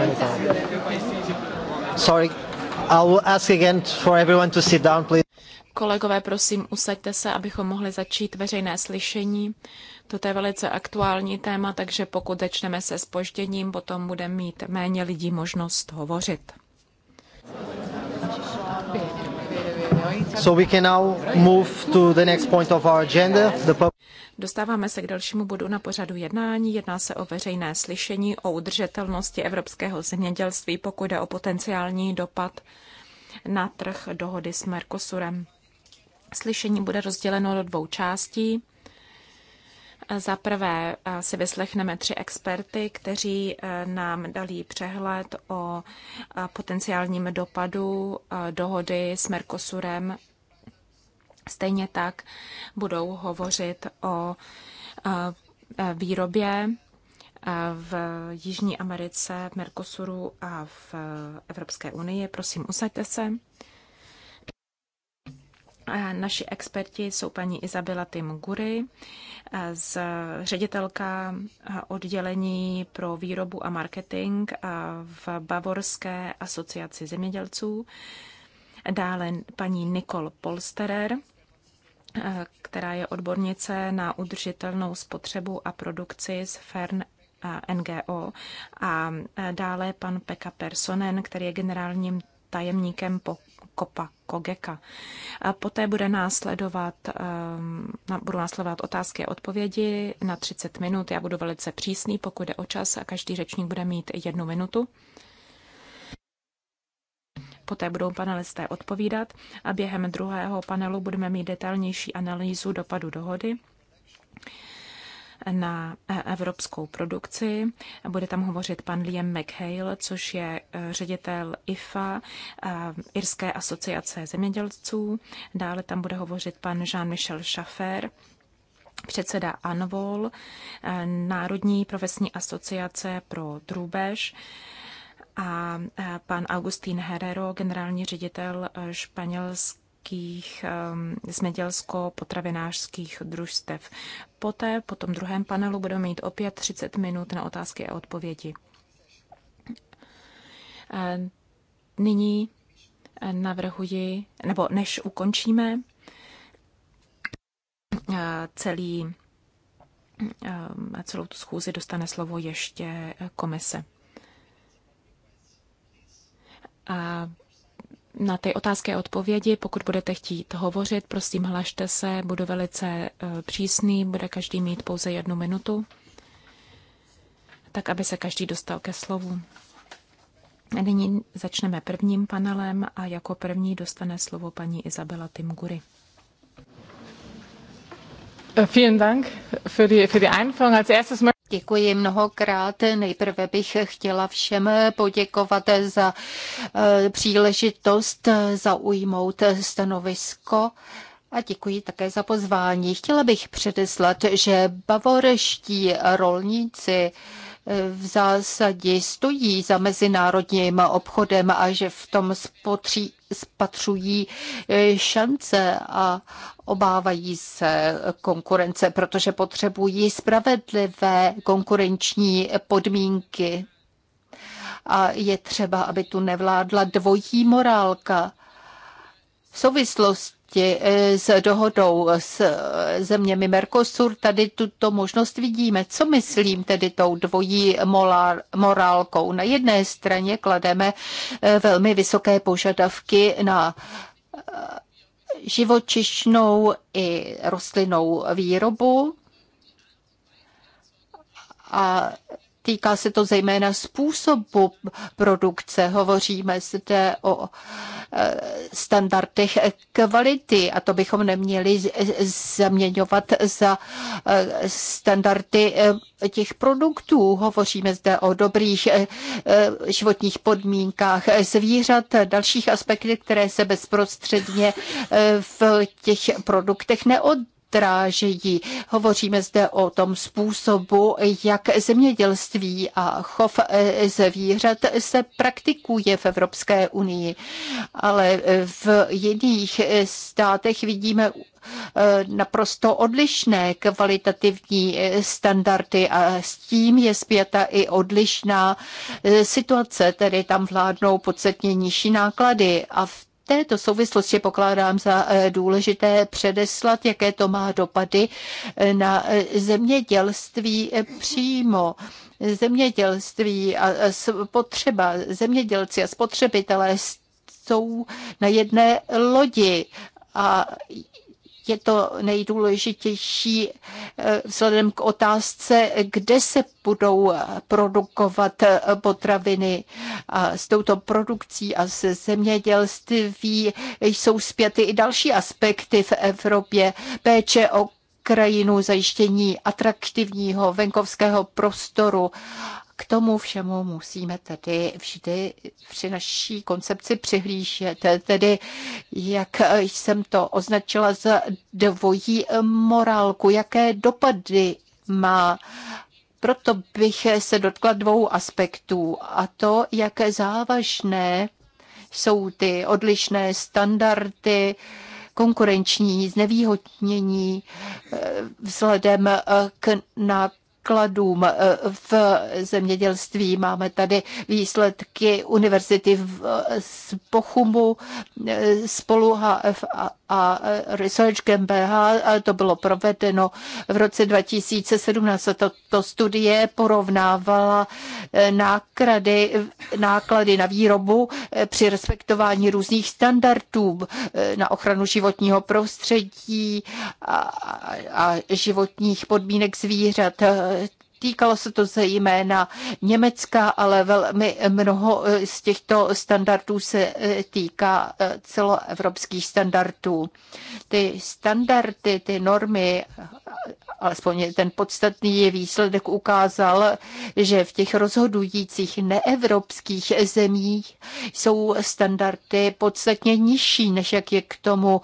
minute. Sorry, I will ask again for everyone to sit down, please. Kolegové, prosím, usaďte se, abychom mohli začít veřejné slyšení. To je velice aktuální téma, takže pokud začneme se spožděním, potom bude mít méně lidí možnost hovořit. So we can now move to the next point of our agenda. The Dostáváme se k dalšímu bodu na pořadu jednání. Jedná se o veřejné slyšení o udržitelnosti evropského zemědělství, pokud jde o potenciální dopad na trh dohody s Mercosurem. Slyšení bude rozděleno do dvou částí. Za prvé eh, si vyslechneme tři experty, kteří eh, nám dali přehled o eh, potenciálním dopadu dohody s Mercosurem. Stejně tak budou hovořit o výrobě v Jižní Americe, v Mercosuru a v Evropské unii. Prosím, usaďte se. Naši experti jsou paní Izabela Timgury, eh, z ředitelka eh, oddělení pro výrobu a marketing eh, v Bavorské asociaci zemědělců. Dále paní Nikol Polsterer, která je odbornice na udržitelnou spotřebu a produkci z Fern NGO. A dále pan Pekka Personen, který je generálním tajemníkem po Kopa Kogeka. A poté bude následovat, ehm, budou následovat otázky a odpovědi na 30 minut. Já budu velice přísný, pokud jde o čas a každý řečník bude mít jednu minutu. Poté budou panelisté odpovídat a během druhého panelu budeme mít detailnější analýzu dopadu dohody na e, evropskou produkci. Bude tam hovořit pan Liam McHale, což je e, ředitel IFA, e, Irské asociace zemědělců. Dále tam bude hovořit pan Jean-Michel Schaffer, předseda ANVOL, Národní profesní asociace pro drůbež a pan Augustín Herrero, generální ředitel španělské velkých ehm, zemědělsko-potravinářských družstev. Poté, po tom druhém panelu, budeme mít opět 30 minut na otázky a odpovědi. Eh, nyní eh, navrhuji, nebo než ukončíme eh, celý, ehm, celou tu schůzi, dostane slovo ještě komise. A na ty otázky a odpovědi, pokud budete chtít hovořit, prosím hlašte se, budu velice eh, přísný, bude každý mít pouze jednu minutu, tak aby se každý dostal ke slovu. Nyní začneme prvním panelem a jako první dostane slovo paní Izabela Timgury. Vielen Dank für die, für die Einführung. Als erstes Děkuji mnohokrát. Nejprve bych chtěla všem poděkovat za e, příležitost zaujmout stanovisko a děkuji také za pozvání. Chtěla bych předeslat, že bavoreští rolníci e, v zásadě stojí za mezinárodním obchodem a že v tom spotří, spatřují e, šance a obávají se konkurence, protože potřebují spravedlivé konkurenční podmínky. A je třeba, aby tu nevládla dvojí morálka. V souvislosti oblasti eh, s dohodou s eh, zeměmi Mercosur. Tady tuto možnost vidíme. Co myslím tedy tou dvojí morálkou? Na jedné straně klademe eh, velmi vysoké požadavky na živočišnou i rostlinnou výrobu a Týká se to zejména způsobu produkce. Hovoříme zde o eh, standardech kvality a to bychom neměli eh, zaměňovat za eh, standardy těch produktů. Hovoříme zde o dobrých životních podmínkách zvířat, dalších aspektech, které se bezprostředně v těch produktech neodpovídají strážejí. Hovoříme zde o tom způsobu, jak zemědělství a chov eh, zvířat se praktikuje v Evropské unii. Ale eh, v jiných eh, státech vidíme naprosto odlišné kvalitativní standardy a s tím je zpěta i odlišná situace, tedy tam vládnou podstatně nižší náklady a v této souvislosti pokládám za e, důležité předeslat, jaké to má dopady e, na e, zemědělství přímo zemědělství a spotřeba, zemědělci a spotřebitelé jsou na jedné lodi a je to nejdůležitější eh, vzhledem k otázce, kde se budou produkovat eh, potraviny. A s touto produkcí a se zemědělství jsou zpěty i další aspekty v Evropě. Péče o krajinu, zajištění atraktivního venkovského prostoru k tomu všemu musíme tedy vždy při naší koncepci přihlížet, tedy jak jsem to označila za dvojí morálku, jaké dopady má proto bych se dotkla dvou aspektů, a to, jaké závažné jsou ty odlišné standardy, konkurenční znevýhodnění eh, vzhledem eh, k na Kladům eh, v zemědělství. Máme tady výsledky univerzity eh, z Pochumu eh, spolu HF a Research GmbH. To bylo provedeno v roce 2017. Toto studie porovnávala náklady, náklady na výrobu při respektování různých standardů na ochranu životního prostředí a, a životních podmínek zvířat Týkalo se to zejména Německa, ale velmi mnoho eh, z těchto standardů se eh, týká eh, celoevropských standardů. Ty standardy, ty normy, alespoň ten podstatný výsledek ukázal, že v těch rozhodujících neevropských zemích jsou standardy podstatně nižší, než jak je k tomu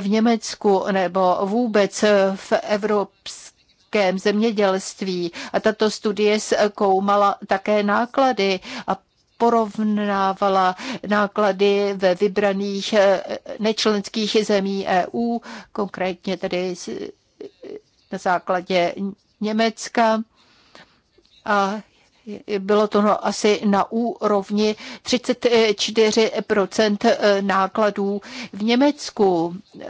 v Německu nebo vůbec v evropských evropském zemědělství. A tato studie zkoumala také náklady a porovnávala náklady ve vybraných eh, nečlenských zemí EU, konkrétně tedy eh, na základě Německa. A bylo to no asi na úrovni 34 eh, nákladů v Německu. Eh,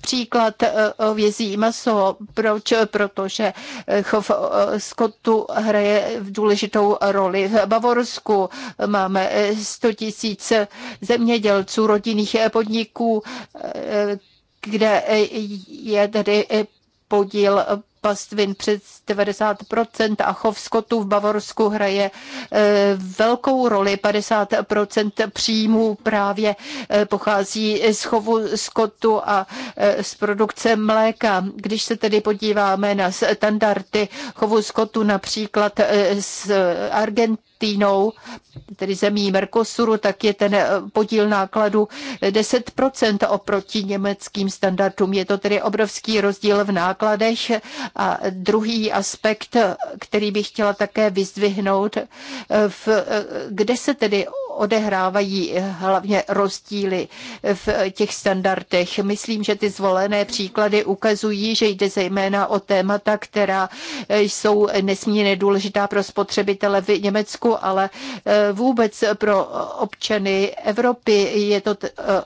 příklad eh, vězí maso. Proč? Protože chov skotu hraje důležitou roli. V Bavorsku máme 100 tisíc zemědělců, rodinných podniků, kde je tedy podíl pastvin přes 90% a chov skotu v Bavorsku hraje eh, velkou roli. 50% příjmů právě eh, pochází z chovu skotu a eh, z produkce mléka. Když se tedy podíváme na standardy chovu skotu například z Argentiny, Týnou, tedy zemí Mercosuru, tak je ten podíl nákladu 10% oproti německým standardům. Je to tedy obrovský rozdíl v nákladech a druhý aspekt, který bych chtěla také vyzdvihnout, eh, v, eh, kde se tedy odehrávají hlavně rozdíly v těch standardech. Myslím, že ty zvolené příklady ukazují, že jde zejména o témata, která eh, jsou nesmírně důležitá pro spotřebitele v Německu, ale vůbec pro občany Evropy je to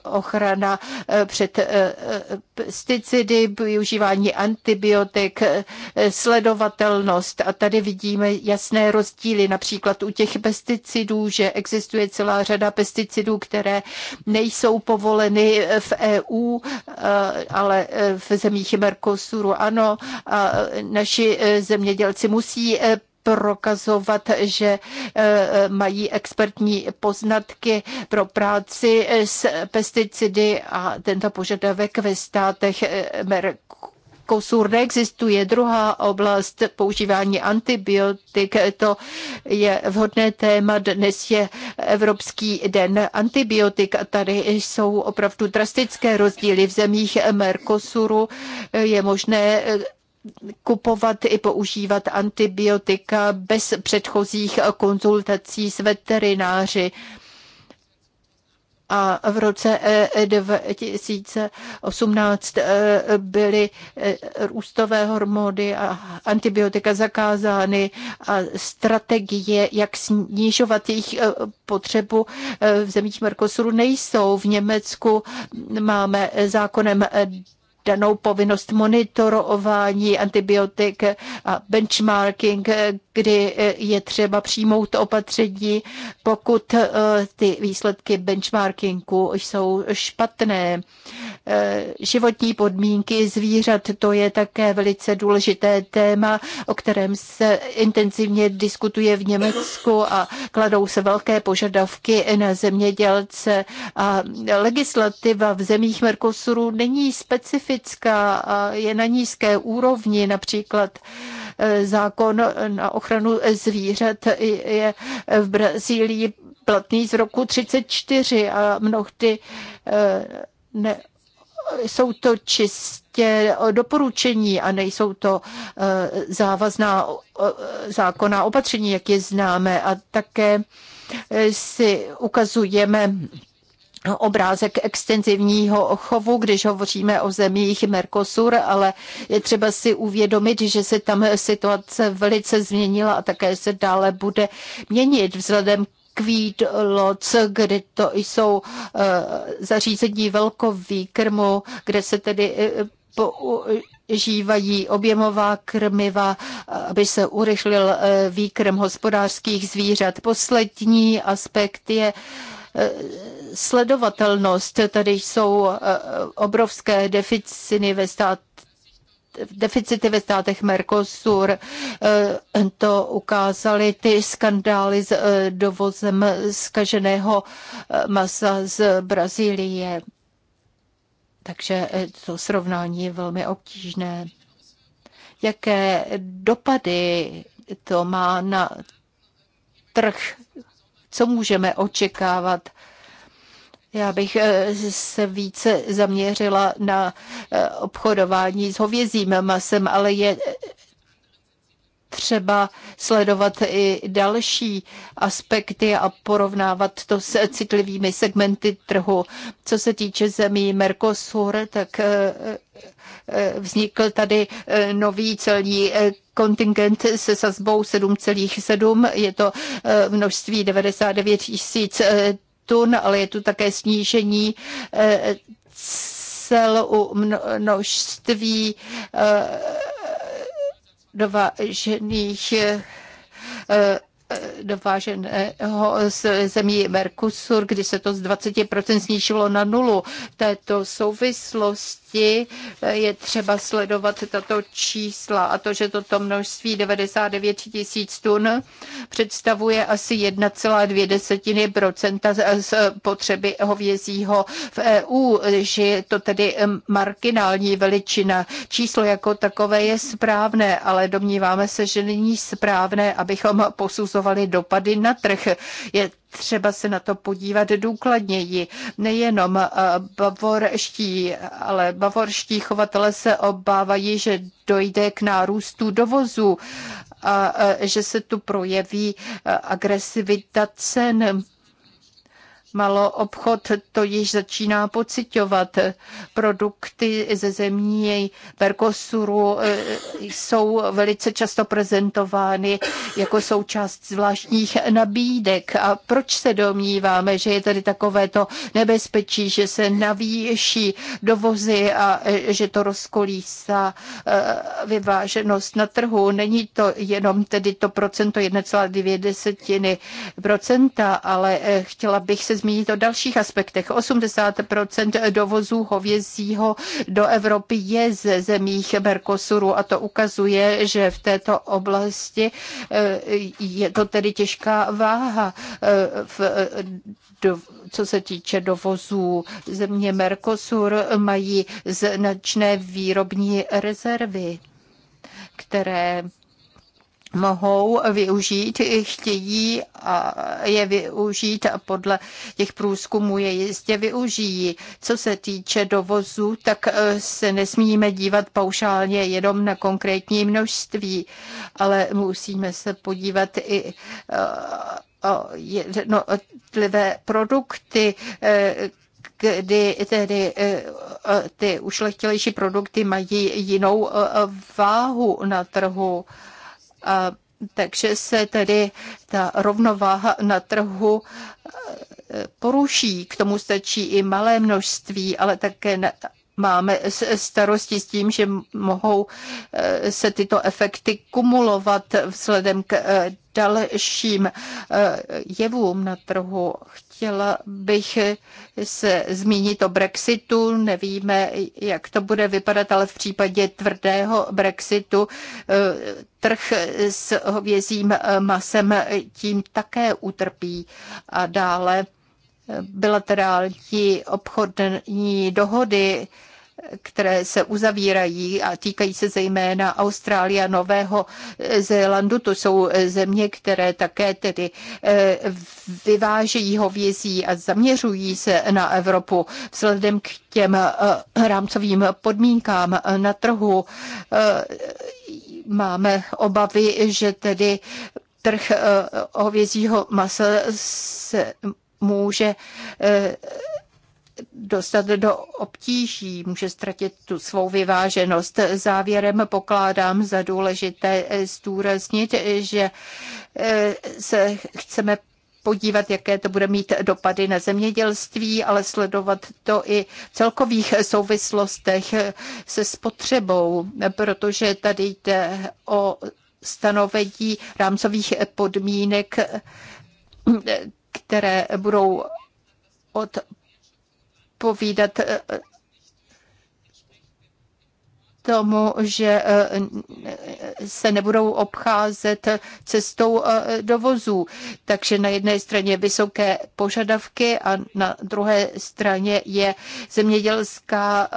ochrana před pesticidy, využívání antibiotik, sledovatelnost. A tady vidíme jasné rozdíly, například u těch pesticidů, že existuje celá řada pesticidů, které nejsou povoleny v EU, eh, ale eh, v zemích Mercosuru ano. A naši eh, zemědělci musí prokazovat, že mají expertní poznatky pro práci s pesticidy a tento požadavek ve státech Mercosuru kousů neexistuje. Druhá oblast používání antibiotik, to je vhodné téma. Dnes je Evropský den antibiotik a tady jsou opravdu drastické rozdíly v zemích Mercosuru. Je možné kupovat i používat antibiotika bez předchozích konzultací s veterináři a v roce 2018 eh, eh, eh, byly růstové hormony a antibiotika zakázány a strategie, jak snižovat jejich potřebu v zemích Mercosuru nejsou. V Německu máme zákonem danou povinnost monitorování antibiotik a benchmarking, kdy eh, je třeba přijmout opatření, pokud eh, ty výsledky benchmarkingu jsou špatné. Eh, životní podmínky zvířat. To je také velice důležité téma, o kterém se intenzivně diskutuje v Německu a kladou se velké požadavky na zemědělce. A legislativa v zemích Mercosuru není specifická a je na nízké úrovni, například eh, zákon na ochranu zvířat je v Brazílii platný z roku 34 a mnohdy eh, ne, jsou to čistě eh, doporučení a nejsou to eh, závazná eh, zákonná opatření, jak je známe. A také si ukazujeme obrázek extenzivního chovu, když hovoříme o zemích Mercosur, ale je třeba si uvědomit, že se tam situace velice změnila a také se dále bude měnit vzhledem Quid Lots, kdy to jsou eh, zařízení velkovýkrmu, kde se tedy eh, používají objemová krmiva, aby se urychlil eh, výkrm hospodářských zvířat. Poslední aspekt je sledovatelnost. Tady jsou obrovské deficiny ve státu deficity ve státech Mercosur. Eh, to ukázaly ty skandály s eh, dovozem zkaženého eh, masa z Brazílie. Takže to srovnání je velmi obtížné. Jaké dopady to má na trh? Co můžeme očekávat? Já bych eh, se více zaměřila na eh, obchodování s hovězím masem, ale je eh, třeba sledovat i další aspekty a porovnávat to s citlivými segmenty trhu. Co se týče zemí Mercosur, tak vznikl tady nový celní kontingent se sazbou 7,7. Je to množství 99 tisíc tun, ale je tu také snížení eh, cel u množství eh, dovážených eh, dováženého z zemí Mercosur, kdy se to z 20% snížilo na nulu. V této souvislosti je třeba sledovat tato čísla a to, že toto množství 99 tisíc tun představuje asi 1,2% z potřeby hovězího v EU, že je to tedy marginální veličina. Číslo jako takové je správné, ale domníváme se, že není správné, abychom posuzovali analyzovali dopady na trh. Je třeba se na to podívat důkladněji. Nejenom eh, bavorští, ale bavorští chovatele se obávají, že dojde k nárůstu dovozu a eh, že se tu projeví eh, agresivita cen Malo obchod to již začíná pocitovat. Produkty ze zemí Mercosuru eh, jsou velice často prezentovány jako součást zvláštních nabídek. A proč se domníváme, že je tady takovéto nebezpečí, že se navýší dovozy a eh, že to rozkolísá eh, vyváženost na trhu? Není to jenom tedy to procento 1,2 procenta, ale chtěla bych se zmínit o dalších aspektech. 80 dovozů hovězího do Evropy je ze zemích Mercosuru a to ukazuje, že v této oblasti eh, je to tedy těžká váha, eh, v, eh, co se týče dovozů. Země Mercosur mají značné výrobní rezervy které mohou využít, chtějí je využít a podle těch průzkumů je jistě využijí. Co se týče dovozu, tak e, se nesmíme dívat paušálně jenom na konkrétní množství, ale musíme se podívat i e, jednotlivé produkty, e, kdy tedy ty ušlechtilejší produkty mají jinou váhu na trhu a takže se tedy ta rovnováha na trhu e, poruší. K tomu stačí i malé množství, ale také máme starosti s tím, že mohou eh, se tyto efekty kumulovat vzhledem k eh, dalším eh, jevům na trhu. Chtěla bych se zmínit o Brexitu. Nevíme, jak to bude vypadat, ale v případě tvrdého Brexitu trh s hovězím masem tím také utrpí. A dále bilaterální obchodní dohody, které se uzavírají a týkají se zejména Austrálie a Nového Zélandu. To jsou země, které také tedy eh, vyvážejí hovězí a zaměřují se na Evropu vzhledem k těm eh, rámcovým podmínkám na trhu. Eh, máme obavy, že tedy trh hovězího masa se může eh, dostat do obtíží, může ztratit tu svou vyváženost. Závěrem pokládám za důležité eh, zdůraznit, že eh, se chceme podívat, jaké to bude mít dopady na zemědělství, ale sledovat to i v celkových souvislostech se spotřebou, protože tady jde o stanovení rámcových podmínek které budou odpovídat eh, tomu, že eh, se nebudou obcházet cestou eh, dovozů. Takže na jedné straně vysoké požadavky a na druhé straně je zemědělská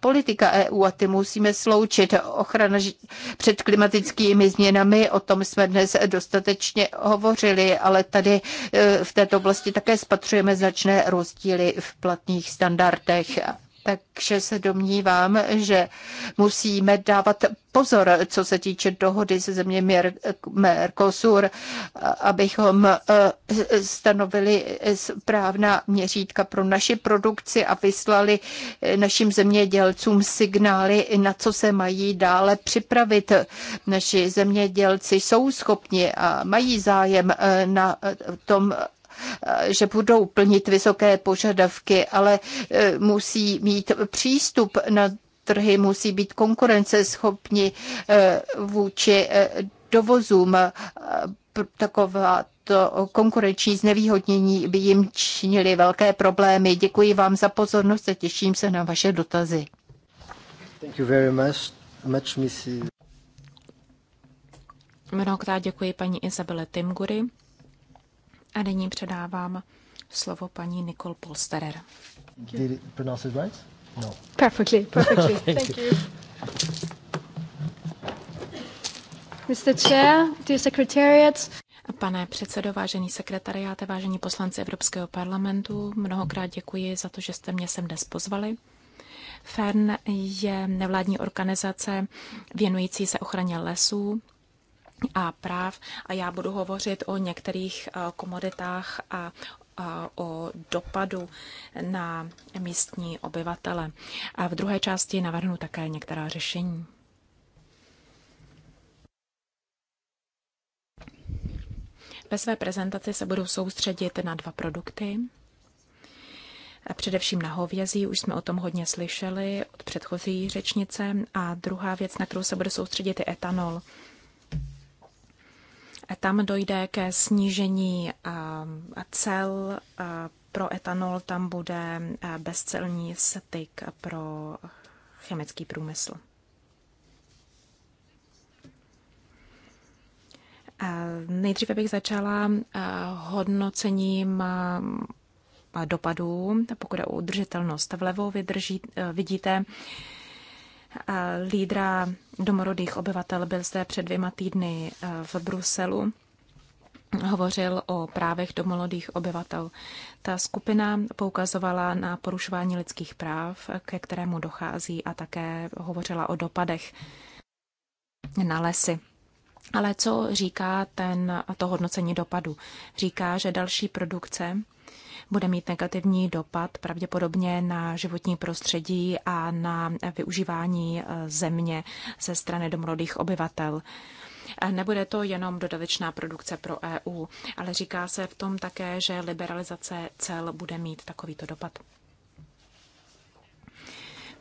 politika EU a ty musíme sloučit. Ochrana před klimatickými změnami, o tom jsme dnes dostatečně hovořili, ale tady e, v této oblasti také spatřujeme značné rozdíly v platných standardech takže se domnívám, že musíme dávat pozor, co se týče dohody se země Mercosur, abychom eh, stanovili správná měřítka pro naši produkci a vyslali eh, našim zemědělcům signály, na co se mají dále připravit. Naši zemědělci jsou schopni a mají zájem eh, na tom, Eh, že budou plnit vysoké požadavky, ale eh, musí mít přístup na trhy, musí být konkurenceschopni eh, vůči dovozům taková to konkurenční znevýhodnění by jim činili velké problémy. Děkuji vám za pozornost a těším se na vaše dotazy. Thank you very much. much Mnohokrát děkuji paní Izabele Timgury. A nyní předávám slovo paní Nicole Polsterer. Did it pronounce it right? No. Perfectly, perfectly. Thank, Thank you. you. Mr. Chair, dear secretariat. Pane předsedo, vážený sekretariáte, vážení poslanci Evropského parlamentu, mnohokrát děkuji za to, že jste mě sem dnes pozvali. FERN je nevládní organizace věnující se ochraně lesů a práv a já budu hovořit o některých eh, komoditách a o dopadu na místní obyvatele. A v druhé části navrhnu také některá řešení. Ve své prezentaci se budu soustředit na dva produkty. A především na hovězí, už jsme o tom hodně slyšeli od předchozí řečnice. A druhá věc, na kterou se bude soustředit, je etanol. Tam dojde ke snížení cel pro etanol, tam bude bezcelní styk pro chemický průmysl. Nejdříve bych začala hodnocením dopadů, pokud je o udržitelnost. Vlevo vidíte lídra domorodých obyvatel. Byl zde před dvěma týdny eh, v Bruselu. Hovořil o právech domorodých obyvatel. Ta skupina poukazovala na porušování lidských práv, ke kterému dochází, a také hovořila o dopadech na lesy. Ale co říká ten, to hodnocení dopadu? Říká, že další produkce bude mít negativní dopad pravděpodobně na životní prostředí a na využívání eh, země ze strany domorodých obyvatel. Nebude to jenom dodatečná produkce pro EU, ale říká se v tom také, že liberalizace cel bude mít takovýto dopad.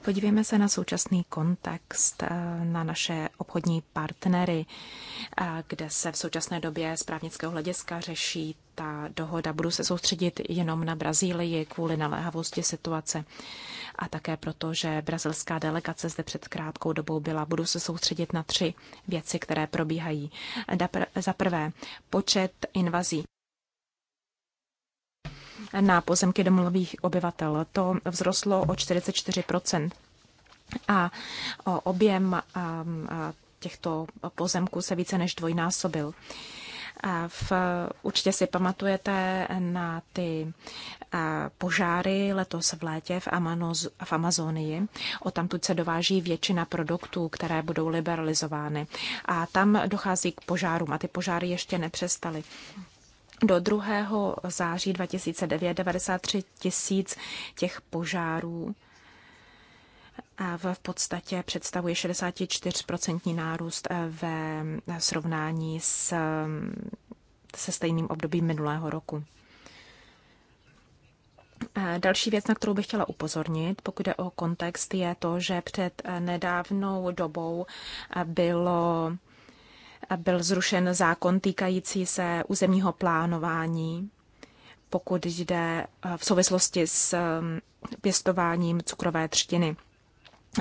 Podívejme se na současný kontext, eh, na naše obchodní partnery, eh, kde se v současné době z právnického hlediska řeší ta dohoda. Budu se soustředit jenom na Brazílii kvůli naléhavosti situace a také proto, že brazilská delegace zde před krátkou dobou byla. Budu se soustředit na tři věci, které probíhají. Za prvé, počet invazí na pozemky domových obyvatel. To vzrostlo o 44 a objem těchto pozemků se více než dvojnásobil. V, určitě si pamatujete na ty požáry letos v létě v, Amanoz, v Amazonii. O tamtud se dováží většina produktů, které budou liberalizovány. A tam dochází k požárům a ty požáry ještě nepřestaly. Do 2. září 2009 93 tisíc těch požárů a v podstatě představuje 64% nárůst eh, ve srovnání s, eh, se stejným obdobím minulého roku. Eh, další věc, na kterou bych chtěla upozornit, pokud jde o kontext, je to, že před nedávnou dobou bylo byl zrušen zákon týkající se územního plánování, pokud jde eh, v souvislosti s eh, pěstováním cukrové třtiny.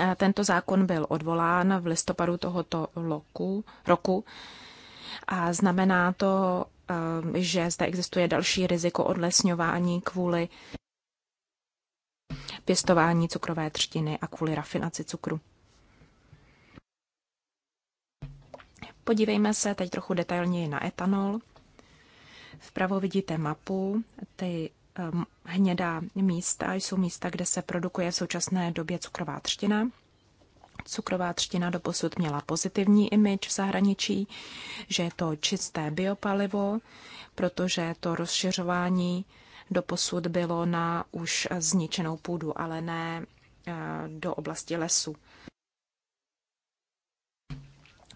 Eh, tento zákon byl odvolán v listopadu tohoto loku, roku a znamená to, že zde existuje další riziko odlesňování kvůli pěstování cukrové třtiny a kvůli rafinaci cukru. Podívejme se teď trochu detailněji na etanol. Vpravo vidíte mapu, ty ehm, hnědá místa jsou místa, kde se produkuje v současné době cukrová třtina. Cukrová třtina doposud měla pozitivní image v zahraničí, že je to čisté biopalivo, protože to rozšiřování doposud bylo na už zničenou půdu, ale ne eh, do oblasti lesu.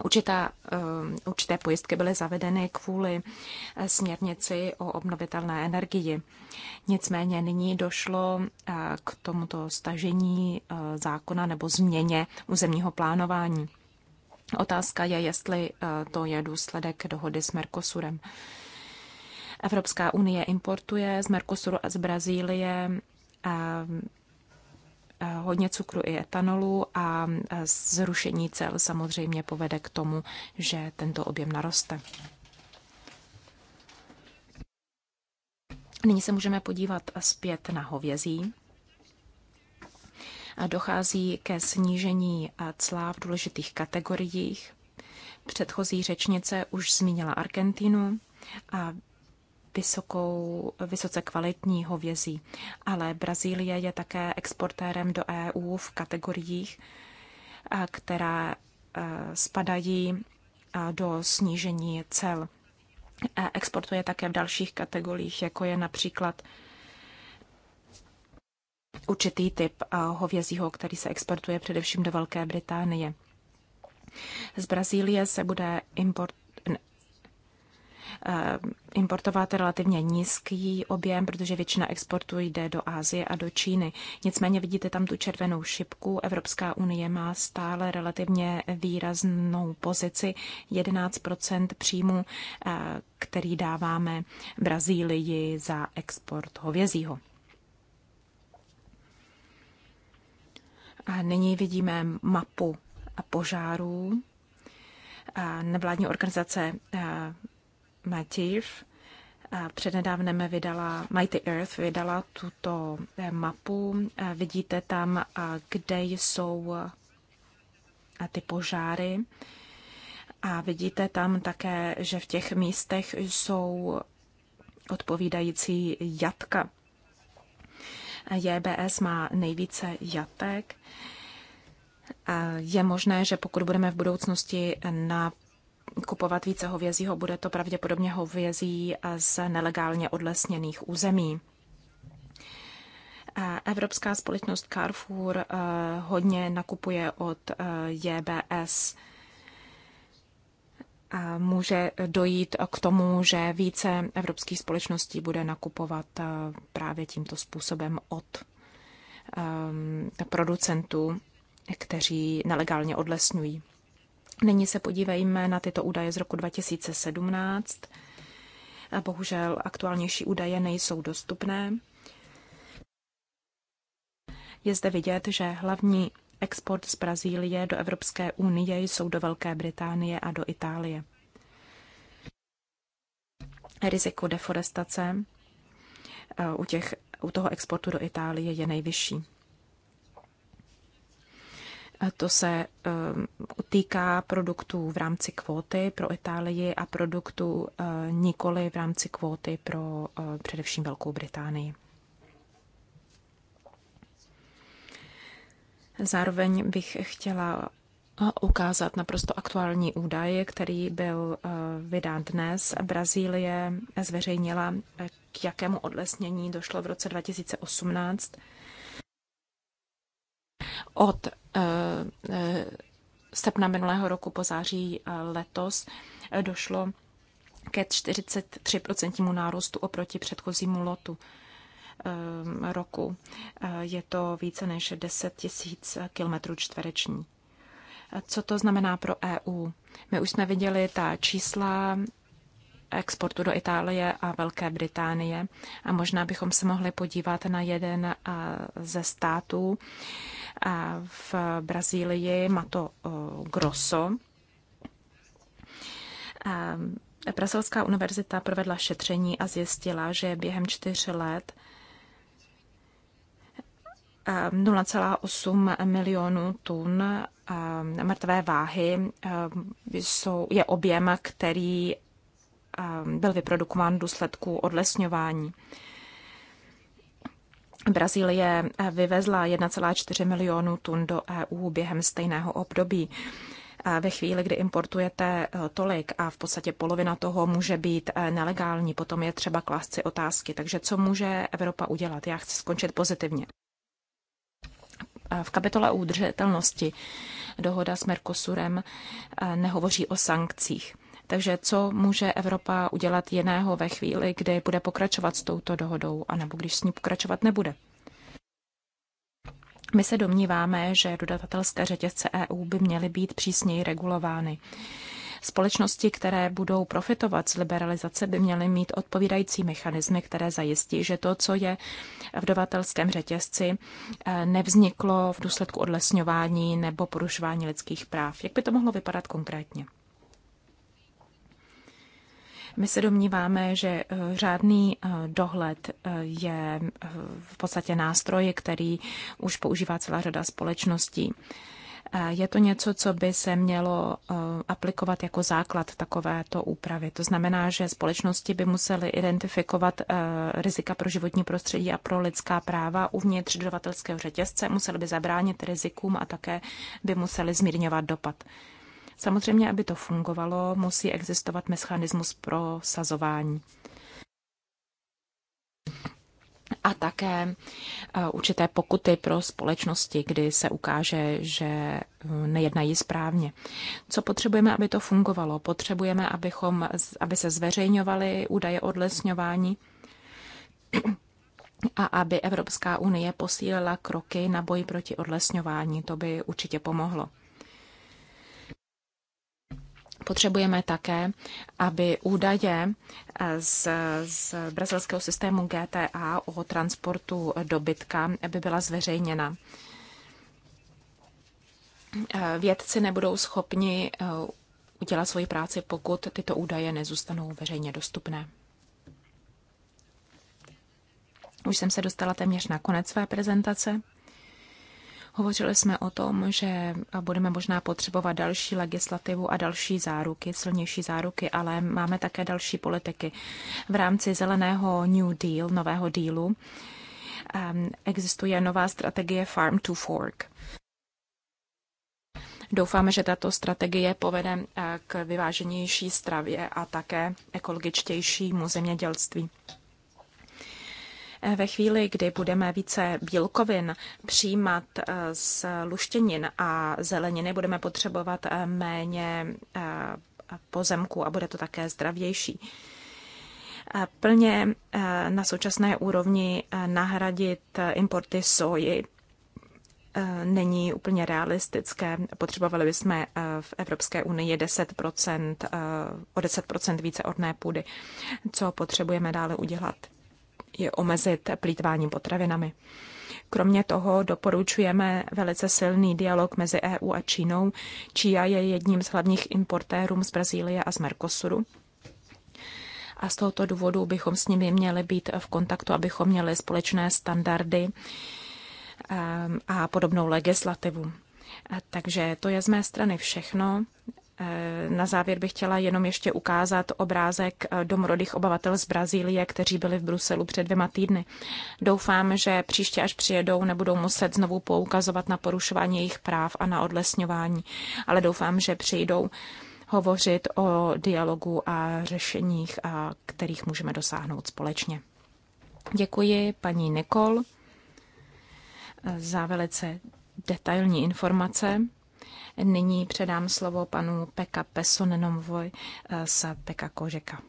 Určitá, ehm, určité pojistky byly zavedeny kvůli eh, směrnici o obnovitelné energii. Nicméně nyní došlo eh, k tomuto stažení eh, zákona nebo změně územního plánování. Otázka je, jestli to je důsledek dohody s Mercosurem. Evropská unie importuje z Mercosuru a z Brazílie ehm, Eh, hodně cukru i etanolu a eh, zrušení cel samozřejmě povede k tomu, že tento objem naroste. Nyní se můžeme podívat zpět na hovězí. Dochází ke snížení eh, cla v důležitých kategoriích. Předchozí řečnice už zmínila Argentinu a vysokou, vysoce kvalitní hovězí. Ale Brazílie je také exportérem do EU v kategoriích, která spadají do snížení cel. E exportuje také v dalších kategoriích, jako je například určitý typ hovězího, který se exportuje především do Velké Británie. Z Brazílie se bude import, Eh, importovat relativně nízký objem, protože většina exportu jde do Ázie a do Číny. Nicméně vidíte tam tu červenou šipku. Evropská unie má stále relativně výraznou pozici 11 příjmu, eh, který dáváme Brazílii za export hovězího. A nyní vidíme mapu požárů. Eh, nevládní organizace Mativ přednedávnem vydala, Mighty Earth vydala tuto eh, mapu. Vidíte tam, kde jsou ty požáry. A vidíte tam také, že v těch místech jsou odpovídající jatka. JBS má nejvíce jatek. Je možné, že pokud budeme v budoucnosti na kupovat více hovězího, bude to pravděpodobně hovězí z nelegálně odlesněných území. Evropská společnost Carrefour eh, hodně nakupuje od eh, JBS. Může dojít k tomu, že více evropských společností bude nakupovat eh, právě tímto způsobem od producentů, kteří nelegálně odlesňují. Nyní se podívejme na tyto údaje z roku 2017. A Bohužel aktuálnější údaje nejsou dostupné. Je zde vidět, že hlavní export z Brazílie do Evropské unie jsou do Velké Británie a do Itálie. Riziko deforestace eh, u, těch, u toho exportu do Itálie je nejvyšší. To se ehm, týká produktů v rámci kvóty pro Itálii a produktů eh, nikoli v rámci kvóty pro eh, především Velkou Británii. Zároveň bych chtěla eh, ukázat naprosto aktuální údaj, který byl vydán dnes. Brazílie zveřejnila, k jakému odlesnění došlo v roce 2018 od eh, eh, srpna minulého roku po září eh, letos došlo ke 43% nárůstu oproti předchozímu lotu roku. Je to více než 10 tisíc kilometrů čtvereční. Co to znamená pro EU? My už jsme viděli ta čísla exportu do Itálie a Velké Británie. A možná bychom se mohli podívat na jeden ze států v Brazílii, Mato Grosso. Brazilská univerzita provedla šetření a zjistila, že během čtyř let 0,8 milionů tun mrtvé váhy jsou, je objem, který Ehm, byl vyprodukován v důsledku odlesňování. Brazílie eh, vyvezla 1,4 milionu tun do EU během stejného období. Eh, ve chvíli, kdy importujete eh, tolik a v podstatě polovina toho může být nelegální, potom je třeba klást si otázky. Takže co může Evropa udělat? Já chci skončit pozitivně. V kapitole o udržitelnosti dohoda s Mercosurem nehovoří o sankcích. Takže co může Evropa udělat jiného ve chvíli, kdy bude pokračovat s touto dohodou, anebo když s ní pokračovat nebude? My se domníváme, že dodavatelské řetězce EU by měly být přísněji regulovány. Společnosti, které budou profitovat z liberalizace, by měly mít odpovídající mechanismy, které zajistí, že to, co je v dodavatelském řetězci, eh, nevzniklo v důsledku odlesňování nebo porušování lidských práv. Jak by to mohlo vypadat konkrétně? My se domníváme, že eh, řádný eh, dohled eh, je v podstatě nástroj, který už používá celá řada společností. Je to něco, co by se mělo aplikovat jako základ takovéto úpravy. To znamená, že společnosti by musely identifikovat rizika pro životní prostředí a pro lidská práva uvnitř dodavatelského řetězce, musely by zabránit rizikům a také by musely zmírňovat dopad. Samozřejmě, aby to fungovalo, musí existovat mechanismus pro sazování. A také eh, určité pokuty pro společnosti, kdy se ukáže, že eh, nejednají správně. Co potřebujeme, aby to fungovalo? Potřebujeme, abychom, aby se zveřejňovaly údaje o odlesňování a aby Evropská unie posílila kroky na boj proti odlesňování. To by určitě pomohlo. Potřebujeme také, aby údaje eh, z, z brazilského systému GTA o transportu dobytka by byla zveřejněna. Eh, vědci nebudou schopni eh, udělat svoji práci, pokud tyto údaje nezůstanou veřejně dostupné. Už jsem se dostala téměř na konec své prezentace. Hovořili jsme o tom, že budeme možná potřebovat další legislativu a další záruky, silnější záruky, ale máme také další politiky. V rámci zeleného New Deal, nového dealu, ehm, existuje nová strategie Farm to Fork. Doufáme, že tato strategie povede eh, k vyváženější stravě a také ekologičtějšímu zemědělství. Eh, ve chvíli, kdy budeme více bílkovin přijímat eh, z luštěnin a zeleniny, budeme potřebovat eh, méně pozemku a bude to také zdravější. Plně na současné úrovni nahradit importy soji není úplně realistické. Potřebovali bychom v Evropské unii 10%, o 10% více odné půdy. Co potřebujeme dále udělat? je omezit plítvání potravinami. Kromě toho doporučujeme velice silný dialog mezi EU a Čínou. Čína je jedním z hlavních importérů z Brazílie a z Mercosuru. A z tohoto důvodu bychom s nimi měli být v kontaktu, abychom měli společné standardy ehm, a podobnou legislativu. Takže to je z mé strany všechno. Eh, na závěr bych chtěla jenom ještě ukázat obrázek eh, domorodých obyvatel z Brazílie, kteří byli v Bruselu před dvěma týdny. Doufám, že příště, až přijedou, nebudou muset znovu poukazovat na porušování jejich práv a na odlesňování, ale doufám, že přijdou hovořit o dialogu a řešeních, a kterých můžeme dosáhnout společně. Děkuji paní Nikol eh, za velice detailní informace. Nyní předám slovo panu Peka Pesonenomvoj eh, z Peka Kožeka.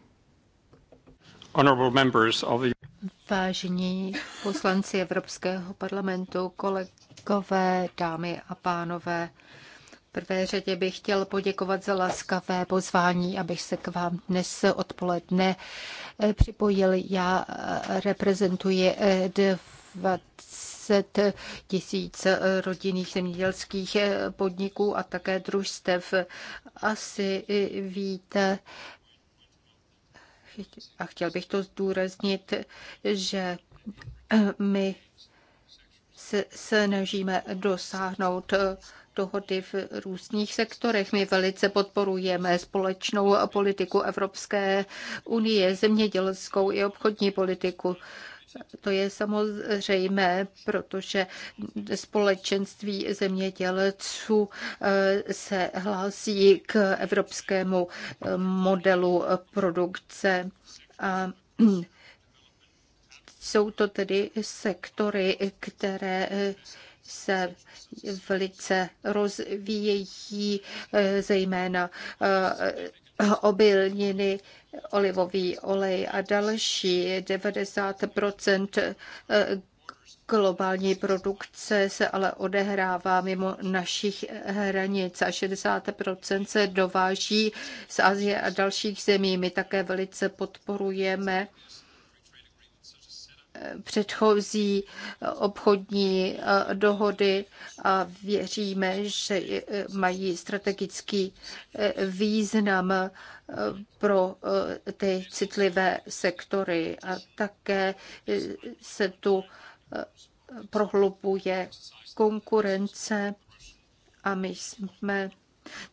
Vážení poslanci Evropského parlamentu, kolegové, dámy a pánové, v prvé řadě bych chtěl poděkovat za laskavé pozvání, abych se k vám dnes odpoledne eh, připojil. Já eh, reprezentuji 20 20 tisíc rodinných zemědělských podniků a také družstev. Asi víte, a chtěl bych to zdůraznit, že my se snažíme dosáhnout dohody v různých sektorech. My velice podporujeme společnou politiku Evropské unie, zemědělskou i obchodní politiku. To je samozřejmé, protože společenství zemědělců eh, se hlásí k evropskému eh, modelu produkce. A jsou to tedy sektory, které eh, se velice rozvíjejí, zejména obilniny, olivový olej a další. 90 eh, globální produkce se ale odehrává mimo našich hranic a 60 se dováží z Asie a dalších zemí. My také velice podporujeme předchozí obchodní eh, dohody a věříme, že eh, mají strategický eh, význam pro ty citlivé sektory a také se tu prohlubuje konkurence a my jsme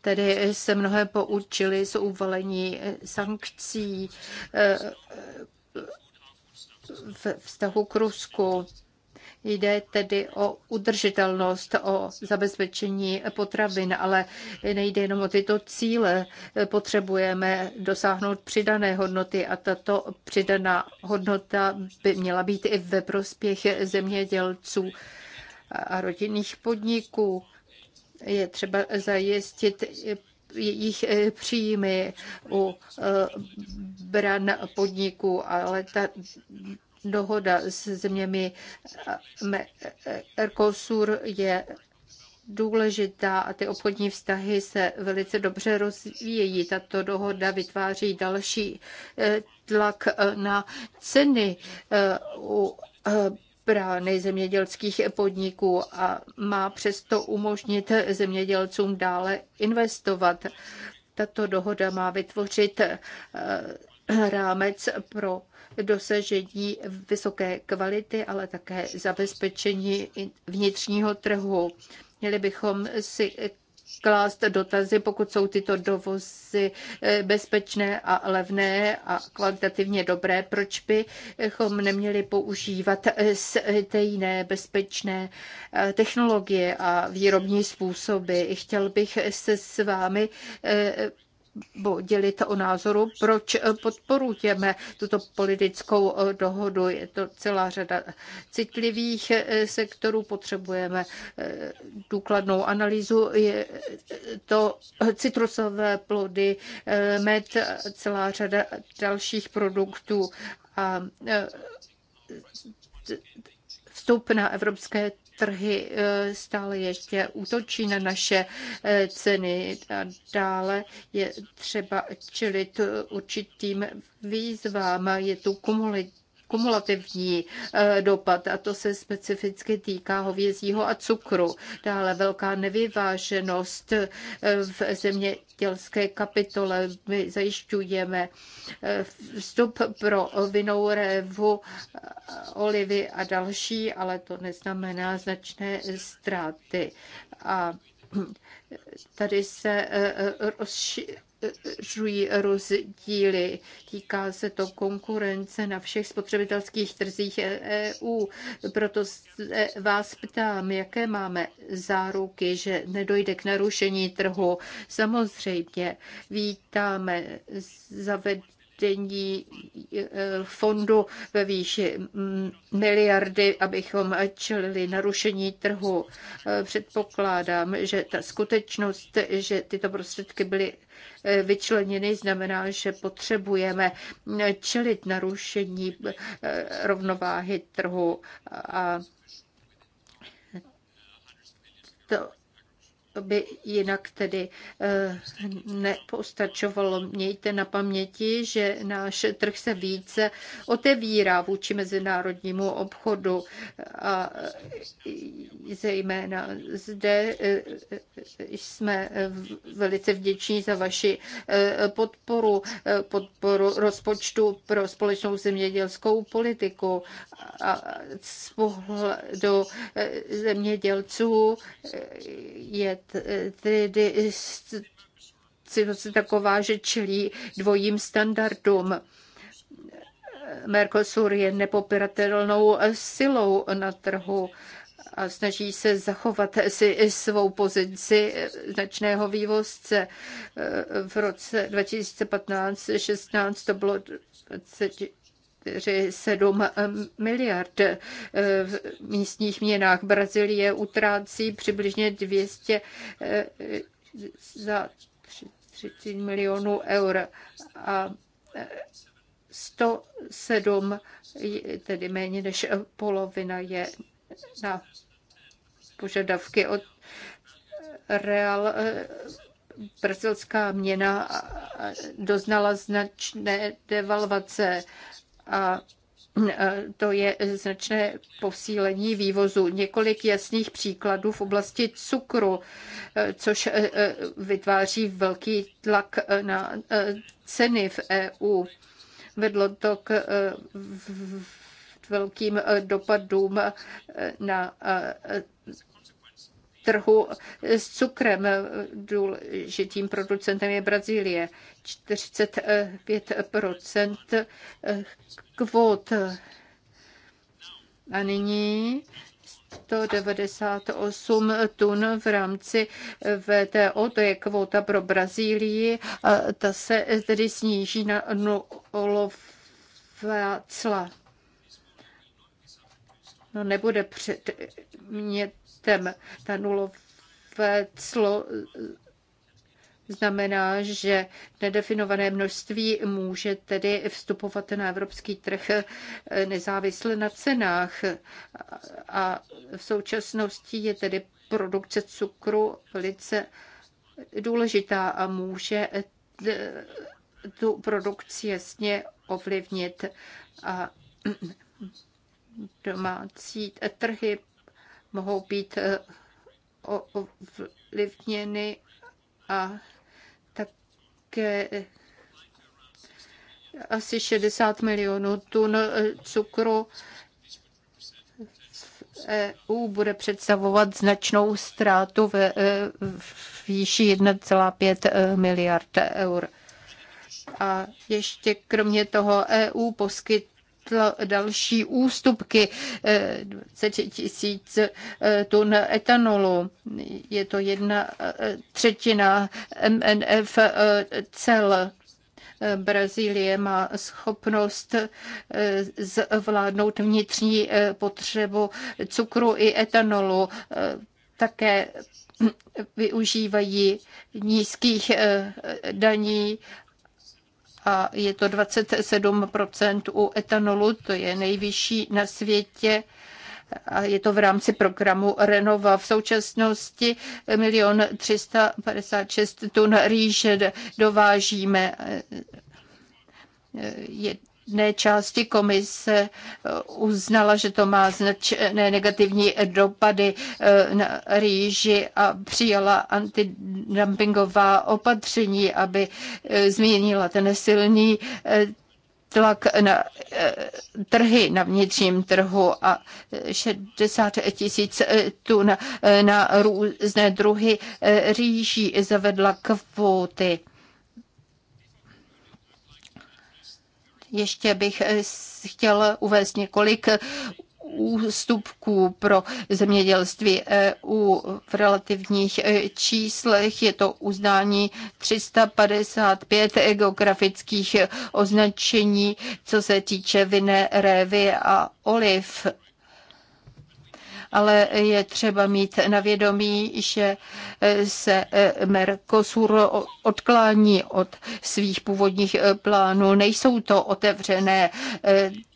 tedy se mnohé poučili z uvalení sankcí v vztahu k Rusku. Jde tedy o udržitelnost, o zabezpečení potravin, ale nejde jenom o tyto cíle. Potřebujeme dosáhnout přidané hodnoty a tato přidaná hodnota by měla být i ve prospěch zemědělců a rodinných podniků. Je třeba zajistit jejich příjmy u eh, bran podniků, ale ta dohoda s zeměmi Mercosur je důležitá a ty obchodní vztahy se velice dobře rozvíjejí. Tato dohoda vytváří další eh, tlak eh, na ceny eh, u brány zemědělských podniků a má přesto umožnit zemědělcům dále investovat. Tato dohoda má vytvořit rámec pro dosažení vysoké kvality, ale také zabezpečení vnitřního trhu. Měli bychom si klást dotazy, pokud jsou tyto dovozy eh, bezpečné a levné a kvalitativně dobré, proč bychom neměli používat eh, stejné bezpečné eh, technologie a výrobní způsoby. Chtěl bych se s vámi nebo dělit o názoru, proč eh, podporujeme tuto politickou eh, dohodu. Je to celá řada citlivých eh, sektorů, potřebujeme důkladnou analýzu. Je to citrusové plody, med, celá řada dalších produktů a vstup na evropské trhy eh, stále ještě útočí na naše eh, ceny. A dále je třeba čelit eh, určitým výzvám. Je tu kumulit kumulativní eh, dopad a to se specificky týká hovězího a cukru. Dále velká nevyváženost eh, v zemědělské kapitole. My zajišťujeme eh, vstup pro vinou révu, olivy a další, ale to neznamená značné ztráty. A tady se rozši- zmenšují rozdíly. Týká se to konkurence na všech spotřebitelských trzích EU. Proto vás ptám, jaké máme záruky, že nedojde k narušení trhu. Samozřejmě vítáme zavedení zavedení eh, fondu ve výši mm, miliardy, abychom čelili narušení trhu. Eh, předpokládám, že ta skutečnost, že tyto prostředky byly eh, vyčleněny, znamená, že potřebujeme čelit narušení rovnováhy trhu a to to by jinak tedy eh, nepostačovalo. Mějte na paměti, že náš trh se více otevírá vůči mezinárodnímu obchodu a zejména zde eh, jsme velice vděční za vaši eh, podporu, podporu rozpočtu pro společnou zemědělskou politiku a z pohledu zemědělců je tedy situace taková, že čelí dvojím standardům. Mercosur je nepopiratelnou silou na trhu a snaží se zachovat si svou pozici značného vývozce. V roce 2015-16 to bylo 7 miliard v místních měnách. Brazílie utrácí přibližně 200 eh, za 30 milionů eur a 107, eh, tedy méně než polovina, je na požadavky od Real eh, brazilská měna doznala značné devalvace a to je značné posílení vývozu. Několik jasných příkladů v oblasti cukru, e, což e, e, vytváří velký tlak na ceny v EU. Vedlo to k velkým dopadům na trhu s cukrem. Důležitým producentem je Brazílie. 45 kvót. A nyní 198 tun v rámci VTO, to je kvota pro Brazílii, a ta se tedy sníží na nulová cla. No nebude předmět systém. Ta nulové clo znamená, že nedefinované množství může tedy vstupovat na evropský trh nezávisle na cenách. A v současnosti je tedy produkce cukru velice důležitá a může tu produkci jasně ovlivnit. A domácí trhy mohou být eh, ovlivněny a také asi 60 milionů tun eh, cukru EU bude představovat značnou ztrátu ve eh, výši 1,5 miliard eur. A ještě kromě toho EU poskyt poskytl další ústupky 20 eh, tisíc eh, tun etanolu. Je to jedna eh, třetina MNF cel. Brazílie má schopnost zvládnout vnitřní potřebu cukru i etanolu. Také využívají nízkých daní a je to 27% u etanolu, to je nejvyšší na světě a je to v rámci programu Renova. V současnosti 1 356 tun rýže dovážíme. Je jedné části komise eh, uznala, že to má značné negativní dopady eh, na rýži a přijala antidumpingová opatření, aby eh, změnila ten silný tlak na trhy na vnitřním trhu a 60 tisíc tun na různé druhy rýží zavedla kvóty. Ještě bych eh, chtěl uvést několik ústupků pro zemědělství EU v relativních eh, číslech. Je to uznání 355 geografických označení, co se týče vinné révy a oliv ale je třeba mít na vědomí, že eh, se eh, Mercosur odklání od svých původních eh, plánů. Nejsou to otevřené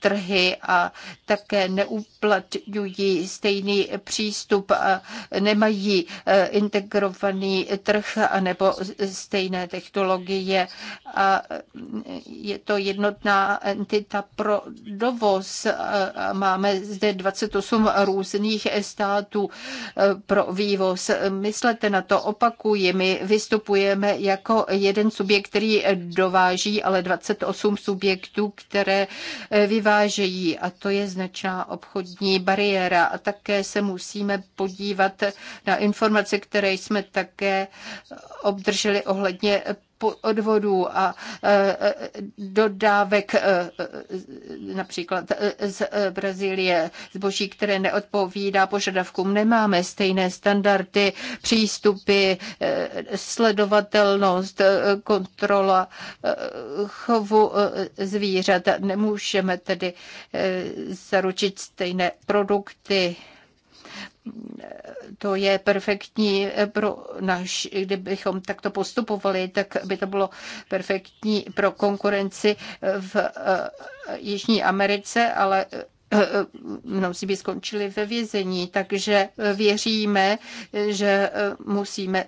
trhy a také neuplatňují stejný přístup a nemají e, integrovaný trh anebo stejné technologie. A e, je to jednotná entita pro dovoz. Máme zde 28 různých států e, pro vývoz. Myslete na to, opakuji, my vystupujeme jako jeden subjekt, který dováží, ale 28 subjektů, které vyváží vyvážejí a to je značná obchodní bariéra. A také se musíme podívat na informace, které jsme také obdrželi ohledně odvodů a e, e, dodávek e, například z Brazílie zboží, které neodpovídá požadavkům. Nemáme stejné standardy, přístupy, sledovatelnost, kontrola chovu zvířat. Nemůžeme tedy zaručit stejné produkty to je perfektní pro naš, kdybychom takto postupovali, tak by to bylo perfektní pro konkurenci v eh, Jižní Americe, ale eh, eh, mnozí by skončili ve vězení, takže věříme, že musíme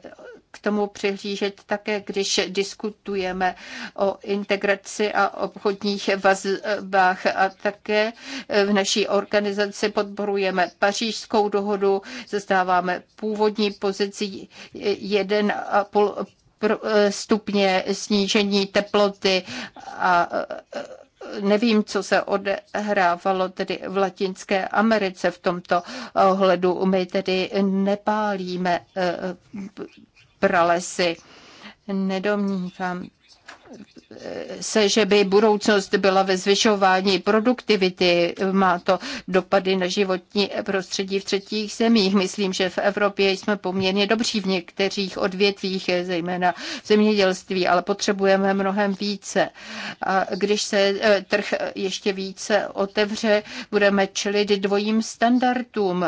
k tomu přihlížet také, když diskutujeme o integraci a obchodních vazbách a také v naší organizaci podporujeme pařížskou dohodu, zastáváme původní pozici 1,5 stupně snížení teploty a nevím, co se odehrávalo tedy v Latinské Americe v tomto ohledu. My tedy nepálíme eh, pralesy. Nedomnívám se, že by budoucnost byla ve zvyšování produktivity. Má to dopady na životní prostředí v třetích zemích. Myslím, že v Evropě jsme poměrně dobří v některých odvětvích, zejména v zemědělství, ale potřebujeme mnohem více. A když se eh, trh ještě více otevře, budeme čelit dvojím standardům.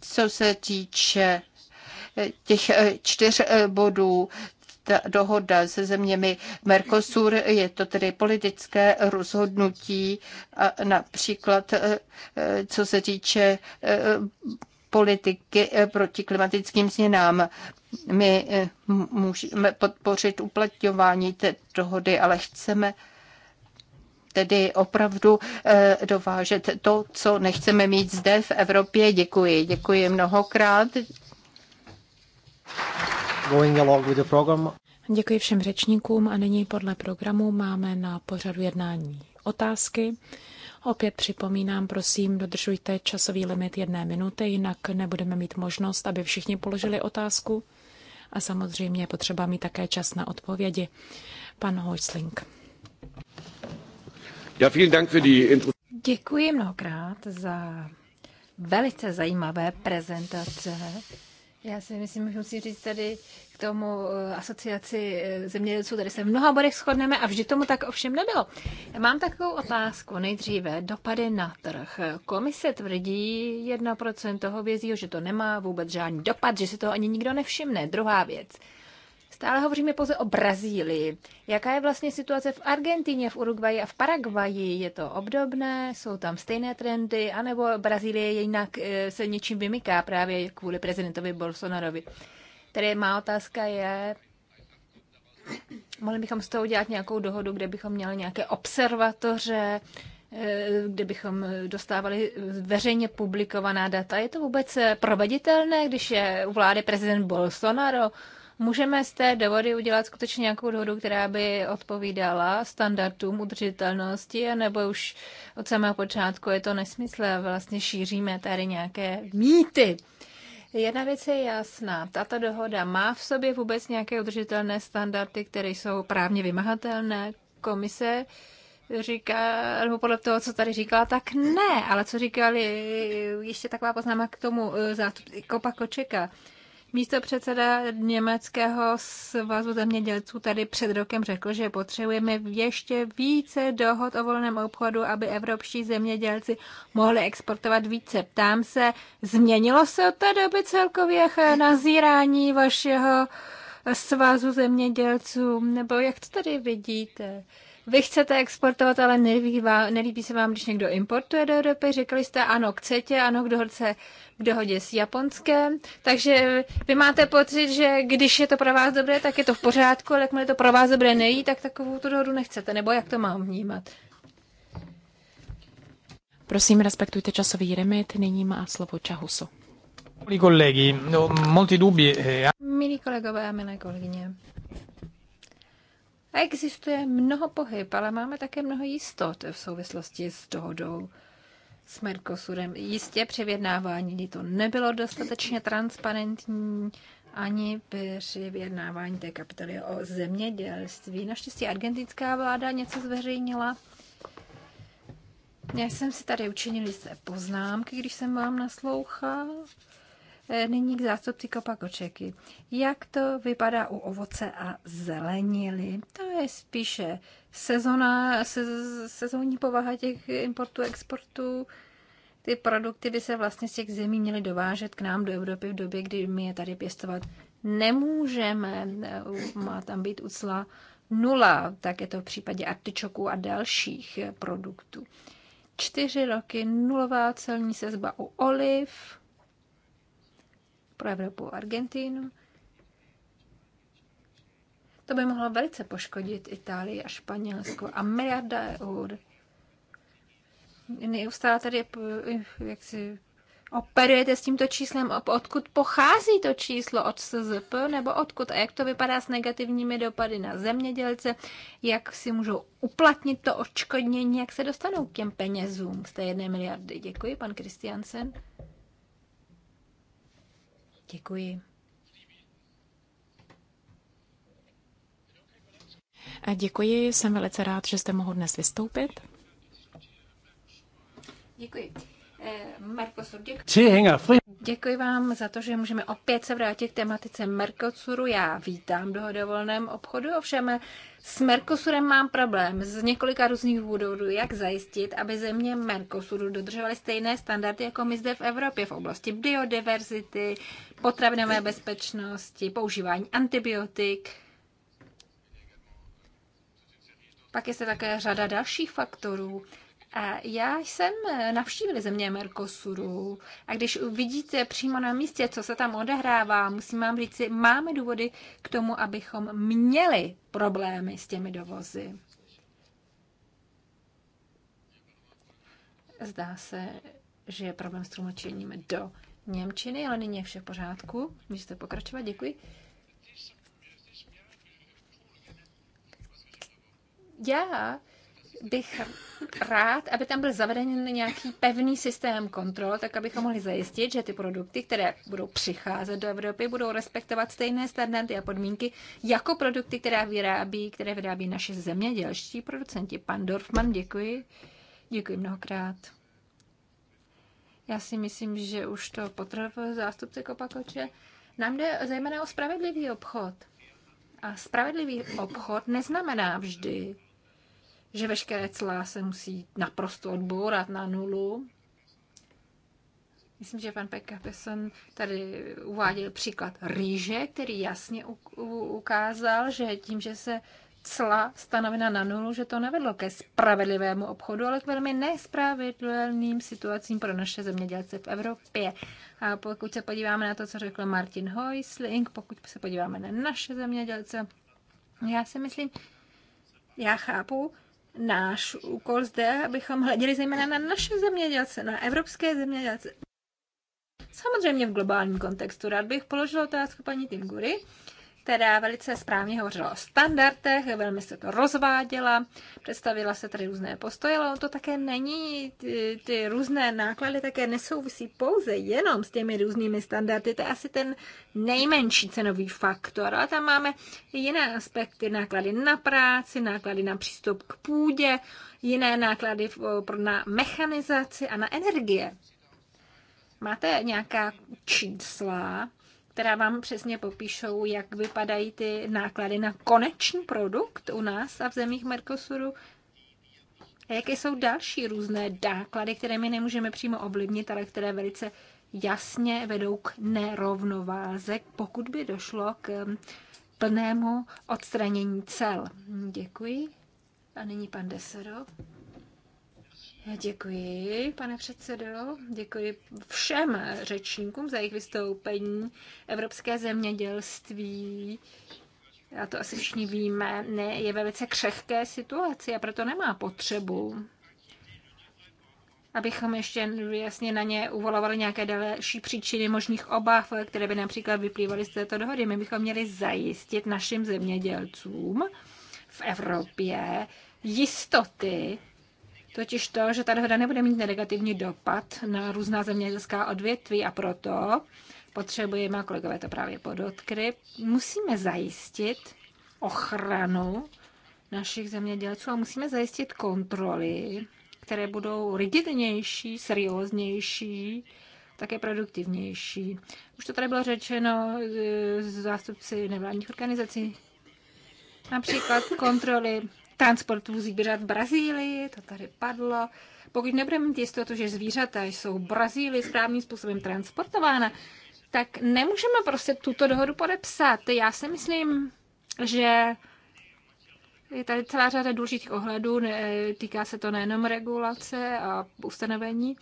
Co se týče těch eh, čtyř eh, bodů ta dohoda se zeměmi Mercosur, je to tedy politické rozhodnutí, a například eh, co se týče politiky proti klimatickým změnám. My můžeme podpořit uplatňování té dohody, ale chceme tedy opravdu dovážet to, co nechceme mít zde v Evropě. Děkuji, děkuji mnohokrát. Going along with the program. Děkuji všem řečníkům a nyní podle programu máme na pořadu jednání otázky. Opět připomínám, prosím, dodržujte časový limit jedné minuty, jinak nebudeme mít možnost, aby všichni položili otázku. A samozřejmě je potřeba mít také čas na odpovědi. Pan Hojsling. Ja, Dank für die Děkuji mnohokrát za velice zajímavé prezentace já si myslím, že musím říct tady k tomu eh, asociaci eh, zemědělců, tady se v mnoha bodech shodneme a vždy tomu tak ovšem nebylo. Já mám takovou otázku nejdříve, dopady na trh. Komise tvrdí 1% toho vězího, že to nemá vůbec žádný dopad, že se toho ani nikdo nevšimne. Druhá věc, Stále hovoříme pouze o Brazílii. Jaká je vlastně situace v Argentině, v Uruguayi a v Paraguaji? Je to obdobné? Jsou tam stejné trendy? A nebo Brazílie jinak eh, se něčím vymyká právě kvůli prezidentovi Bolsonarovi? Tady má otázka je, mohli bychom z toho udělat nějakou dohodu, kde bychom měli nějaké observatoře, eh, kde bychom dostávali veřejně publikovaná data. Je to vůbec proveditelné, když je u vlády prezident Bolsonaro? Můžeme z té dohody udělat skutečně nějakou dohodu, která by odpovídala standardům udržitelnosti, nebo už od samého počátku je to nesmysl a vlastně šíříme tady nějaké mýty. Jedna věc je jasná. Tato dohoda má v sobě vůbec nějaké udržitelné standardy, které jsou právně vymahatelné. Komise říká, nebo podle toho, co tady říkala, tak ne, ale co říkali ještě taková poznámka k tomu eh, zástupci Kopa Kočeka. Místo předseda Německého svazu zemědělců tady před rokem řekl, že potřebujeme ještě více dohod o volném obchodu, aby evropští zemědělci mohli exportovat více. Ptám se, změnilo se od té doby celkově nazírání vašeho svazu zemědělců, nebo jak to tady vidíte? Vy chcete exportovat, ale nelíbí, vám, nelíbí se vám, když někdo importuje do Evropy. Řekli jste ano, chcete, ano, k dohodce, k dohodě s Japonskem. Takže vy máte pocit, že když je to pro vás dobré, tak je to v pořádku, ale jakmile to pro vás dobré nejí, tak takovou tu dohodu nechcete. Nebo jak to mám vnímat? Prosím, respektujte časový remit. Nyní má slovo Čahuso. Milí kolegy, no, molti eh, Milí kolegové a milé kolegyně, Existuje mnoho pohyb, ale máme také mnoho jistot v souvislosti s dohodou s Mercosurem. Jistě při vyjednávání to nebylo dostatečně transparentní, ani při vyjednávání té kapitoly o zemědělství. Naštěstí argentinská vláda něco zveřejnila. Já jsem si tady učinil jisté poznámky, když jsem vám naslouchal. E, nyní k zástupci kopakočeky. Jak to vypadá u ovoce a zelenily? To je spíše sezona, se, sezónní povaha těch importů, exportů. Ty produkty by se vlastně z těch zemí měly dovážet k nám do Evropy v době, kdy my je tady pěstovat nemůžeme. E, má tam být ucla nula, tak je to v případě artičoků a dalších e, produktů. Čtyři roky nulová celní sezba u oliv, pro Evropu a Argentínu. To by mohlo velice poškodit Itálii a Španělsko a miliarda eur. Neustále tady jak si operujete s tímto číslem, odkud pochází to číslo, od SZP nebo odkud a jak to vypadá s negativními dopady na zemědělce, jak si můžou uplatnit to odškodnění, jak se dostanou k těm penězům z té jedné miliardy. Děkuji, pan Kristiansen. Děkuji. děkuji, jsem velice rád, že jste mohl dnes vystoupit. Děkuji. Eh, Mercosur. Děkuji. Děkuji vám za to, že můžeme opět se vrátit k tematice Mercosuru. Já vítám dohodovolném obchodu, ovšem s Mercosurem mám problém z několika různých důvodů, jak zajistit, aby země Mercosuru dodržovaly stejné standardy, jako my zde v Evropě v oblasti biodiverzity, potravinové bezpečnosti, používání antibiotik. Pak je se také řada dalších faktorů, a já jsem eh, navštívila země Mercosuru a když vidíte přímo na místě, co se tam odehrává, musím vám říct, si, máme důvody k tomu, abychom měli problémy s těmi dovozy. Zdá se, že je problém s tlumočením do Němčiny, ale nyní je vše v pořádku. Můžete pokračovat, děkuji. Já bych rád, aby tam byl zaveden nějaký pevný systém kontrol, tak abychom mohli zajistit, že ty produkty, které budou přicházet do Evropy, budou respektovat stejné standardy a podmínky jako produkty, které vyrábí, které vyrábí naše zemědělští producenti. Pan Dorfman, děkuji. Děkuji mnohokrát. Já si myslím, že už to potrhl zástupce Kopakoče. Nám jde zejména o spravedlivý obchod. A spravedlivý obchod neznamená vždy že veškeré clá se musí naprosto odbourat na nulu. Myslím, že pan Pekka Pesson tady uváděl příklad rýže, který jasně ukázal, že tím, že se cla stanovena na nulu, že to nevedlo ke spravedlivému obchodu, ale k velmi nespravedlivým situacím pro naše zemědělce v Evropě. A pokud se podíváme na to, co řekl Martin Heusling, pokud se podíváme na naše zemědělce, já si myslím, já chápu, náš úkol zde, abychom hleděli zejména na naše zemědělce, na evropské zemědělce. Samozřejmě v globálním kontextu. Rád bych položil otázku paní Timgury která velice správně hovořila o standardech, velmi se to rozváděla, představila se tady různé postoje, ale on to také není, ty, ty různé náklady také nesouvisí pouze jenom s těmi různými standardy, to je asi ten nejmenší cenový faktor, A tam máme jiné aspekty, náklady na práci, náklady na přístup k půdě, jiné náklady na mechanizaci a na energie. Máte nějaká čísla, která vám přesně popíšou, jak vypadají ty náklady na konečný produkt u nás a v zemích Mercosuru. A jaké jsou další různé náklady, které my nemůžeme přímo ovlivnit, ale které velice jasně vedou k nerovnováze, pokud by došlo k plnému odstranění cel. Děkuji. A nyní pan Desero. Já děkuji, pane předsedo. Děkuji všem řečníkům za jejich vystoupení. Evropské zemědělství, já to asi všichni víme, ne, je ve velice křehké situaci a proto nemá potřebu, abychom ještě jasně na ně uvolovali nějaké další příčiny možných obav, které by například vyplývaly z této dohody. My bychom měli zajistit našim zemědělcům v Evropě jistoty, totiž to, že ta dohoda nebude mít negativní dopad na různá zemědělská odvětví a proto potřebujeme, a kolegové to právě podotkry, musíme zajistit ochranu našich zemědělců a musíme zajistit kontroly, které budou rigidnější, serióznější, také produktivnější. Už to tady bylo řečeno z e, zástupci nevládních organizací. Například kontroly transportu zvířat v Brazílii, to tady padlo. Pokud nebudeme mít jistotu, že zvířata jsou v Brazílii správným způsobem transportována, tak nemůžeme prostě tuto dohodu podepsat. Já si myslím, že je tady celá řada důležitých ohledů, týká se to nejenom regulace a ustanovení.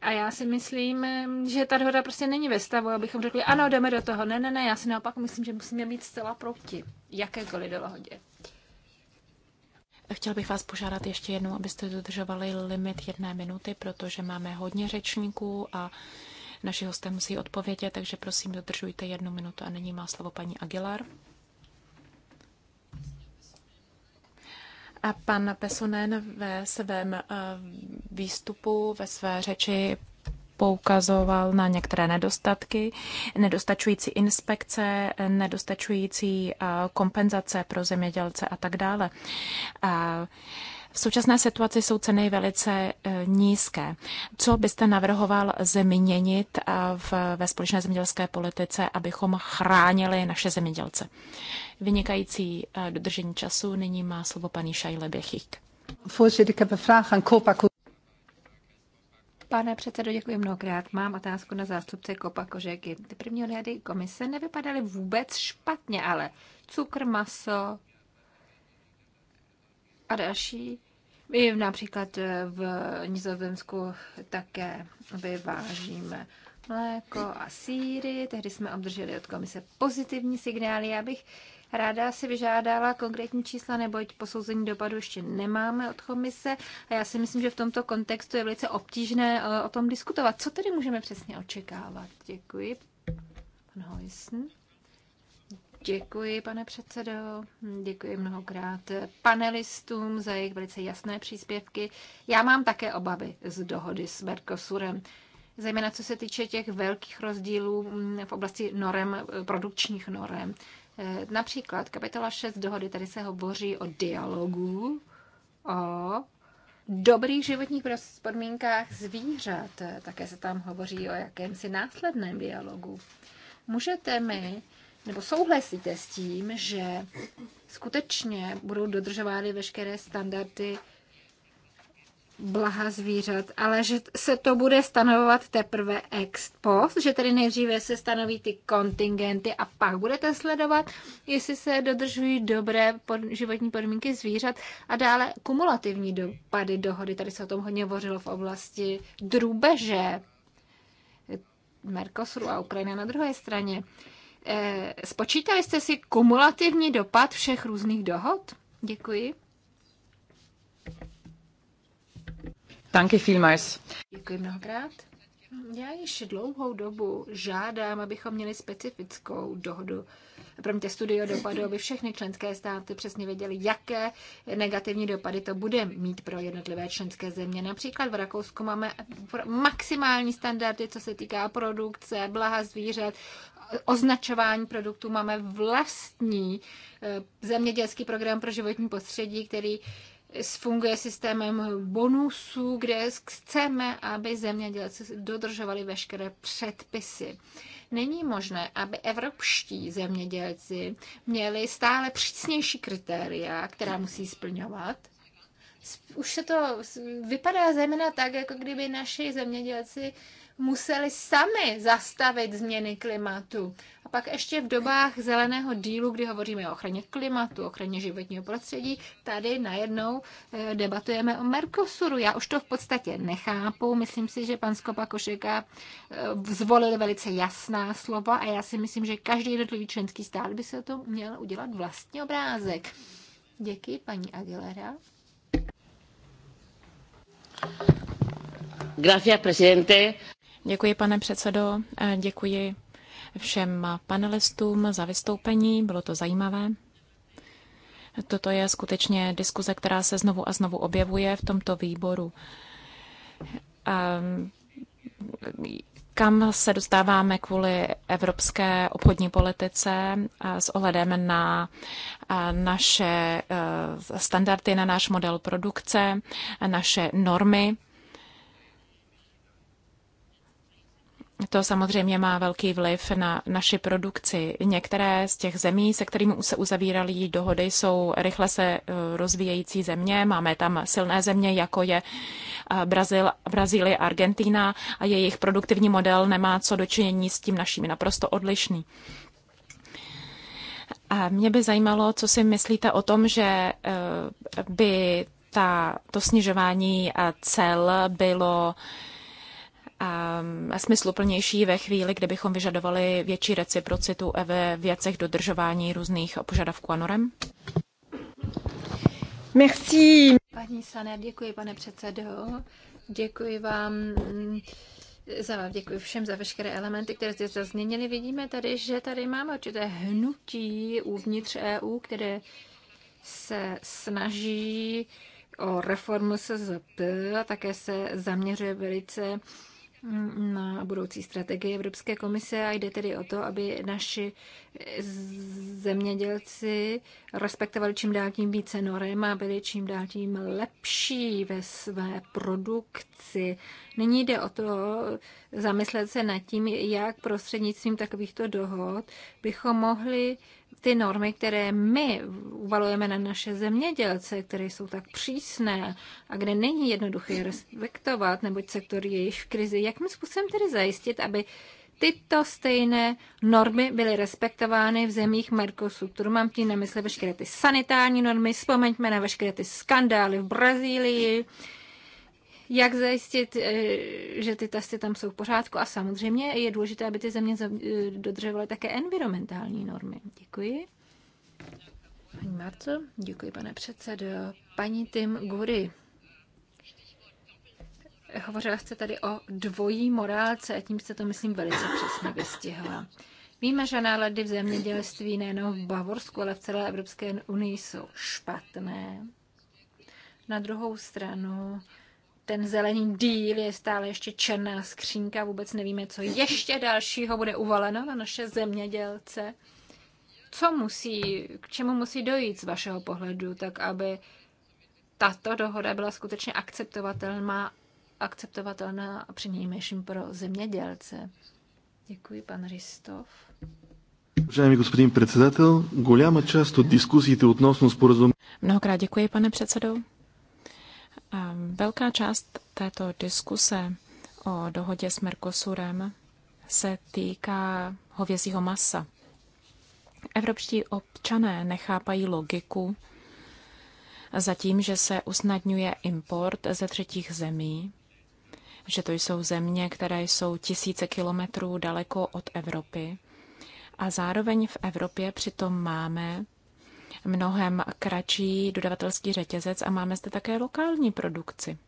A já si myslím, že ta dohoda prostě není ve stavu, abychom řekli, ano, jdeme do toho. Ne, ne, ne, já si naopak myslím, že musíme být zcela proti jakékoliv dohodě. Chtěl bych vás požádat ještě jednou, abyste dodržovali limit jedné minuty, protože máme hodně řečníků a naši hosté musí odpovědět, takže prosím dodržujte jednu minutu a nyní má slovo paní Aguilar. A pan Pesonen ve svém eh, výstupu, ve své řeči poukazoval na některé nedostatky, nedostačující inspekce, nedostačující eh, kompenzace pro zemědělce a tak dále. V současné situaci jsou ceny velice eh, nízké. Co byste navrhoval změnit eh, v, ve společné zemědělské politice, abychom chránili naše zemědělce? Vynikající dodržení času. Nyní má slovo paní Šajle Běchík. Voorzitter, ik heb een vraag aan Pane předsedo, děkuji mnohokrát. Mám otázku na zástupce Kopa Kožeky. Ty první odhady komise nevypadaly vůbec špatně, ale cukr, maso a další my například eh, v Nizozemsku také vyvážíme mléko a síry. Tehdy jsme obdrželi od komise pozitivní signály. Já bych Ráda si vyžádala konkrétní čísla, neboť posouzení dopadu ještě nemáme od komise a já si myslím, že v tomto kontextu je velice obtížné eh, o tom diskutovat. Co tedy můžeme přesně očekávat? Děkuji. Pan Hojsn. Děkuji, pane předsedo. Děkuji mnohokrát panelistům za jejich velice jasné příspěvky. Já mám také obavy z dohody s Mercosurem zejména co se týče těch velkých rozdílů mm, v oblasti norem, eh, produkčních norem. Eh, například kapitola 6 dohody, tady se hovoří o dialogu, o dobrých životních podmínkách zvířat. Také se tam hovoří o jakémsi následném dialogu. Můžete mi, nebo souhlasíte s tím, že skutečně budou dodržovány veškeré standardy blaha zvířat, ale že se to bude stanovovat teprve ex post, že tedy nejdříve se stanoví ty kontingenty a pak budete sledovat, jestli se dodržují dobré pod, životní podmínky zvířat a dále kumulativní dopady dohody. Tady se o tom hodně hovořilo v oblasti drůbeže Mercosuru a Ukrajina na druhé straně. E, spočítali jste si kumulativní dopad všech různých dohod? Děkuji. Danke vielmals. Děkuji mnohokrát. Já již dlouhou dobu žádám, abychom měli specifickou dohodu. mě studio dopadu, aby všechny členské státy přesně věděly, jaké negativní dopady to bude mít pro jednotlivé členské země. Například v Rakousku máme maximální standardy, co se týká produkce, blaha zvířat, označování produktů. Máme vlastní eh, zemědělský program pro životní prostředí, který funguje systémem bonusů, kde chceme, aby zemědělci dodržovali veškeré předpisy. Není možné, aby evropští zemědělci měli stále přísnější kritéria, která musí splňovat. Už se to vypadá zejména tak, jako kdyby naši zemědělci museli sami zastavit změny klimatu a pak ještě v dobách zeleného dílu, kdy hovoříme o ochraně klimatu, ochraně životního prostředí, tady najednou eh, debatujeme o Mercosuru. Já už to v podstatě nechápu. Myslím si, že pan Skopa Košeka eh, zvolil velice jasná slova a já si myslím, že každý jednotlivý členský stát by se to měl udělat vlastní obrázek. Děkuji, paní Aguilera. Gracias, presidente. Děkuji, pane předsedo. Eh, děkuji všem panelistům za vystoupení, bylo to zajímavé. Toto je skutečně diskuze, která se znovu a znovu objevuje v tomto výboru. Ehm, kam se dostáváme kvůli evropské obchodní politice s ohledem na naše e, standardy, na náš model produkce, naše normy? To samozřejmě má velký vliv na naši produkci. Některé z těch zemí, se kterými se uzavíraly dohody, jsou rychle se eh, rozvíjející země. Máme tam silné země, jako je eh, Brazil, Brazílie, Argentína a jejich produktivní model nemá co dočinění s tím naším, naprosto odlišný. A mě by zajímalo, co si myslíte o tom, že eh, by ta, to snižování cel bylo smysluplnější ve chvíli, kdy bychom vyžadovali větší reciprocitu e, ve věcech dodržování různých požadavků a norem? Merci. Paní Saner, děkuji, pane předsedo. Děkuji vám mm, za, děkuji všem za veškeré elementy, které jste zazměnili. Vidíme tady, že tady máme určité hnutí uvnitř EU, které se snaží o reformu SZP a také se zaměřuje velice na budoucí strategii Evropské komise a jde tedy o to, aby naši zemědělci respektovali čím dál tím více norem a byli čím dál tím lepší ve své produkci. Nyní jde o to zamyslet se nad tím, jak prostřednictvím takovýchto dohod bychom mohli ty normy, které my uvalujeme na naše zemědělce, které jsou tak přísné a kde není jednoduché respektovat, neboť sektor je již v krizi, jakým způsobem tedy zajistit, aby tyto stejné normy byly respektovány v zemích Mercosuru. Mám tím na mysli veškeré ty sanitární normy, vzpomeňme na veškeré ty skandály v Brazílii, jak zajistit, eh, že ty testy tam jsou v pořádku a samozřejmě je důležité, aby ty země eh, dodržovaly také environmentální normy. Děkuji. Paní Marco, děkuji pane předsedo. Paní Tim Gury, hovořila jste tady o dvojí morálce a tím jste to, myslím, velice přesně vystihla. Víme, že nálady v zemědělství nejenom v Bavorsku, ale v celé Evropské unii jsou špatné. Na druhou stranu ten zelený díl je stále ještě černá skřínka, vůbec nevíme, co ještě dalšího bude uvaleno na naše zemědělce. Co musí, k čemu musí dojít z vašeho pohledu, tak aby tato dohoda byla skutečně akceptovatelná, akceptovatelná a přinejmenším pro zemědělce? Děkuji, pan Ristov. Уважаеми господин председател, голяма част от дискусиите относно споразумението. Многократно děkuji, pane předsedo. Velká část této diskuse o dohodě s Mercosurem se týká hovězího masa. Evropští občané nechápají logiku zatím, že se usnadňuje import ze třetích zemí, že to jsou země, které jsou tisíce kilometrů daleko od Evropy. A zároveň v Evropě přitom máme mnohem kratší dodavatelský řetězec a máme zde také lokální produkci.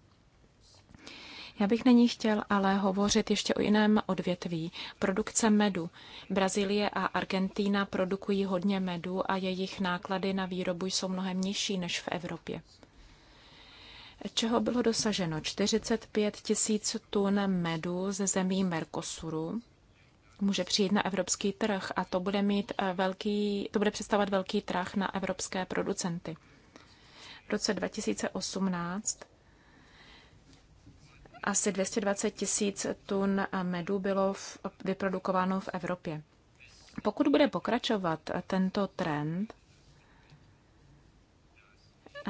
Já bych není chtěl ale hovořit ještě o jiném odvětví. Produkce medu. Brazílie a Argentína produkují hodně medu a jejich náklady na výrobu jsou mnohem nižší než v Evropě. Čeho bylo dosaženo? 45 tisíc tun medu ze zemí Mercosuru může přijít na evropský trh a to bude, mít eh, velký, to bude představovat velký trh na evropské producenty. V roce 2018 asi 220 tisíc tun medu bylo v, vyprodukováno v Evropě. Pokud bude pokračovat tento trend,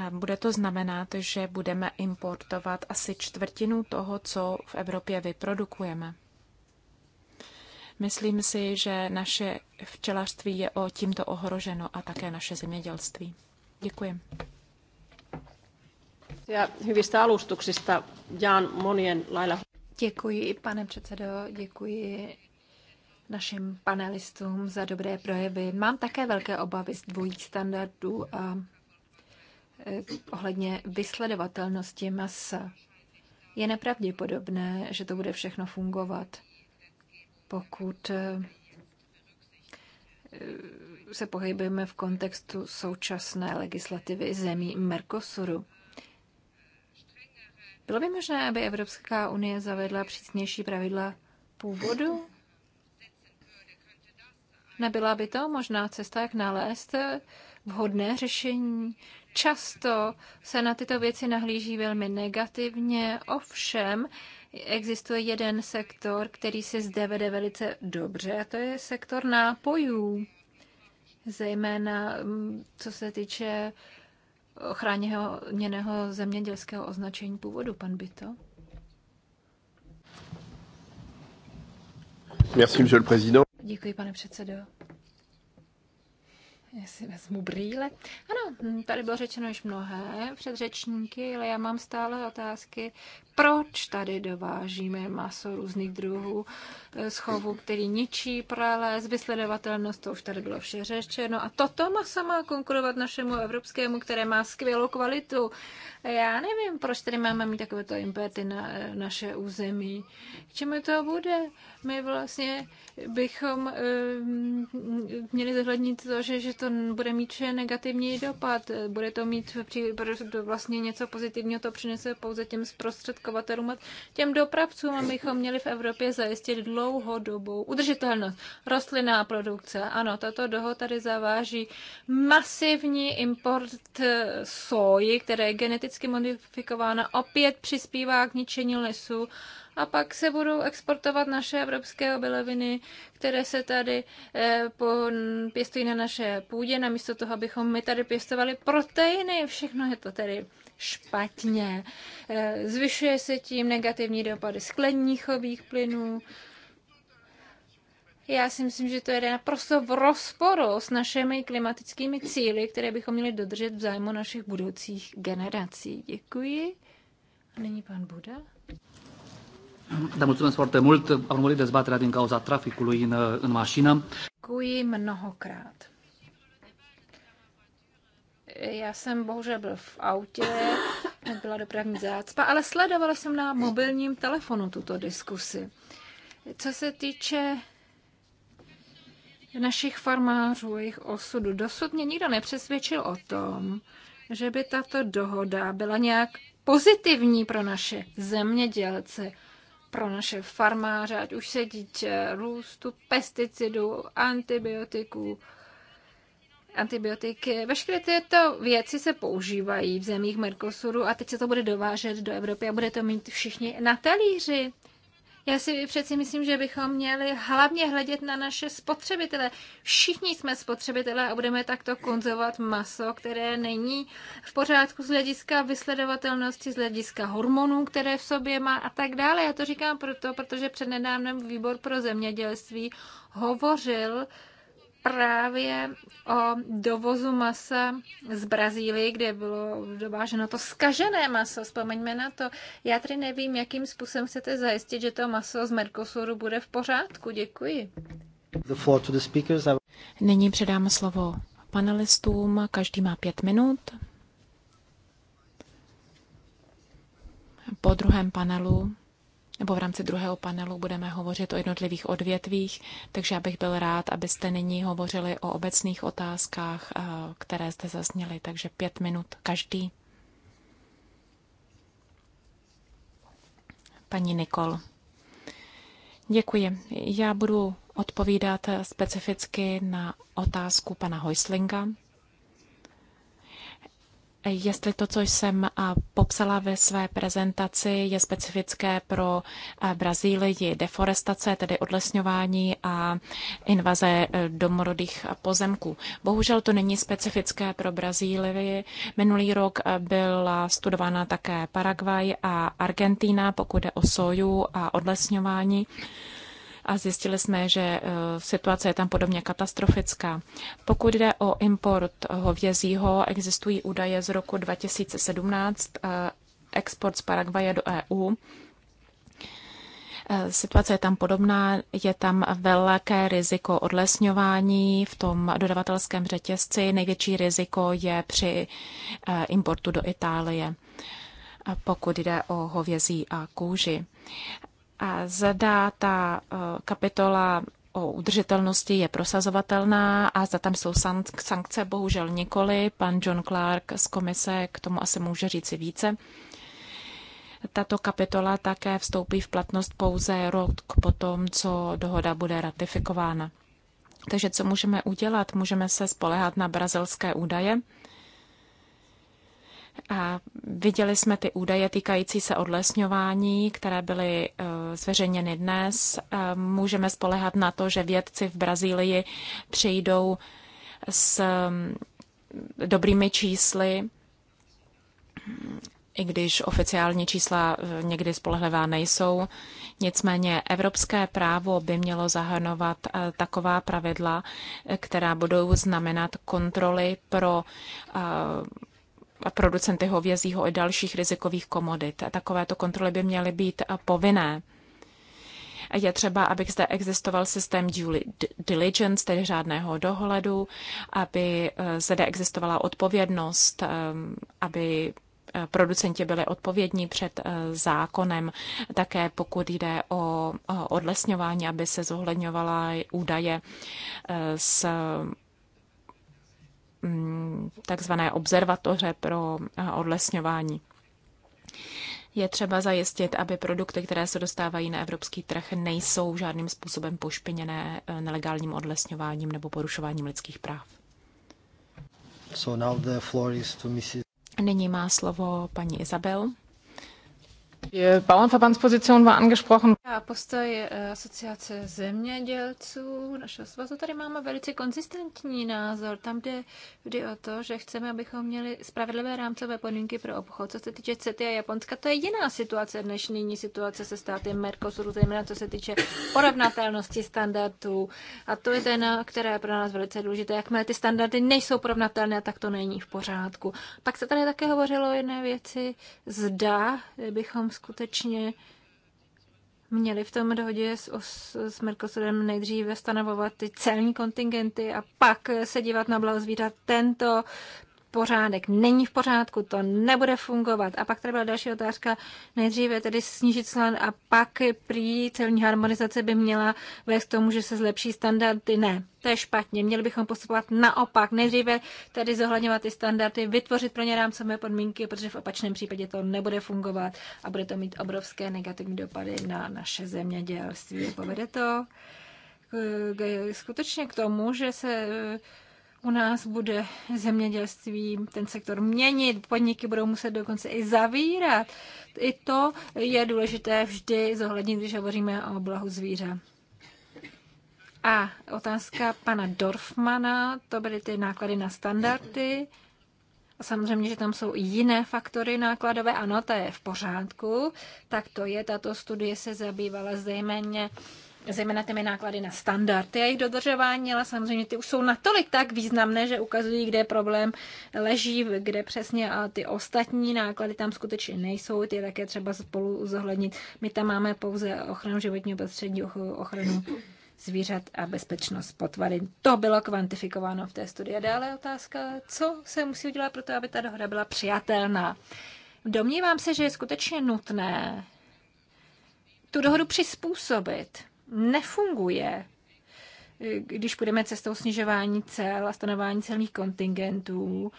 eh, bude to znamenat, že budeme importovat asi čtvrtinu toho, co v Evropě vyprodukujeme. Myslím si, že naše včelařství je o tímto ohroženo a také naše zemědělství. Děkuji. Ja hyvistä alustuksista jaan monien lailla. Děkuji, pane předsedo, děkuji našim panelistům za dobré projevy. Mám také velké obavy z dvojích standardů a eh, ohledně vysledovatelnosti masa. Je nepravděpodobné, že to bude všechno fungovat pokud eh, se pohybujeme v kontextu současné legislativy zemí Mercosuru. Bylo by možné, aby Evropská unie zavedla přísnější pravidla původu? Nebyla by to možná cesta, jak nalézt eh, vhodné řešení? Často se na tyto věci nahlíží velmi negativně, ovšem existuje jeden sektor, který se zde vede velice dobře, a to je sektor nápojů. Zejména mm, co se týče ochráněného zemědělského označení původu, pan Byto. Děkuji, pane předsedo. Já si vezmu brýle. Ano, tady bylo řečeno již mnohé předřečníky, ale já mám stále otázky, proč tady dovážíme maso různých druhů eh, schovu, který ničí prales, vysledovatelnost, to už tady bylo vše řečeno. A toto maso má konkurovat našemu evropskému, které má skvělou kvalitu. Já nevím, proč tady máme mít takovéto impety na eh, naše území. K čemu to bude? My vlastně bychom eh, měli zohlednit to, že, že to bude mít vše negativní dopad. Bude to mít vlastně něco pozitivního, to přinese pouze těm zprostředkovatelům a těm dopravcům, abychom měli v Evropě zajistit dlouhodobou udržitelnost. Rostlinná produkce, ano, tato doho tady zaváží masivní import eh, soji, které je geneticky modifikována, opět přispívá k ničení lesů a pak se budou exportovat naše evropské obiloviny, které se tady eh, pěstují na naše půdě, namísto toho, abychom my tady pěstovali proteiny. Všechno je to tedy špatně. Eh, zvyšuje se tím negativní dopady skleníkových plynů, já si myslím, že to je naprosto v rozporu s našimi klimatickými cíly, které bychom měli dodržet v zájmu našich budoucích generací. Děkuji. A nyní pan Buda. Da, mulțumesc foarte mult. Am urmărit dezbaterea din cauza traficului în, în mașină. Cui mnohokrát. Já jsem bohužel byl v autě, byla dopravní zácpa, ale sledovala jsem na mobilním telefonu tuto diskusi. Co se týče našich farmářů, jejich osudu, dosud mě nikdo nepřesvědčil o tom, že by tato dohoda byla nějak pozitivní pro naše zemědělce pro naše farmáře, ať už se týče růstu, pesticidů, antibiotiků, antibiotiky. Veškeré tyto věci se používají v zemích Mercosuru a teď se to bude dovážet do Evropy a bude to mít všichni na talíři. Já si přeci myslím, že bychom měli hlavně hledět na naše spotřebitele. Všichni jsme spotřebitele a budeme takto konzumovat maso, které není v pořádku z hlediska vysledovatelnosti, z hlediska hormonů, které v sobě má a tak dále. Já to říkám proto, protože přednedávnem výbor pro zemědělství hovořil právě o dovozu masa z Brazílie, kde bylo dováženo to skažené maso. Vzpomeňme na to. Já tedy nevím, jakým způsobem chcete zajistit, že to maso z Mercosuru bude v pořádku. Děkuji. The floor to the speakers. Nyní předám slovo panelistům. Každý má pět minut. Po druhém panelu nebo v rámci druhého panelu budeme hovořit o jednotlivých odvětvích, takže já bych byl rád, abyste nyní hovořili o obecných otázkách, eh, které jste zazněli, takže pět minut každý. Paní Nikol. Děkuji. Já budu odpovídat specificky na otázku pana Hojslinga jestli to, co jsem popsala ve své prezentaci, je specifické pro Brazílii deforestace, tedy odlesňování a invaze e, domorodých pozemků. Bohužel to není specifické pro Brazílii. Minulý rok e, byla studována také Paraguay a Argentína, pokud jde o soju a odlesňování a zjistili jsme, že eh, situace je tam podobně katastrofická. Pokud jde o import hovězího, existují údaje z roku 2017, eh, export z Paraguaje do EU. Eh, situace je tam podobná, je tam velké riziko odlesňování v tom dodavatelském řetězci. Největší riziko je při importu do Itálie, pokud jde o hovězí a kůži zda ta eh, kapitola o udržitelnosti je prosazovatelná a zda tam jsou sankce, bohužel nikoli. Pan John Clark z komise k tomu asi může říci více. Tato kapitola také vstoupí v platnost pouze rok po tom, co dohoda bude ratifikována. Takže co můžeme udělat? Můžeme se spolehat na brazilské údaje Viděli jsme ty údaje týkající se odlesňování, které byly eh, zveřejněny dnes. Eh, můžeme spolehat na to, že vědci v Brazílii přijdou s mm, dobrými čísly, i když oficiální čísla eh, někdy spolehlivá nejsou. Nicméně evropské právo by mělo zahrnovat taková pravidla, která budou znamenat kontroly pro producenty hovězího i dalších rizikových komodit. Takovéto kontroly by měly být povinné. Je třeba, aby zde existoval systém due diligence, tedy řádného dohledu, aby eh, zde existovala odpovědnost, eh, aby eh, producenti byli odpovědní před zákonem, také pokud jde o odlesňování, aby se zohledňovala údaje z Mm, takzvané observatoře pro eh, odlesňování. Je třeba zajistit, aby produkty, které se dostávají na evropský trh, nejsou žádným způsobem pošpiněné eh, nelegálním odlesňováním nebo porušováním lidských práv. So now the floor is to Mrs. Nyní má slovo paní Izabel. Bauernverbandsposition war angesprochen. A postoj eh, asociace zemědělců našeho svazu, tady máme velice konzistentní názor. Tam jde vždy o to, že chceme, abychom měli spravedlivé rámcové podmínky pro obchod. Co se týče CETY a Japonska, to je jiná situace než nyní situace se státy Mercosuru, zejména co se týče porovnatelnosti standardů. A to je téma, které je pro nás velice důležité. Jakmile ty standardy nejsou porovnatelné, tak to není v pořádku. Pak se tady také hovořilo o jedné věci. Zda bychom skutečně měli v tom dohodě s, s, Mercosurem nejdříve stanovovat ty celní kontingenty a pak se dívat na blahozvířat. Tento pořádek není v pořádku, to nebude fungovat. A pak tady byla další otázka, nejdříve tedy snížit slan a pak prý celní harmonizace by měla vést k tomu, že se zlepší standardy. Ne, to je špatně. Měli bychom postupovat naopak. Nejdříve tedy zohledňovat ty standardy, vytvořit pro ně rámcové podmínky, protože v opačném případě to nebude fungovat a bude to mít obrovské negativní dopady na naše zemědělství. Povede to skutečně k tomu, že se u nás bude zemědělství ten sektor měnit, podniky budou muset dokonce i zavírat. I to je důležité vždy zohlednit, když hovoříme o blahu zvířat. A otázka pana Dorfmana, to byly ty náklady na standardy. A samozřejmě, že tam jsou i jiné faktory nákladové, ano, to je v pořádku. Tak to je, tato studie se zabývala zejména zejména těmi náklady na standardy a jejich dodržování, ale samozřejmě ty už jsou natolik tak významné, že ukazují, kde problém leží, kde přesně a ty ostatní náklady tam skutečně nejsou, ty je také třeba spolu zohlednit. My tam máme pouze ochranu životního prostředí, ochranu zvířat a bezpečnost potvarin. To bylo kvantifikováno v té studii. A dále otázka, co se musí udělat pro to, aby ta dohoda byla přijatelná. Domnívám se, že je skutečně nutné tu dohodu přizpůsobit nefunguje. Eh, když půjdeme cestou snižování cel a stanování celých kontingentů,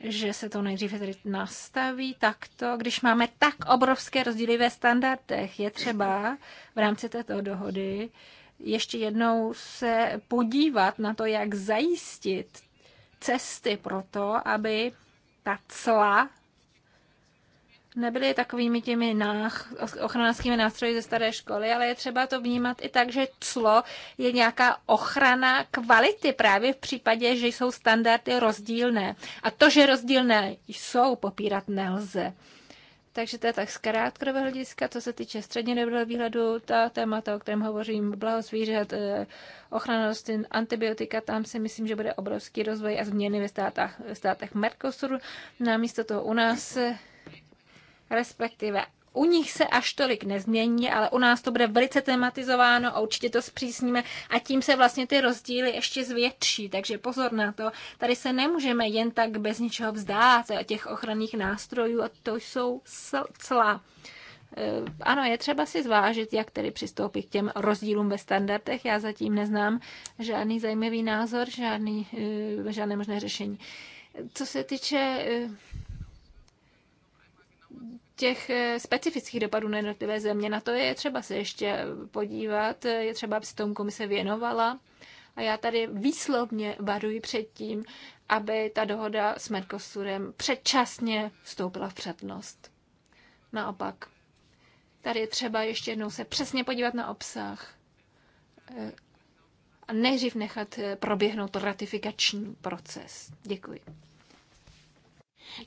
že se to nejdříve tedy nastaví takto. Když máme tak obrovské rozdíly ve standardech, je třeba v rámci této dohody ještě jednou se podívat na to, jak zajistit cesty pro to, aby ta cla nebyly takovými těmi nách, ochranářskými nástroji ze staré školy, ale je třeba to vnímat i tak, že clo je nějaká ochrana kvality právě v případě, že jsou standardy rozdílné. A to, že rozdílné jsou, popírat nelze. Takže to je tak z krátkodobého hlediska, co se týče střednědobého výhledu, ta témata, o kterém hovořím, blaho zvířat, eh, ochrana rostlin, antibiotika, tam si myslím, že bude obrovský rozvoj a změny ve státech, státech Mercosuru. Namísto toho u nás eh, respektive u nich se až tolik nezmění, ale u nás to bude velice tematizováno a určitě to zpřísníme a tím se vlastně ty rozdíly ještě zvětší, takže pozor na to. Tady se nemůžeme jen tak bez ničeho vzdát těch ochranných nástrojů a to jsou cla. E, ano, je třeba si zvážit, jak tedy přistoupit k těm rozdílům ve standardech. Já zatím neznám žádný zajímavý názor, žádný, e, žádné možné řešení. Co se týče e, těch eh, specifických dopadů na jednotlivé země, na to je třeba se ještě podívat, je třeba, aby se tomu komise věnovala. A já tady výslovně varuji před tím, aby ta dohoda s Mercosurem předčasně vstoupila v přednost. Naopak, tady je třeba ještě jednou se přesně podívat na obsah eh, a nejdřív nechat eh, proběhnout ratifikační proces. Děkuji.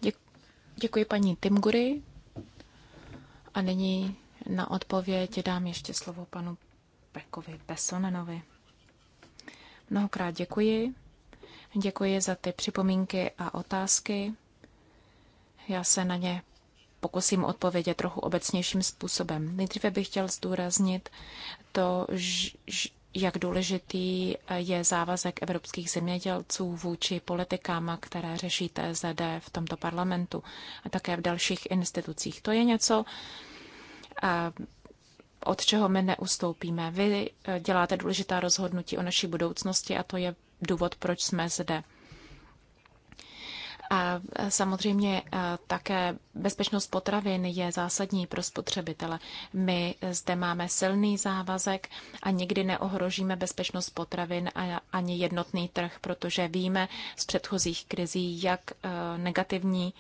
Děkuji. Děkuji paní Timgury. A nyní na odpověď dám ještě slovo panu Pekovi Pesonenovi. Mnohokrát děkuji. Děkuji za ty připomínky a otázky. Já se na ně pokusím odpovědět trochu obecnějším způsobem. Nejdříve bych chtěl zdůraznit to, jak důležitý eh, je závazek evropských zemědělců vůči politikám, které řeší TZD v tomto parlamentu a také v dalších institucích. To je něco, eh, od čeho my neustoupíme. Vy eh, děláte důležitá rozhodnutí o naší budoucnosti a to je důvod, proč jsme zde samozřejmě také bezpečnost potravin je zásadní pro spotřebitele. My zde máme silný závazek a nikdy neohrožíme bezpečnost potravin a ani jednotný trh, protože víme z předchozích krizí, jak negativní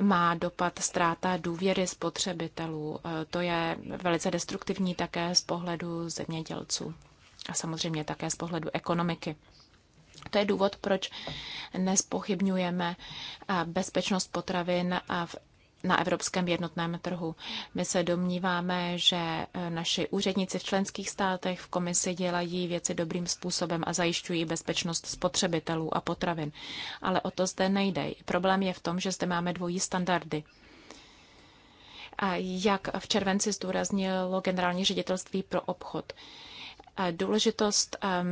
má dopad ztráta důvěry spotřebitelů. To je velice destruktivní také z pohledu zemědělců a samozřejmě také z pohledu ekonomiky to je důvod, proč nespochybňujeme eh, bezpečnost potravin eh, v na evropském jednotném trhu. My se domníváme, že eh, naši úředníci v členských státech v komisi dělají věci dobrým způsobem a zajišťují bezpečnost spotřebitelů a potravin. Ale o to zde nejde. Problém je v tom, že zde máme dvojí standardy. A jak v červenci zdůraznilo generální ředitelství pro obchod, Eh, důležitost eh,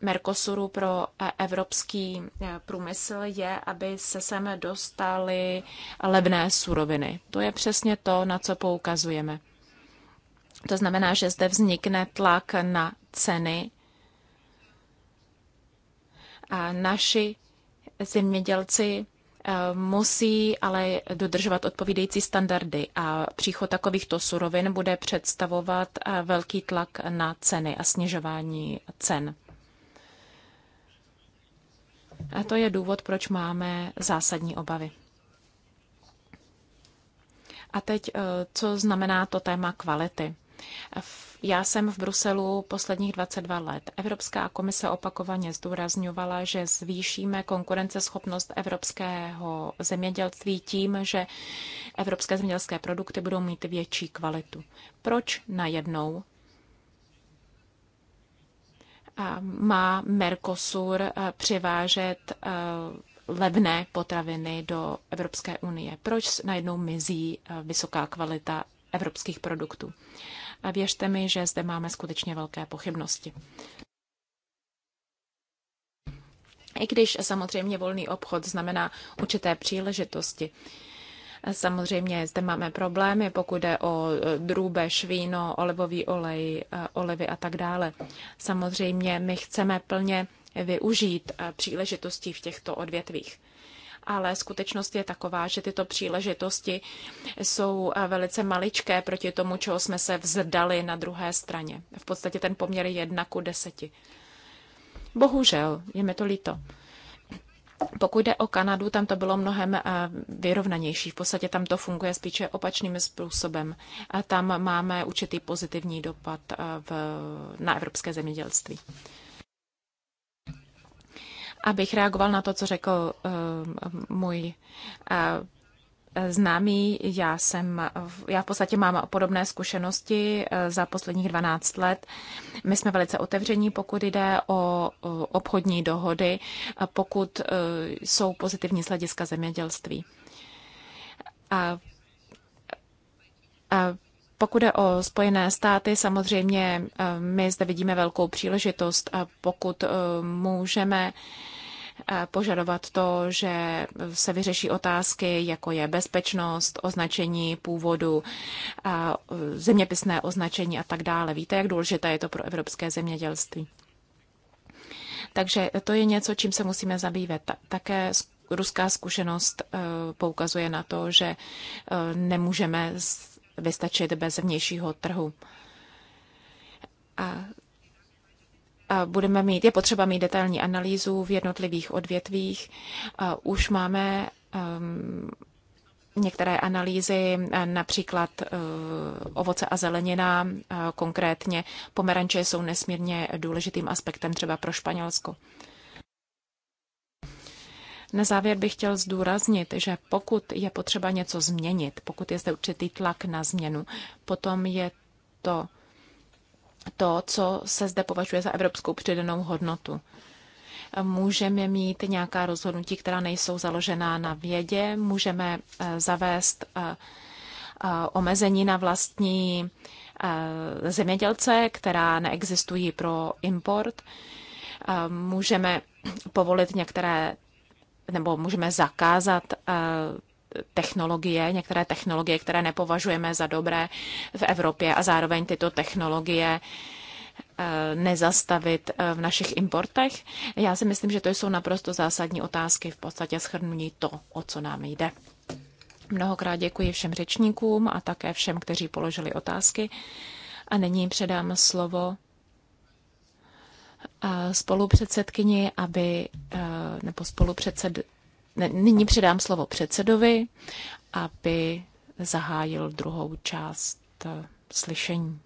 Mercosuru pro eh, evropský průmysl je, aby se sem dostaly levné suroviny. To je přesně to, na co poukazujeme. To znamená, že zde vznikne tlak na ceny. A naši zemědělci Eh, musí ale dodržovat odpovídající standardy a příchod takovýchto surovin bude představovat eh, velký tlak na ceny a snižování cen. A to je důvod, proč máme zásadní obavy. A teď, eh, co znamená to téma kvality. V já jsem v Bruselu posledních 22 let. Evropská komise opakovaně zdůrazňovala, že zvýšíme konkurenceschopnost evropského zemědělství tím, že evropské zemědělské produkty budou mít větší kvalitu. Proč najednou má Mercosur eh, přivážet eh, levné potraviny do Evropské unie? Proč najednou mizí eh, vysoká kvalita evropských produktů? A věřte mi, že zde máme skutečně velké pochybnosti. I když samozřejmě volný obchod znamená určité příležitosti. Samozřejmě zde máme problémy, pokud jde o e, drůbe, švíno, olivový olej, e, olivy a tak dále. Samozřejmě my chceme plně využít e, příležitosti v těchto odvětvích ale skutečnost je taková, že tyto příležitosti jsou eh, velice maličké proti tomu, čeho jsme se vzdali na druhé straně. V podstatě ten poměr je jedna ku deseti. Bohužel, je mi to líto. Pokud jde o Kanadu, tam to bylo mnohem eh, vyrovnanější. V podstatě tam to funguje spíše opačným způsobem. A tam máme určitý pozitivní dopad eh, v, na evropské zemědělství abych reagoval na to, co řekl eh, můj eh, známý. Já jsem, já v podstatě mám podobné zkušenosti eh, za posledních 12 let. My jsme velice otevření, pokud jde o obchodní dohody, pokud jsou pozitivní z zemědělství. A, a pokud je o Spojené státy, samozřejmě eh, my zde vidíme velkou příležitost, pokud eh, můžeme eh, požadovat to, že se vyřeší otázky, jako je bezpečnost, označení původu, zeměpisné označení a tak dále. Víte, jak důležité je to pro evropské zemědělství. Takže to je něco, čím se musíme zabývat. Také ruská zkušenost poukazuje na to, že nemůžeme vystačit bez vnějšího trhu. A budeme mít, je potřeba mít detailní analýzu v jednotlivých odvětvích. Už máme um, některé analýzy, eh, například eh, ovoce a zelenina, eh, konkrétně pomeranče jsou nesmírně důležitým aspektem třeba pro Španělsko. Na závěr bych chtěl zdůraznit, že pokud je potřeba něco změnit, pokud je zde určitý tlak na změnu, potom je to to, co se zde považuje za evropskou přidanou hodnotu. Můžeme mít nějaká rozhodnutí, která nejsou založená na vědě, můžeme eh, zavést eh, eh, omezení na vlastní zemědělce, která neexistují pro import. Můžeme povolit některé nebo můžeme zakázat eh, technologie, některé technologie, které nepovažujeme za dobré v Evropě a zároveň tyto technologie eh, nezastavit eh, v našich importech? Já si myslím, že to jsou naprosto zásadní otázky, v podstatě schrnují to, o co nám jde. Mnohokrát děkuji všem řečníkům a také všem, kteří položili otázky. A nyní předám slovo spolupředsedkyni, aby, eh, nebo spolupředsed, ne, nyní předám slovo předsedovi, aby zahájil druhou část eh, slyšení.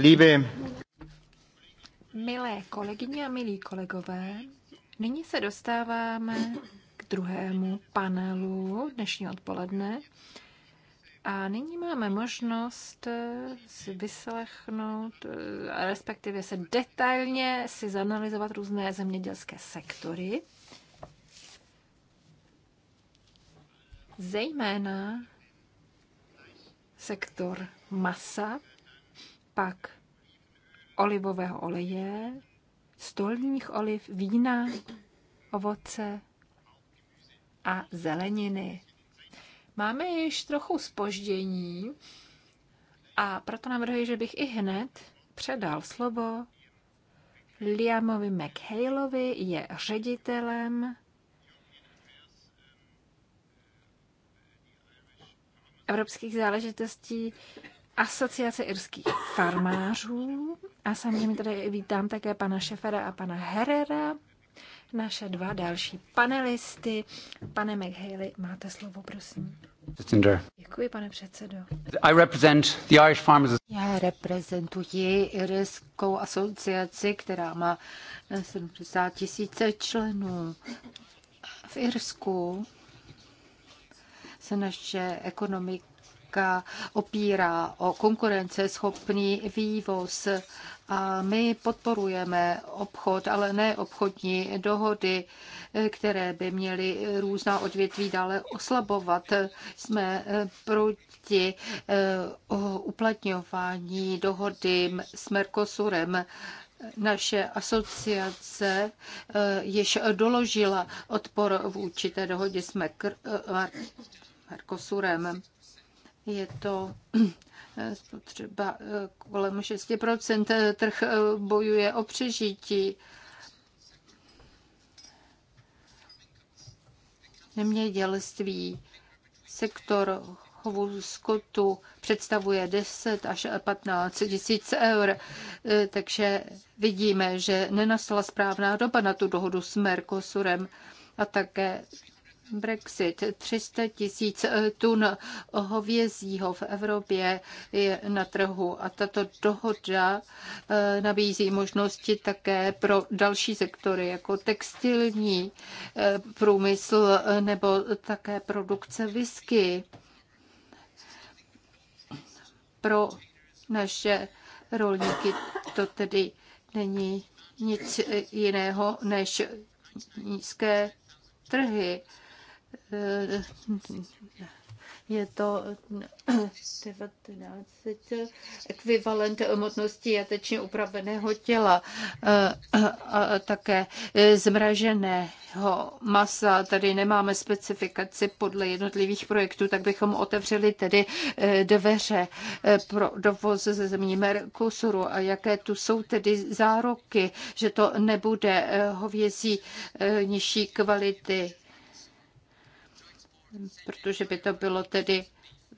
Liebe. Milé kolegyně a milí kolegové, nyní se dostáváme k druhému panelu dnešní odpoledne. A nyní máme možnost si vyslechnout, eh, respektive se detailně si zanalizovat různé zemědělské sektory. Zejména sektor masa, pak olivového oleje, stolních oliv, vína, ovoce a zeleniny. Máme již trochu spoždění a proto navrhuji, že bych i hned předal slovo Liamovi McHaleovi, je ředitelem evropských záležitostí Asociace irských farmářů a samozřejmě tady vítám také pana Šefera a pana Herrera, naše dva další panelisty. Pane McHaley, máte slovo, prosím. Děkuji, pane předsedo. I represent the Irish farmers. Já reprezentuji irskou asociaci, která má 70 tisíce členů. V Irsku se naše ekonomika opírá o konkurenceschopný vývoz a my podporujeme obchod, ale ne obchodní dohody, které by měly různá odvětví dále oslabovat. Jsme eh, proti eh, uplatňování dohody s Mercosurem. Naše asociace eh, již doložila odpor vůči té dohodě s Mercosurem. Je to eh, třeba eh, kolem 6%. Eh, trh bojuje o přežití. Nemědělství, sektor chovu skotu představuje 10 až 15 tisíc eur. Takže vidíme, že nenastala správná doba na tu dohodu s Mercosurem a také Brexit. 300 tisíc eh, tun hovězího v Evropě je na trhu a tato dohoda eh, nabízí možnosti také pro další sektory, jako textilní eh, průmysl nebo také produkce whisky. Pro naše rolníky to tedy není nic jiného než nízké trhy. Eh, je to 19 eh, ekvivalent hmotnosti jatečně upraveného těla eh, a také zmraženého masa. Tady nemáme specifikaci podle jednotlivých projektů, tak bychom otevřeli tedy dveře pro dovoz ze zemí Merkusuru a jaké tu jsou tedy záruky, že to nebude hovězí nižší kvality protože by to bylo tedy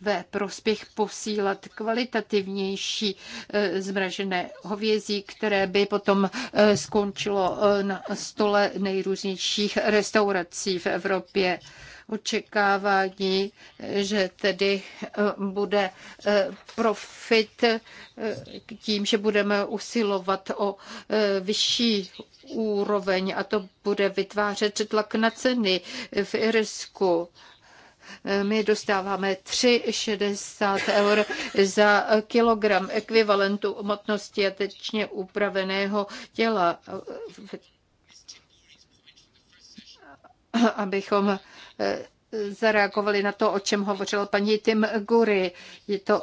ve prospěch posílat kvalitativnější e, zmražené hovězí, které by potom e, skončilo e, na stole nejrůznějších restaurací v Evropě. Očekávání, že tedy bude profit tím, že budeme usilovat o vyšší úroveň a to bude vytvářet tlak na ceny v Irsku my dostáváme 3,60 eur za kilogram ekvivalentu hmotnosti jatečně upraveného těla. Abychom eh, zareagovali na to, o čem hovořila paní Tim Gury. Je to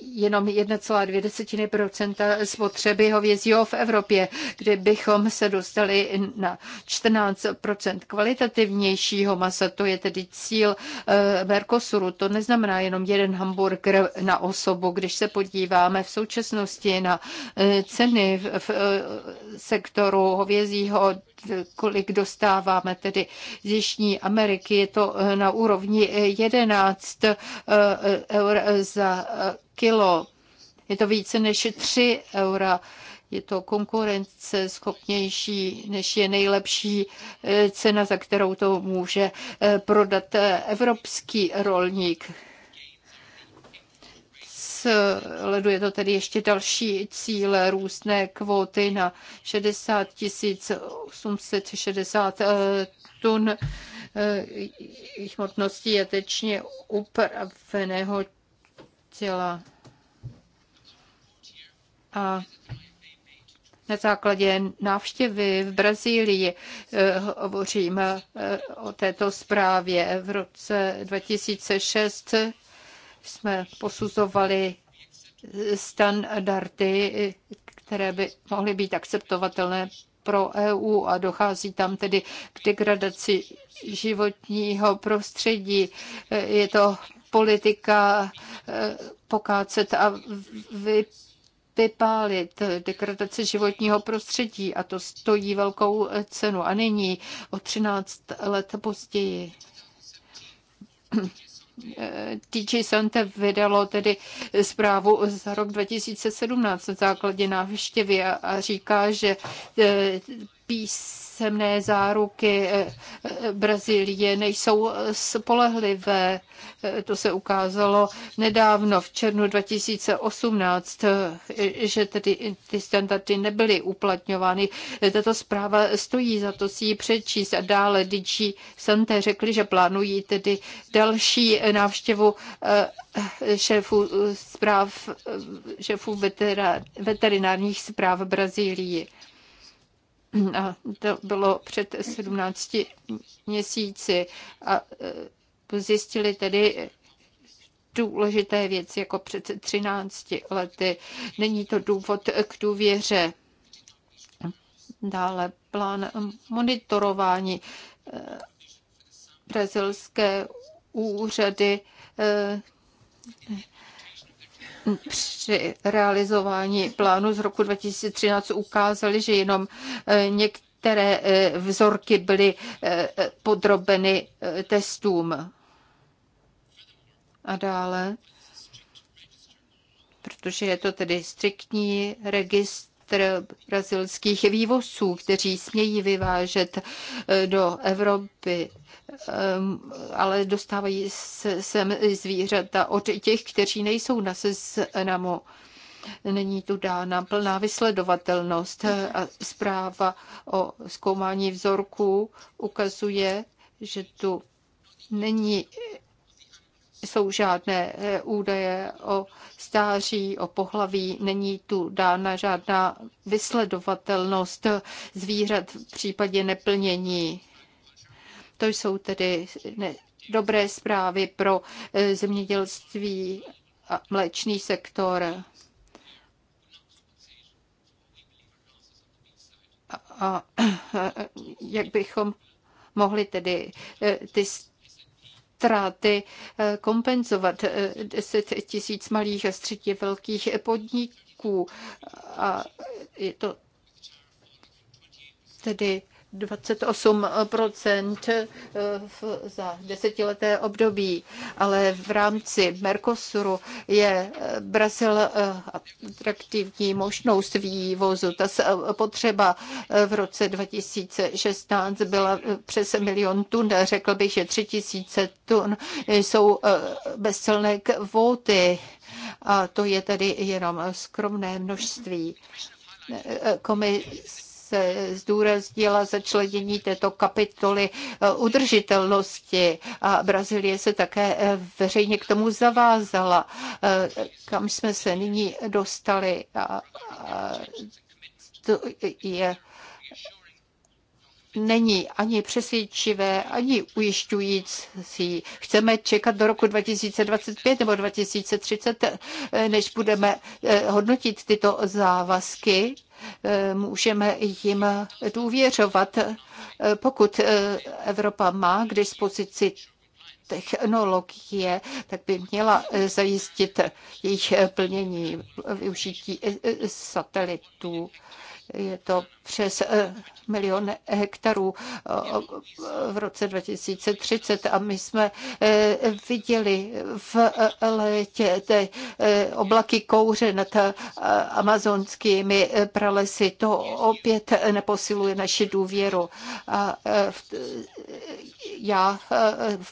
jenom 1,2 spotřeby hovězího v Evropě, kde bychom se dostali na 14 kvalitativnějšího masa. To je tedy cíl eh, Mercosuru. To neznamená jenom jeden hamburger na osobu. Když se podíváme v současnosti na eh, ceny v eh, sektoru hovězího, kolik dostáváme tedy z Jižní Ameriky. Je to eh, na úrovni 11 eh, eh, eur za kilo. Je to více než 3 eura je to konkurence schopnější, než je nejlepší cena, za kterou to může prodat evropský rolník. Sleduje to tedy ještě další cíle, různé kvóty na 60 860 eh, tun eh, hmotnosti jatečně upraveného těla. A na základě návštěvy v Brazílii eh, hovořím o této zprávě. V roce 2006 jsme posuzovali standardy, které by mohly být akceptovatelné pro EU a dochází tam tedy k degradaci životního prostředí. Je to politika eh, pokácet a vy vypálit degradace životního prostředí a to stojí velkou cenu. A nyní o 13 let později DJ Sante vydalo tedy zprávu za rok 2017 na základě návštěvy a říká, že eh, PC písemné záruky eh, eh, Brazílie nejsou spolehlivé. Eh, to se ukázalo nedávno v červnu 2018, že tedy ty standardy nebyly uplatňovány. Tato zpráva stojí za to si ji přečíst a dále DG Santé řekli, že plánují tedy další návštěvu šéfů zpráv, šéfů veterinárních zpráv v Brazílii. A to bylo před 17 měsíci. A e, zjistili tedy důležité věci jako před 13 lety. Není to důvod k důvěře. Dále plán monitorování e, brazilské úřady e, při realizování plánu z roku 2013 ukázali, že jenom e, některé e, vzorky byly e, podrobeny testům. A dále, protože je to tedy striktní registr, registr brazilských vývozců, kteří smějí vyvážet eh, do Evropy, ehm, ale dostávají sem zvířata od těch, kteří nejsou na seznamu. Není tu dána plná vysledovatelnost a zpráva o zkoumání vzorků ukazuje, že tu není jsou žádné eh, údaje o stáří, o pohlaví, není tu dána žádná vysledovatelnost zvířat v případě neplnění. To jsou tedy dobré zprávy pro eh, zemědělství a mléčný sektor. A jak bychom mohli tedy eh, ty ztráty eh, kompenzovat 10 eh, tisíc malých a středně velkých podniků. A je to tedy 28% eh, za desetileté období, ale v rámci Mercosuru je eh, Brazil eh, atraktivní možnost vývozu. Ta potřeba v roce 2016 byla přes milion tun. Řekl bych, že 3000 tun jsou bezcelné kvóty. A to je tedy jenom skromné množství. Komis se zdůraznila začlenění této kapitoly eh, udržitelnosti a Brazílie se také eh, veřejně k tomu zavázala, eh, kam jsme se nyní dostali. A to je není ani přesvědčivé, ani ujišťující. Chceme čekat do roku 2025 nebo 2030, než budeme hodnotit tyto závazky můžeme jim důvěřovat. Pokud Evropa má k dispozici technologie, tak by měla zajistit jejich plnění využití satelitů. Je to přes eh, milion hektarů eh, v roce 2030 a my jsme eh, viděli v létě ty oblaky kouře nad amazonskými pralesy. To opět neposiluje naši důvěru. A já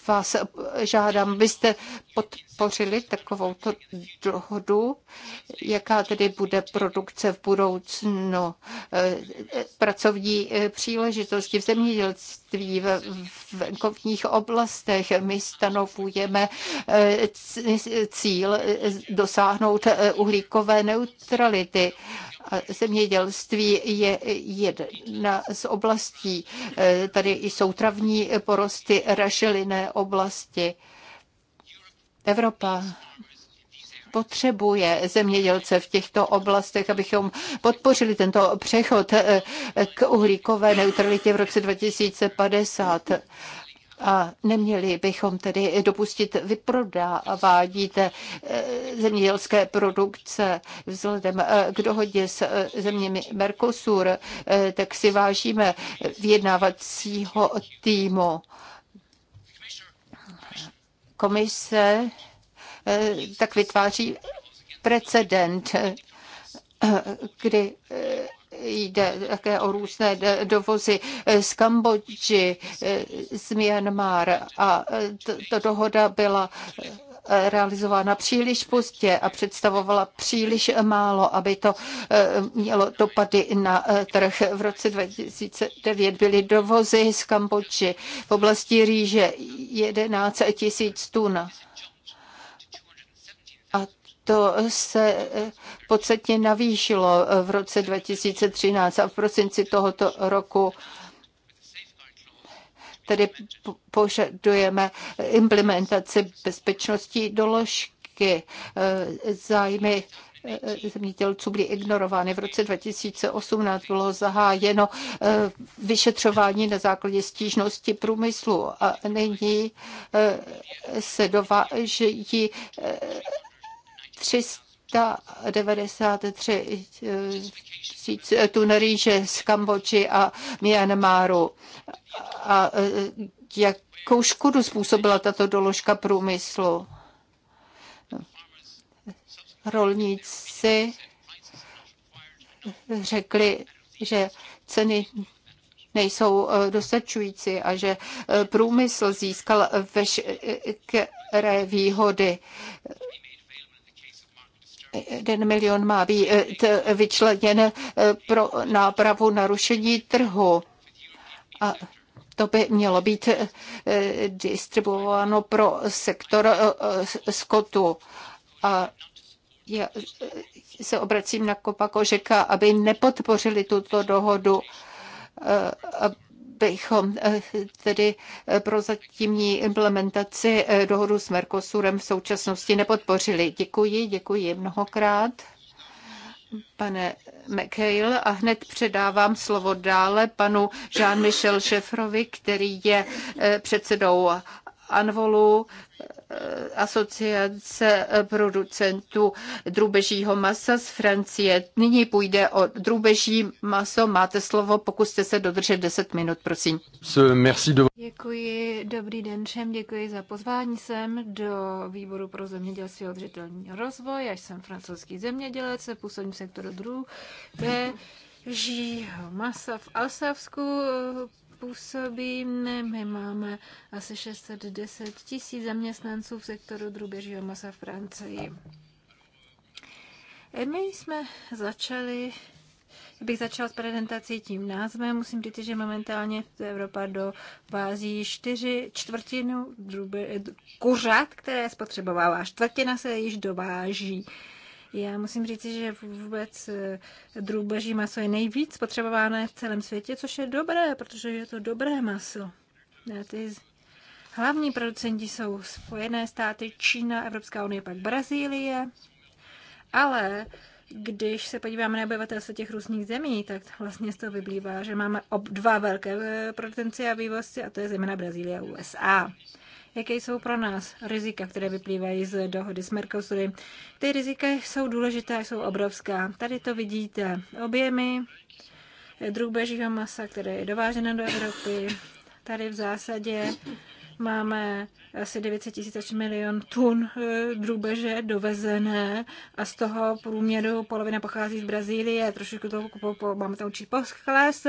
vás žádám, byste podpořili takovouto dohodu, jaká tedy bude produkce v budoucnu pracovní eh, příležitosti v zemědělství, v venkovních oblastech. My stanovujeme eh, cíl eh, dosáhnout uhlíkové neutrality. Zemědělství je jedna z oblastí. Tady jsou travní porosty, rašeliné oblasti. Evropa potřebuje zemědělce v těchto oblastech, abychom podpořili tento přechod eh, k uhlíkové neutralitě v roce 2050. A neměli bychom tedy dopustit vyprodávání té eh, zemědělské produkce vzhledem eh, k dohodě s zeměmi Mercosur, tak si vážíme vyjednávacího týmu. Komise Eh, tak vytváří precedent, eh, kdy eh, jde také o různé dovozy z Kambodži, z Myanmar a ta dohoda byla realizována příliš pozdě a představovala příliš málo, aby to mělo dopady na trh. V roce 2009 byly dovozy z Kambodži v oblasti rýže 11 tisíc tun to se eh, podstatně navýšilo v roce 2013 a v prosinci tohoto roku tedy požadujeme implementaci bezpečnostní doložky eh, zájmy eh, zemědělců byly ignorovány. V roce 2018 bylo zahájeno vyšetřování na základě stížnosti průmyslu a nyní se dovážejí 393 tun rýže z Kambodži a Myanmaru. A eh, jakou škodu způsobila tato doložka průmyslu? Rolníci řekli, že ceny nejsou eh, dostačující a že eh, průmysl získal veškeré výhody. Jeden milion má být eh, vyčleněn eh, pro nápravu narušení trhu. A to by mělo být eh, distribuováno pro sektor skotu. A já se obracím na Kopa Kožeka, aby nepodpořili tuto dohodu, bychom eh, tedy eh, pro zatímní implementaci eh, dohodu s Mercosurem v současnosti nepodpořili. Děkuji, děkuji mnohokrát. Pane McHale, a hned předávám slovo dále panu Jean-Michel Šefrovi, který je předsedou Anvolu, eh, asociace eh, producentů drůbežího masa z Francie. Nyní půjde o drůbeží maso. Máte slovo, pokuste se dodržet 10 minut, prosím. Děkuji, dobrý den všem, děkuji za pozvání sem do výboru pro zemědělství a udržitelný rozvoj. Já jsem francouzský zemědělec, působím v sektoru drůbe žího masa v Alsavsku působíme. My máme asi 610 tisíc zaměstnanců v sektoru drůběžího masa v Francii. My jsme začali bych začal s prezentací tím názvem. Musím říct, že momentálně Evropa dovází čtyři čtvrtinu drůbe, kuřat, které spotřebovává. Čtvrtina se již dováží. Já musím říct, že vůbec eh, drůbeží maso je nejvíc potřebované v celém světě, což je dobré, protože je to dobré maso. Ty hlavní producenti jsou Spojené státy, Čína, Evropská unie, pak Brazílie, ale když se podíváme na obyvatelstvo těch různých zemí, tak vlastně z toho vyblívá, že máme ob dva velké eh, producenci a vývozci, a to je zejména Brazílie a USA jaké jsou pro nás rizika, které vyplývají z dohody s Mercosury. Ty rizika jsou důležité, jsou obrovská. Tady to vidíte. Objemy, druh masa, které je dováženo do Evropy. Tady v zásadě Máme asi 900 milion tun eh, drůbeže dovezené a z toho průměru polovina pochází z Brazílie. Trošičku to po, po, máme tam určitý poskles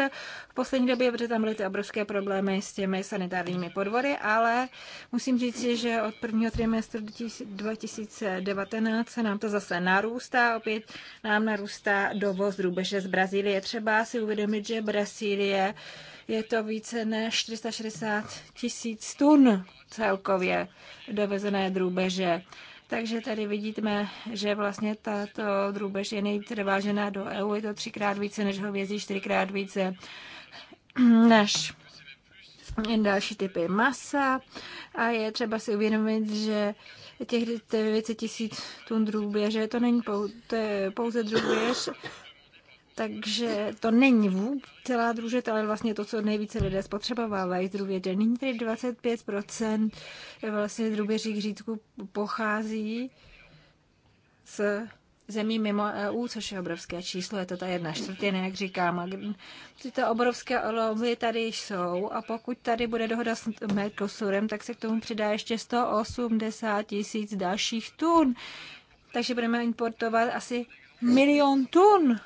v poslední době, protože tam byly ty obrovské problémy s těmi sanitárními podvody, ale musím říct, že od prvního trimestru 2019 se nám to zase narůstá. Opět nám narůstá dovoz drůbeže z Brazílie. Třeba si uvědomit, že Brazílie je to více než 460 tisíc tun celkově dovezené drůbeže. Takže tady vidíme, že vlastně tato drůbež je nejtrvážená do EU. Je to třikrát více než hovězí, čtyřikrát více než další typy masa. A je třeba si uvědomit, že těch 900 tisíc tun drůběže, to není pou, to je pouze drůběž, takže to není vůbec celá družet, ale vlastně to, co nejvíce lidé spotřebovávají z drůběže. Nyní tedy 25% vlastně druběřích řídků pochází z zemí mimo EU, což je obrovské číslo, je to ta jedna čtvrtina, jak říkám. Tyto obrovské olovy tady jsou a pokud tady bude dohoda s Mercosurem, tak se k tomu přidá ještě 180 tisíc dalších tun. Takže budeme importovat asi milion tun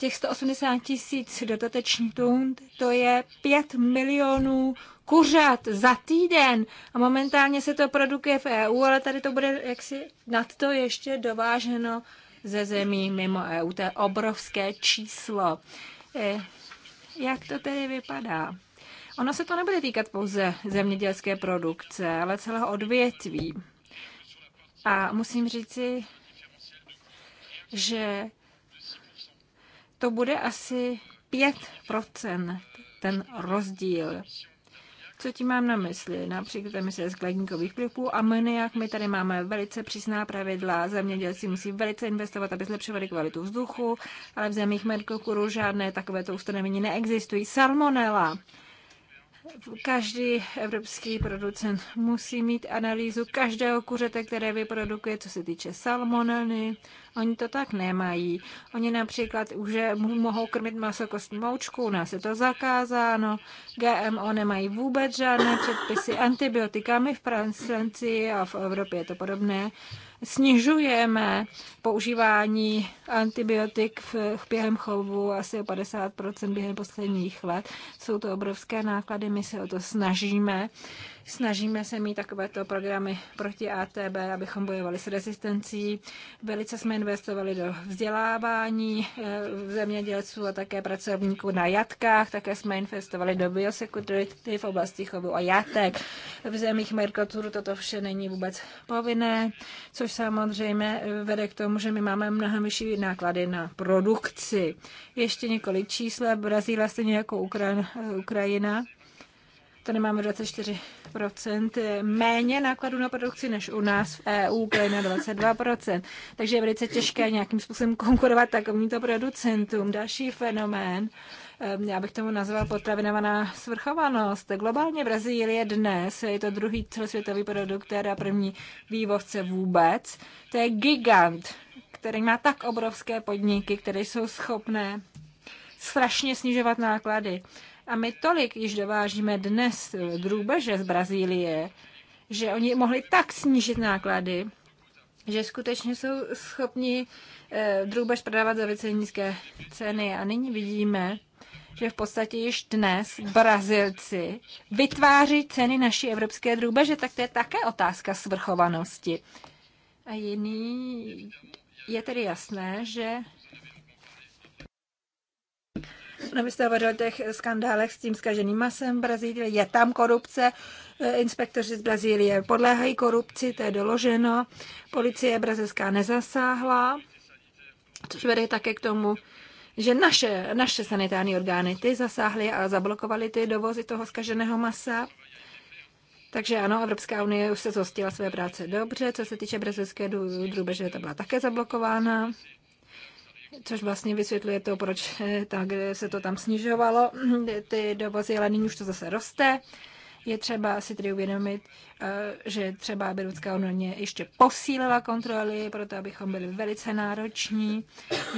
těch 180 tisíc dodatečných tun, to je 5 milionů kuřat za týden. A momentálně se to produkuje v EU, ale tady to bude jaksi nad to ještě dováženo ze zemí mimo EU. To je obrovské číslo. E, jak to tedy vypadá? Ono se to nebude týkat pouze zemědělské produkce, ale celého odvětví. A musím říci, že to bude asi 5% ten rozdíl. Co ti mám na mysli? Například emise skladníkových plynů a my nejak My tady máme velice přísná pravidla. Zemědělci musí velice investovat, aby zlepšovali kvalitu vzduchu, ale v zemích Merkuru žádné takovéto ustanovení neexistují. Salmonella. Každý evropský producent musí mít analýzu každého kuřete, které vyprodukuje, co se týče salmonely. Oni to tak nemají. Oni například už mohou krmit masokostní moučku, u nás je to zakázáno. GMO nemají vůbec žádné předpisy. Antibiotika my v Francii a v Evropě je to podobné snižujeme používání antibiotik v, během chovu asi o 50% během posledních let. Jsou to obrovské náklady, my se o to snažíme Snažíme se mít takovéto programy proti ATB, abychom bojovali s rezistencí. Velice jsme investovali do vzdělávání eh, zemědělců a také pracovníků na jatkách. Také jsme investovali do biosecurity v oblasti chovu a jatek. V zemích Mercosuru toto vše není vůbec povinné, což samozřejmě eh, vede k tomu, že my máme mnohem vyšší náklady na produkci. Ještě několik čísle. Brazíla stejně jako Ukra- Ukrajina Tady máme 24% méně nákladů na produkci než u nás v EU, kde je na 22%. Takže je velice těžké nějakým způsobem konkurovat takovýmto producentům. Další fenomén, ehm, já bych tomu nazval potravinovaná svrchovanost. Globálně Brazílie dnes, je to druhý celosvětový produktér a první vývozce vůbec, to je gigant, který má tak obrovské podniky, které jsou schopné strašně snižovat náklady. A my tolik již dovážíme dnes drůbeže z Brazílie, že oni mohli tak snížit náklady, že skutečně jsou schopni eh, drůbež prodávat za velice nízké ceny. A nyní vidíme, že v podstatě již dnes Brazilci vytváří ceny naší evropské drůbeže, tak to je také otázka svrchovanosti. A jiný je tedy jasné, že vy jste hovořil o těch skandálech s tím skaženým masem Brazílie. Je tam korupce. Eh, inspektoři z Brazílie podléhají korupci, to je doloženo. Policie brazilská nezasáhla, což vede také k tomu, že naše, naše sanitární orgány ty zasáhly a zablokovaly ty dovozy toho skaženého masa. Takže ano, Evropská unie už se zhostila své práce dobře. Co se týče brazilské drůbeže, ta byla také zablokována což vlastně vysvětluje to, proč eh, tak, eh, se to tam snižovalo, eh, ty dovozy, ale nyní už to zase roste. Je třeba si tedy uvědomit, že třeba aby unie ještě posílila kontroly, proto abychom byli velice nároční,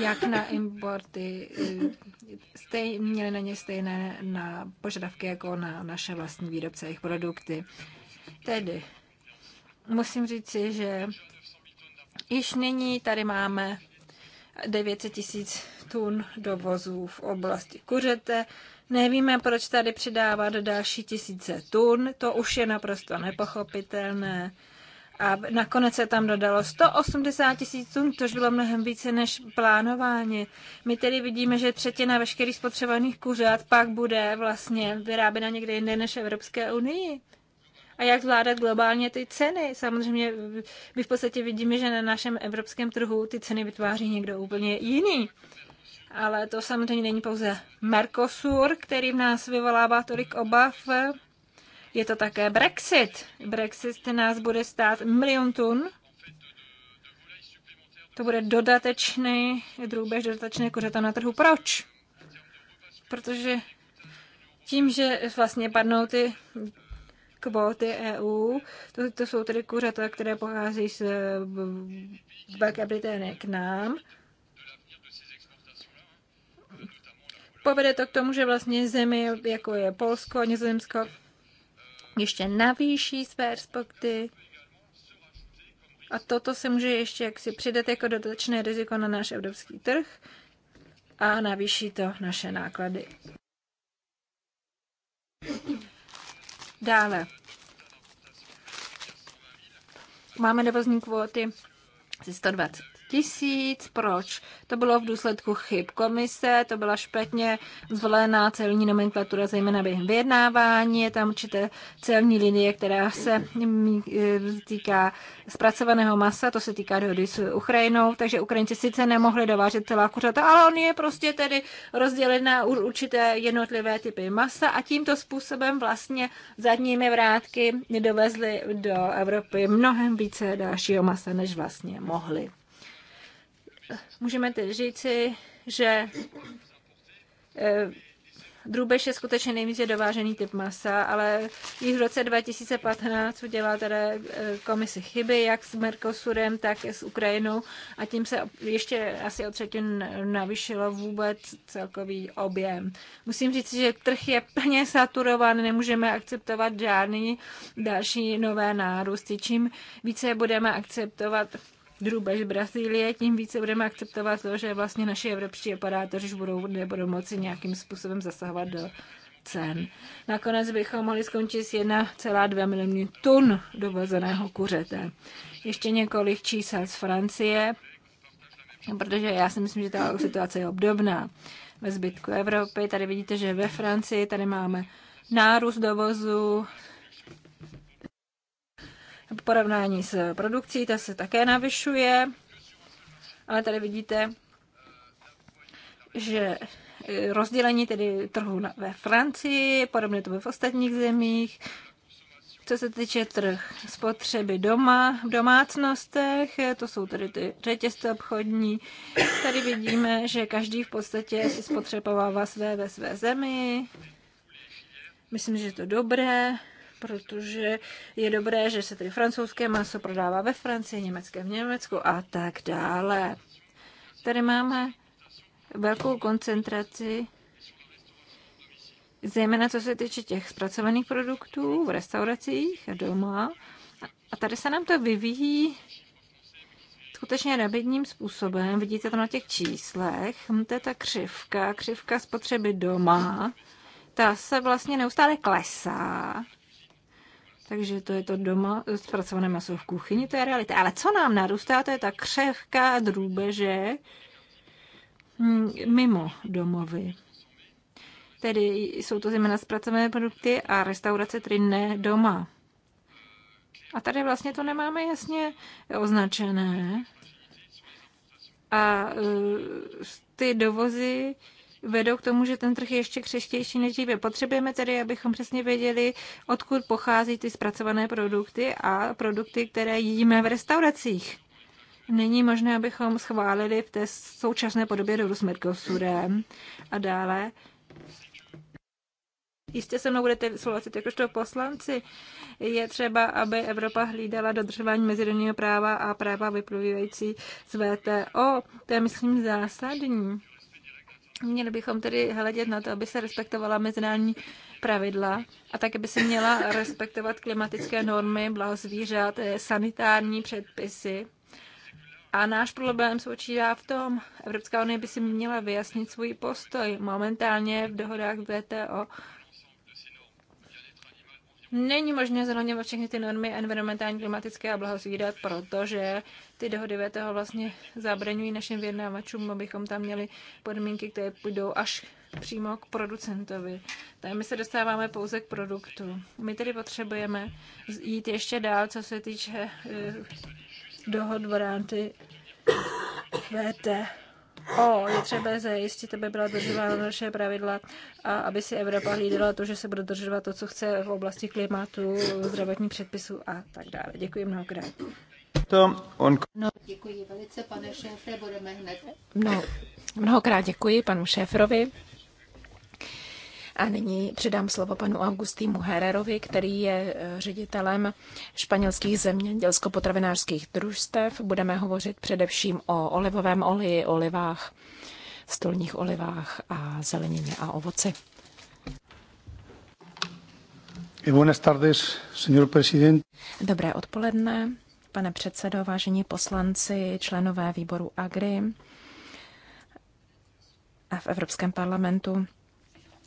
jak na importy, stej, měli na ně stejné na požadavky jako na naše vlastní výrobce jejich produkty. Tedy musím říci, že již nyní tady máme 900 tisíc tun dovozů v oblasti kuřete. Nevíme, proč tady přidávat další tisíce tun, to už je naprosto nepochopitelné. A nakonec se tam dodalo 180 tisíc tun, což bylo mnohem více než plánování. My tedy vidíme, že třetina veškerých spotřebovaných kuřat pak bude vlastně vyráběna někde jinde než Evropské unii a jak zvládat globálně ty ceny. Samozřejmě my v podstatě vidíme, že na našem evropském trhu ty ceny vytváří někdo úplně jiný. Ale to samozřejmě není pouze Mercosur, který v nás vyvolává tolik obav. Je to také Brexit. Brexit nás bude stát milion tun. To bude dodatečný drůbež, dodatečné kořata na trhu. Proč? Protože tím, že vlastně padnou ty kvóty EU. To, to jsou tedy kuřata, které pochází z Velké Británie k nám. Povede to k tomu, že vlastně zemi, jako je Polsko a Nizozemsko, ještě navýší své respekty. A toto se může ještě jaksi přidat jako dodatečné riziko na náš evropský trh a navýší to naše náklady. Dále. Máme dovozní kvóty 120 tisíc. Proč? To bylo v důsledku chyb komise, to byla špatně zvolená celní nomenklatura, zejména během vyjednávání. Je tam určité celní linie, která se mm, e, týká zpracovaného masa, to se týká dohody s Ukrajinou, takže Ukrajinci sice nemohli dovážet celá kuřata, ale on je prostě tedy rozdělen na určité jednotlivé typy masa a tímto způsobem vlastně zadními vrátky dovezli do Evropy mnohem více dalšího masa, než vlastně mohli můžeme tedy říci, že eh, drůbež je skutečně nejvíce dovážený typ masa, ale již v roce 2015 udělala teda eh, komisi chyby, jak s Mercosurem, tak s Ukrajinou a tím se ještě asi o třetinu navýšilo vůbec celkový objem. Musím říct, že trh je plně saturovan, nemůžeme akceptovat žádný další nové nárůsty. Čím více budeme akceptovat drubež Brazílie, tím více budeme akceptovat to, že vlastně naši evropští operátoři už budou, nebudou moci nějakým způsobem zasahovat do cen. Nakonec bychom mohli skončit s 1,2 miliony tun dovezeného kuřete. Ještě několik čísel z Francie, protože já si myslím, že ta situace je obdobná ve zbytku Evropy. Tady vidíte, že ve Francii tady máme nárůst dovozu porovnání s produkcí, ta se také navyšuje, ale tady vidíte, že e, rozdělení tedy trhu ve Francii, podobně to bylo v ostatních zemích, co se týče trh spotřeby doma, v domácnostech, e, to jsou tedy ty řetězce obchodní. Tady vidíme, že každý v podstatě si spotřebovává své ve své zemi. Myslím, že je to dobré protože je dobré, že se tedy francouzské maso prodává ve Francii, německé v Německu a tak dále. Tady máme velkou koncentraci zejména co se týče těch zpracovaných produktů v restauracích a doma. A tady se nám to vyvíjí skutečně rabidním způsobem. Vidíte to na těch číslech. Hm, to je ta křivka, křivka spotřeby doma. Ta se vlastně neustále klesá takže to je to doma zpracované maso v kuchyni, to je realita. Ale co nám narůstá, to je ta křehká drůbeže hm, mimo domovy. Tedy jsou to zejména zpracované produkty a restaurace, tedy ne doma. A tady vlastně to nemáme jasně označené. A e, ty dovozy vedou k tomu, že ten trh je ještě křeštější než dříve. Potřebujeme tedy, abychom přesně věděli, odkud pochází ty zpracované produkty a produkty, které jíme v restauracích. Není možné, abychom schválili v té současné podobě dohodu s Mercosurem a dále. Jistě se mnou budete souhlasit jakožto poslanci. Je třeba, aby Evropa hlídala dodržování mezinárodního práva a práva vyplývající z VTO. To je, myslím, zásadní. Měli bychom tedy hledět na to, aby se respektovala mezinárodní pravidla a tak, aby se měla respektovat klimatické normy, blaho zvířat, eh, sanitární předpisy. A náš problém spočívá v tom, Evropská unie by si měla vyjasnit svůj postoj. Momentálně v dohodách VTO Není možné zeleněvat všechny ty normy environmentální, klimatické a blahozvídat, protože ty dohody VTO vlastně zabraňují našim vyjednávačům, abychom tam měli podmínky, které půjdou až přímo k producentovi. Tady my se dostáváme pouze k produktu. My tedy potřebujeme jít ještě dál, co se týče eh, dohod v rámci VTO. O, je třeba zajistit, aby byla dodržována naše pravidla a aby si Evropa hlídala to, že se bude dodržovat to, co chce v oblasti klimatu, zdravotní předpisu a tak dále. Děkuji mnohokrát. To on... No, děkuji velice, pane šéfe, budeme hned. No, mnohokrát děkuji panu šéfrovi. A nyní předám slovo panu Augustímu Hererovi, který je eh, ředitelem španělských zemědělsko-potravinářských družstev. Budeme hovořit především o olivovém oleji, olivách, stolních olivách a zelenině a ovoci. Eh, Dobré odpoledne, pane předsedo, vážení poslanci, členové výboru AGRI a v Evropském parlamentu.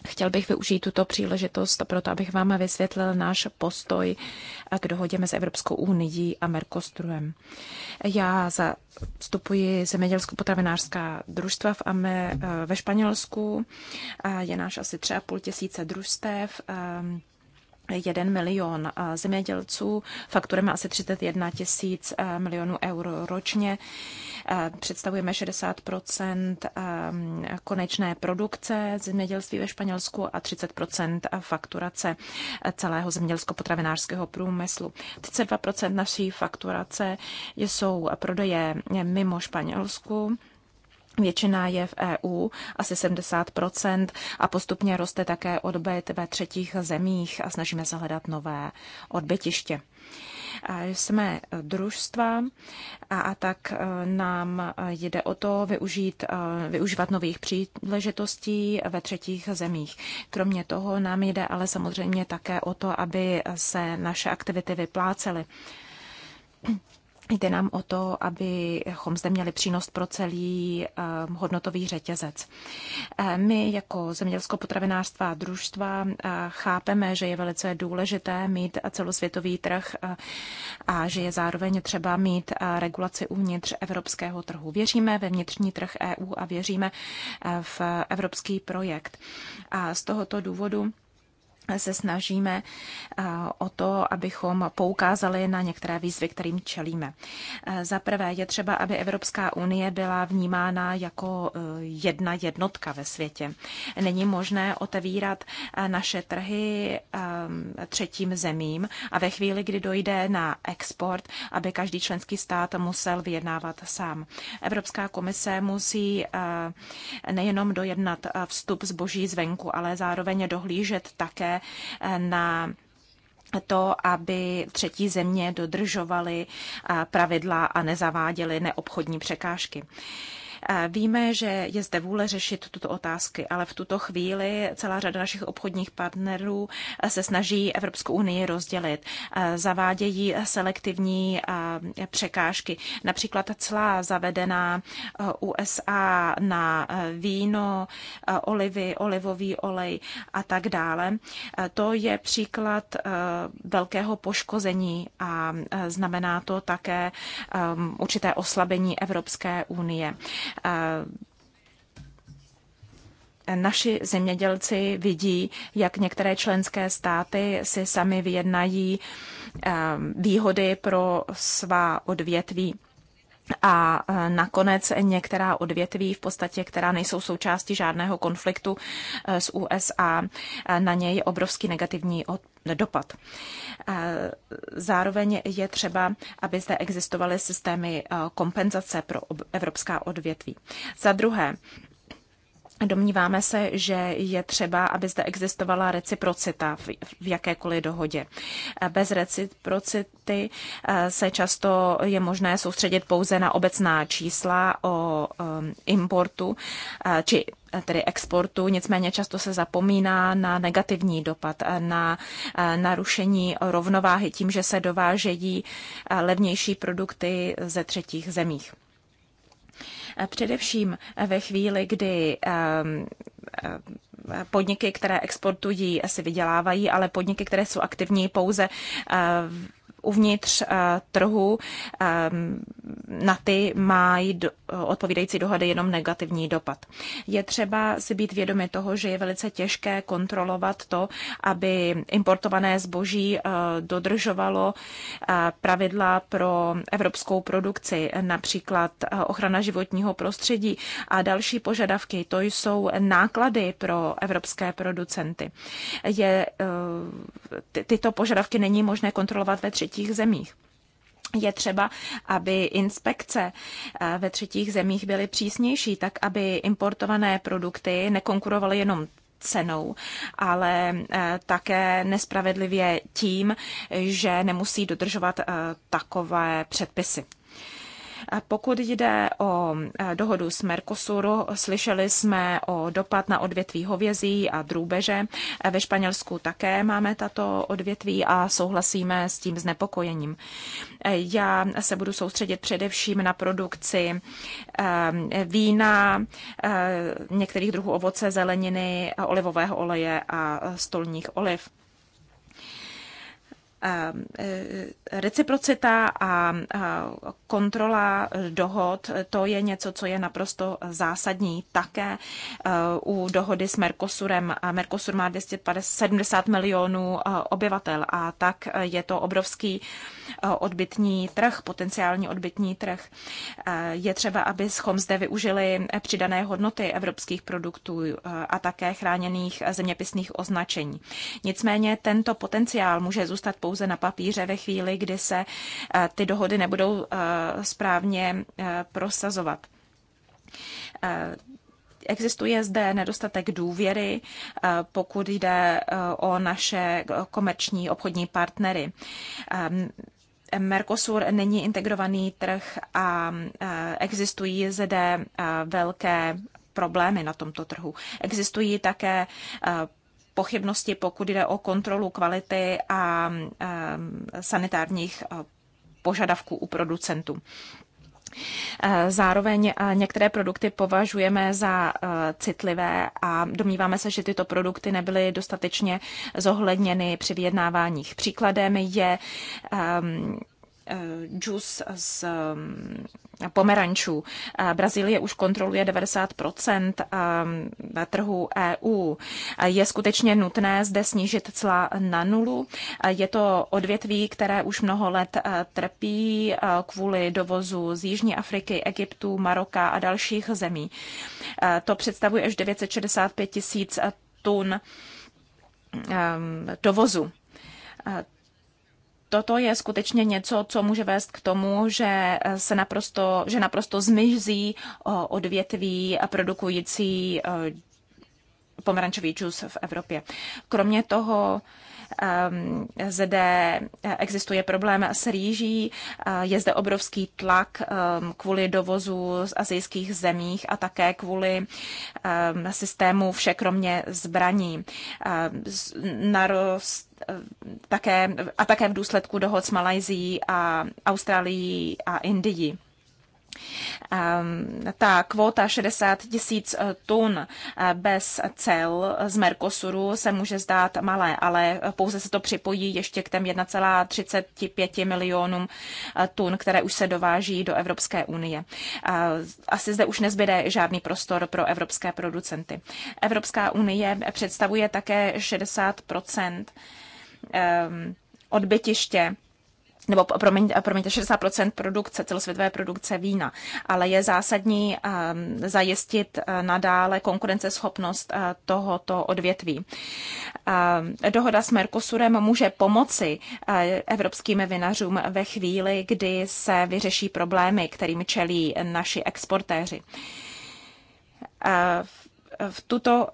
Chtěl bych využít tuto příležitost proto, abych vám vysvětlil náš postoj k dohodě mezi Evropskou unii a Mercosurem. Já zastupuji zemědělsko-potravinářská družstva v AME eh, ve Španělsku. Eh, je náš asi tři a půl tisíce družstev. Eh, 1 milion zemědělců, má asi 31 tisíc milionů euro ročně, představujeme 60 konečné produkce zemědělství ve Španělsku a 30 fakturace celého zemědělsko-potravinářského průmyslu. 32 naší fakturace jsou prodeje mimo Španělsku Většina je v EU, asi 70 a postupně roste také odbyt ve třetích zemích a snažíme se hledat nové odbytiště. Jsme družstva a, a tak e, nám jde o to využít, e, využívat nových příležitostí ve třetích zemích. Kromě toho nám jde ale samozřejmě také o to, aby se naše aktivity vyplácely. Jde nám o to, abychom zde měli přínos pro celý eh, hodnotový řetězec. Eh, my jako zemědělsko-potravinářstva a družstva eh, chápeme, že je velice důležité mít celosvětový trh a že je zároveň třeba mít regulaci uvnitř evropského trhu. Věříme ve vnitřní trh EU a věříme v evropský projekt. A z tohoto důvodu se snažíme eh, o to, abychom poukázali na některé výzvy, kterým čelíme. Eh, za prvé je třeba, aby Evropská unie byla vnímána jako eh, jedna jednotka ve světě. Není možné otevírat naše trhy třetím zemím a ve chvíli, kdy dojde na export, aby každý členský stát musel vyjednávat sám. Evropská komise musí nejenom dojednat vstup zboží zvenku, ale zároveň dohlížet také na to, aby třetí země dodržovaly eh, pravidla a nezaváděly neobchodní překážky. Víme, že je zde vůle řešit tuto otázky, ale v tuto chvíli celá řada našich obchodních partnerů se snaží Evropskou unii rozdělit. Zavádějí selektivní překážky, například celá zavedená USA na víno, olivy, olivový olej a tak dále. To je příklad velkého poškození a znamená to také určité oslabení Evropské unie naši zemědělci vidí, jak některé členské státy si sami vyjednají eh, výhody pro svá odvětví a e, nakonec některá odvětví, v podstatě, která nejsou součástí žádného konfliktu e, s USA, e, na něj je obrovský negativní dopad. Zároveň je třeba, aby zde existovaly systémy kompenzace pro evropská odvětví. Za druhé, Domníváme se, že je třeba, aby zde existovala reciprocita v jakékoliv dohodě. Bez reciprocity eh, se často je možné soustředit pouze na obecná čísla o ehm, importu eh, či eh, tedy exportu, nicméně často se zapomíná na negativní dopad, na narušení rovnováhy tím, že se dovážejí levnější produkty ze třetích zemích. Především ve chvíli, kdy ehm, ehm, podniky, které exportují, asi vydělávají, ale podniky, které jsou aktivní pouze ehm, uvnitř eh, trhu na ty mají odpovídající dohody jenom negativní dopad. Je třeba si být vědomi toho, že je velice těžké kontrolovat to, aby importované zboží eh, dodržovalo eh, pravidla pro evropskou produkci, například eh, ochrana životního prostředí a další požadavky. To jsou náklady pro evropské producenty. Je, ty, tyto požadavky není možné kontrolovat ve třetích zemích je třeba, aby inspekce eh, ve třetích zemích byly přísnější, tak aby importované produkty nekonkurovaly jenom cenou, ale eh, také nespravedlivě tím, že nemusí dodržovat eh, takové předpisy. Pokud jde o e, dohodu s Mercosuru, slyšeli jsme o dopad na odvětví hovězí a drůbeže. E, ve Španělsku také máme tato odvětví a souhlasíme s tím znepokojením. E, já se budu soustředit především na produkci vína, některých druhů ovoce, zeleniny, olivového oleje a stolních oliv. Ehm, eh, reciprocita a kontrola dohod, to je něco, co je naprosto zásadní. Také eh, u dohody s Mercosurem. Mercosur má 270 milionů eh, obyvatel a tak je to obrovský odbytní trh, potenciální odbytní trh. Je třeba, abychom zde využili přidané hodnoty evropských produktů a také chráněných zeměpisných označení. Nicméně tento potenciál může zůstat pouze pouze na papíře ve chvíli, kdy se eh, ty dohody nebudou eh, správně eh, prosazovat. Existuje zde nedostatek důvěry, pokud jde o naše komerční obchodní partnery. Mercosur není integrovaný trh a existují zde velké problémy na tomto trhu. Existují také pochybnosti, pokud jde o kontrolu kvality a sanitárních eh, požadavků u producentů. Eh, zároveň eh, některé produkty považujeme za citlivé a domníváme se, že tyto produkty nebyly dostatečně zohledněny při vyjednáváních. Příkladem je um, Eh, džus z mm, pomerančů. Eh, Brazílie už kontroluje 90 eh, trhu EU. Je skutečně nutné zde snížit cla na nulu. Je to odvětví, které už mnoho let trpí kvůli dovozu z Jižní Afriky, Egyptu, Maroka a dalších zemí. To představuje až 965 tisíc tun dovozu toto je skutečně něco, co může vést k tomu, že eh, se naprosto, že naprosto zmizí eh, odvětví produkující eh, pomerančový džus v Evropě. Kromě toho Ehm, zde eh, existuje problém s rýží, eh, je zde obrovský tlak ehm, kvůli dovozu z azijských zemích a také kvůli ehm, systému vše kromě zbraní. Narost eh, také, a také v důsledku dohod s Malajzí a Austrálií a Indií. Ehm, ta kvóta 60 tisíc eh, tun eh, bez cel z Mercosuru se může zdát malé, ale eh, pouze se to připojí ještě k těm 1,35 milionům tun, které už se dováží do Evropské unie. Asi zde už nezbyde žádný prostor pro evropské producenty. Evropská unie představuje také 60 ehm, odbytiště nebo promiňte, promiňte 60% produkce, celosvětové produkce vína, ale je zásadní ehm, zajistit eh, nadále konkurenceschopnost eh, tohoto odvětví. Ehm, dohoda s Mercosurem může pomoci eh, evropským vinařům ve chvíli, kdy se vyřeší problémy, kterým čelí naši exportéři. v, tuto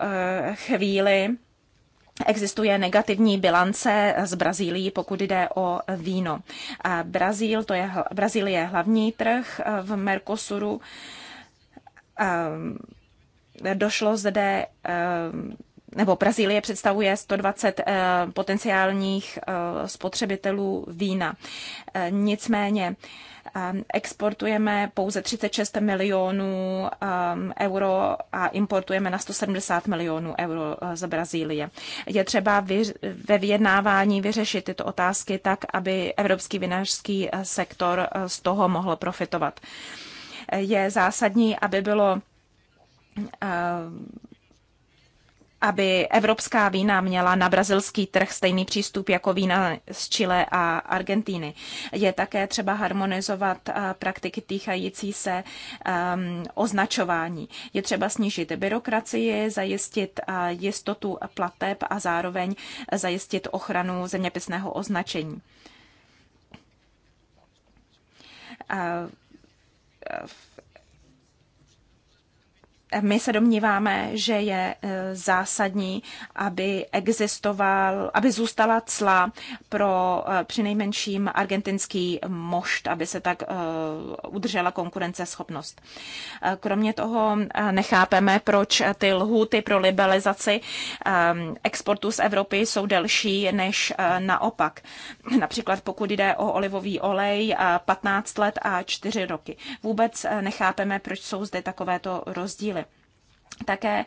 chvíli existuje negativní bilance z Brazílií, pokud jde o víno. Brazíl, to je, Brazílie je hlavní trh e, v Mercosuru. Ehm, došlo zde ehm, nebo Brazílie představuje 120 e, potenciálních e, spotřebitelů vína. Nicméně Ehm, exportujeme pouze 36 milionů ehm, euro a importujeme na 170 milionů euro eh, z Brazílie. Je třeba ve vyjednávání vyřešit tyto otázky tak, aby evropský vinařský eh, sektor eh, z toho mohl profitovat. Je zásadní, aby bylo ehm, aby evropská vína měla na brazilský trh stejný přístup jako vína z Chile a Argentíny. Je také třeba harmonizovat eh, praktiky týkající se um, označování. Je třeba snížit byrokracii, zajistit eh, jistotu plateb a zároveň zajistit ochranu zeměpisného označení. Uh, my se domníváme, že je e, zásadní, aby existoval, aby zůstala cla pro e, přinejmenším argentinský mošt, aby se tak e, udržela konkurenceschopnost. Kromě toho nechápeme, proč ty lhuty pro liberalizaci exportu z Evropy jsou delší než naopak. Například pokud jde o olivový olej 15 let a 4 roky. Vůbec nechápeme, proč jsou zde takovéto rozdíly také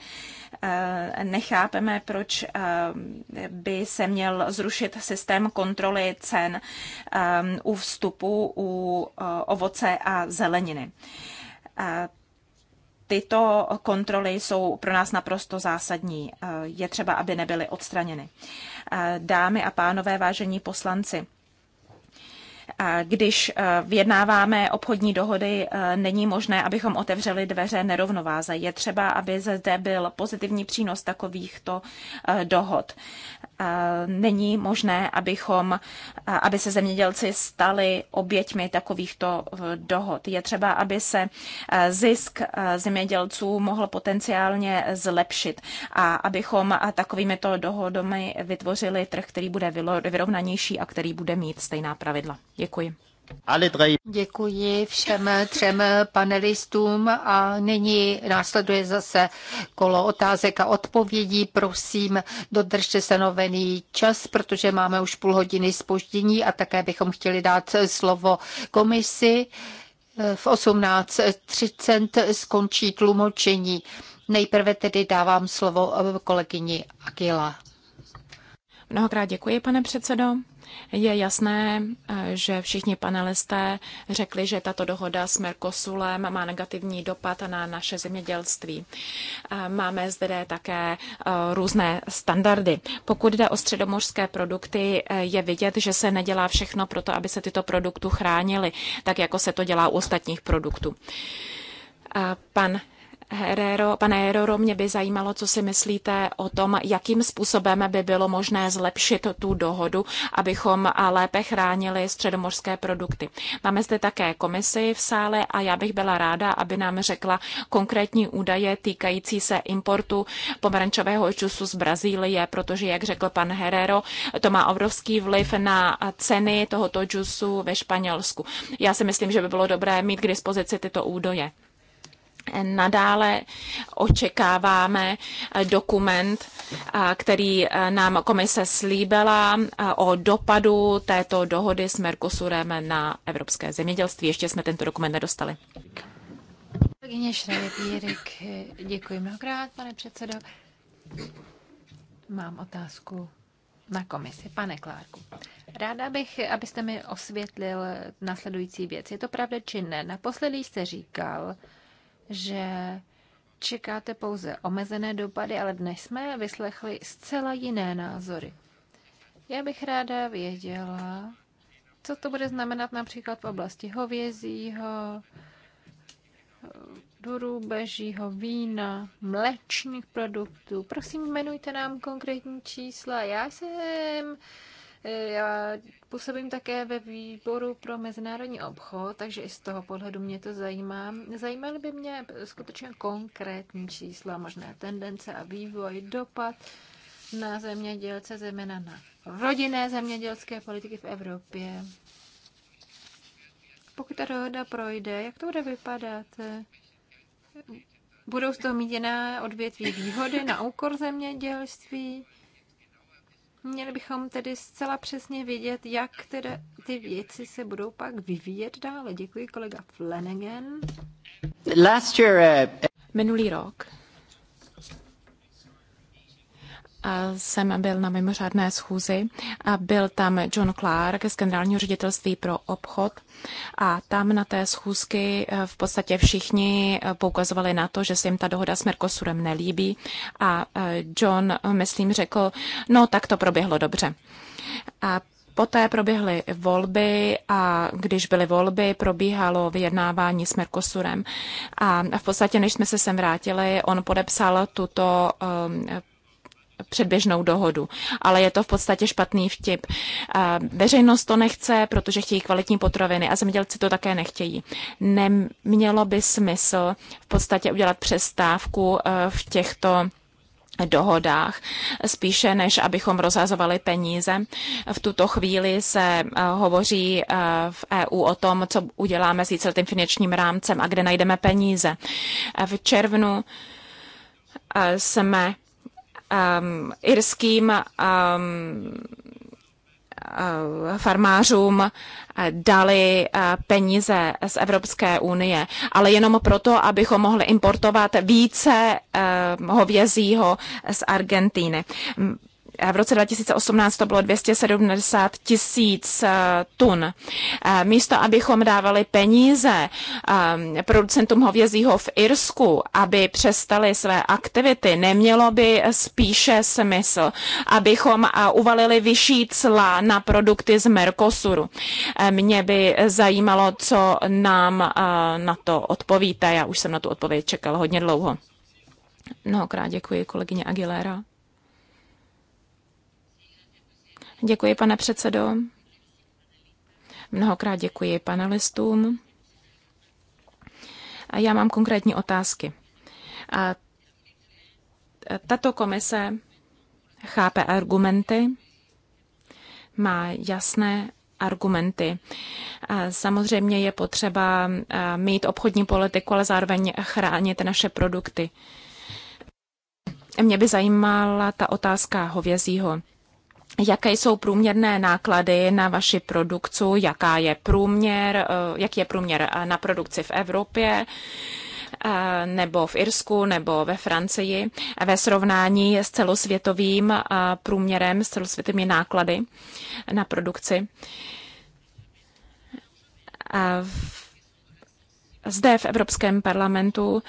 eh, nechápeme, proč eh, by se měl zrušit systém kontroly cen eh, u vstupu u ovoce a zeleniny. Tyto kontroly jsou pro nás naprosto zásadní. Je třeba, aby nebyly odstraněny. Dámy a pánové, vážení poslanci, když eh, vyjednáváme obchodní dohody, eh, není možné, abychom otevřeli dveře nerovnováze. Je třeba, aby zde byl pozitivní přínos takovýchto eh, dohod není možné, abychom, aby se zemědělci stali oběťmi takovýchto eh, dohod. Je třeba, aby se eh, zisk eh, zemědělců mohl potenciálně zlepšit a abychom takovýmito dohodami vytvořili trh, který bude vyrovnanější a který bude mít stejná pravidla. Děkuji. Děkuji všem třem panelistům a nyní následuje zase kolo otázek a odpovědí. Prosím, dodržte stanovený čas, protože máme už půl hodiny spoždění a také bychom chtěli dát slovo komisi. V 18.30 skončí tlumočení. Nejprve tedy dávám slovo kolegyni Akila. Mnohokrát děkuji, pane předsedo. Je jasné, eh, že všichni panelisté řekli, že tato dohoda s Mercosulem má negativní dopad na naše zemědělství. Eh, Máme zde také eh, různé standardy. Pokud jde o středomořské produkty, je vidět, že se nedělá všechno pro to, aby se tyto produkty chránily, tak jako se to dělá u ostatních produktů. Pan Herero, pane Herero, mě by zajímalo, co si myslíte o tom, jakým způsobem by bylo možné zlepšit tu dohodu, abychom lépe chránili středomorské produkty. Máme zde také komisi v sále a já bych byla ráda, aby nám řekla konkrétní údaje týkající se importu pomerančového čusu z Brazílie, protože, jak řekl pan Herero, to má obrovský vliv na ceny tohoto džusu ve Španělsku. Já si myslím, že by bylo dobré mít k dispozici tyto údaje. Nadále očekáváme eh, dokument, eh, který eh, nám komise slíbila o dopadu této dohody s Mercosurem na evropské zemědělství. Ještě jsme tento dokument nedostali. Kolegyně Šravěpírik, děkuji mnohokrát, pane předsedo. Mám otázku na komisi. Pane Klárku, ráda bych, abyste mi osvětlil následující věc. Je to pravda či ne? Naposledy jste říkal, že čekáte pouze omezené dopady, ale dnes jsme vyslechli zcela jiné názory. Já bych ráda věděla, co to bude znamenat například v oblasti hovězího, drůbežího vína, mlečných produktů. Prosím, jmenujte nám konkrétní čísla. Já jsem já působím také ve výboru pro mezinárodní obchod, takže i z toho pohledu mě to zajímá. Zajímaly by mě skutečně konkrétní čísla, možné tendence a vývoj, dopad na zemědělce, zejména na rodinné zemědělské politiky v Evropě. Pokud ta dohoda projde, jak to bude vypadat? Budou z toho mít jiná odvětví výhody na úkor zemědělství? Měli bychom tedy zcela přesně vědět, jak tedy ty věci se budou pak vyvíjet dále. Děkuji kolega Flanagan. Last year, uh... Minulý rok jsem byl na mimořádné schůzi a byl tam John Clark z generálního ředitelství pro obchod a tam na té schůzky eh, v podstatě všichni eh, poukazovali na to, že se jim ta dohoda s Mercosurem nelíbí a eh, John, myslím, řekl, no tak to proběhlo dobře. A Poté proběhly volby a když byly volby, probíhalo vyjednávání s Mercosurem. A v podstatě, než jsme se sem vrátili, on podepsal tuto um, předběžnou dohodu. Ale je to v podstatě špatný vtip. Veřejnost to nechce, protože chtějí kvalitní potraviny a zemědělci to také nechtějí. Nemělo by smysl v podstatě udělat přestávku e, v těchto dohodách, spíše než abychom rozhazovali peníze. V tuto chvíli se e, hovoří e, v EU o tom, co uděláme s víceletým finančním rámcem a kde najdeme peníze. V červnu jsme um, irským um, uh, farmářům uh, dali uh, peníze z Evropské unie, ale jenom proto, abychom mohli importovat více hovězího z Argentíny v roce 2018 to bylo 270 tisíc eh, tun. Eh, místo, abychom dávali peníze eh, producentům hovězího v Irsku, aby přestali své aktivity, nemělo by spíše smysl, abychom uvalili vyšší cla na produkty z Mercosuru. Mě by zajímalo, co nám na to odpovíte. Já už jsem na tu odpověď čekal hodně dlouho. Mnohokrát děkuji kolegyně Aguilera. Děkuji, pane předsedo. Mnohokrát děkuji panelistům. A já mám konkrétní otázky. A tato komise chápe argumenty, má jasné argumenty. Samozřejmě je potřeba mít obchodní politiku, ale zároveň chránit naše produkty. Mě by zajímala ta otázka hovězího jaké jsou průměrné náklady na vaši produkci, jaká je průměr, eh, jak je průměr eh, na produkci v Evropě eh, nebo v Irsku nebo ve Francii ve srovnání s celosvětovým průměrem, s celosvětovými náklady na produkci. V zde v Evropském parlamentu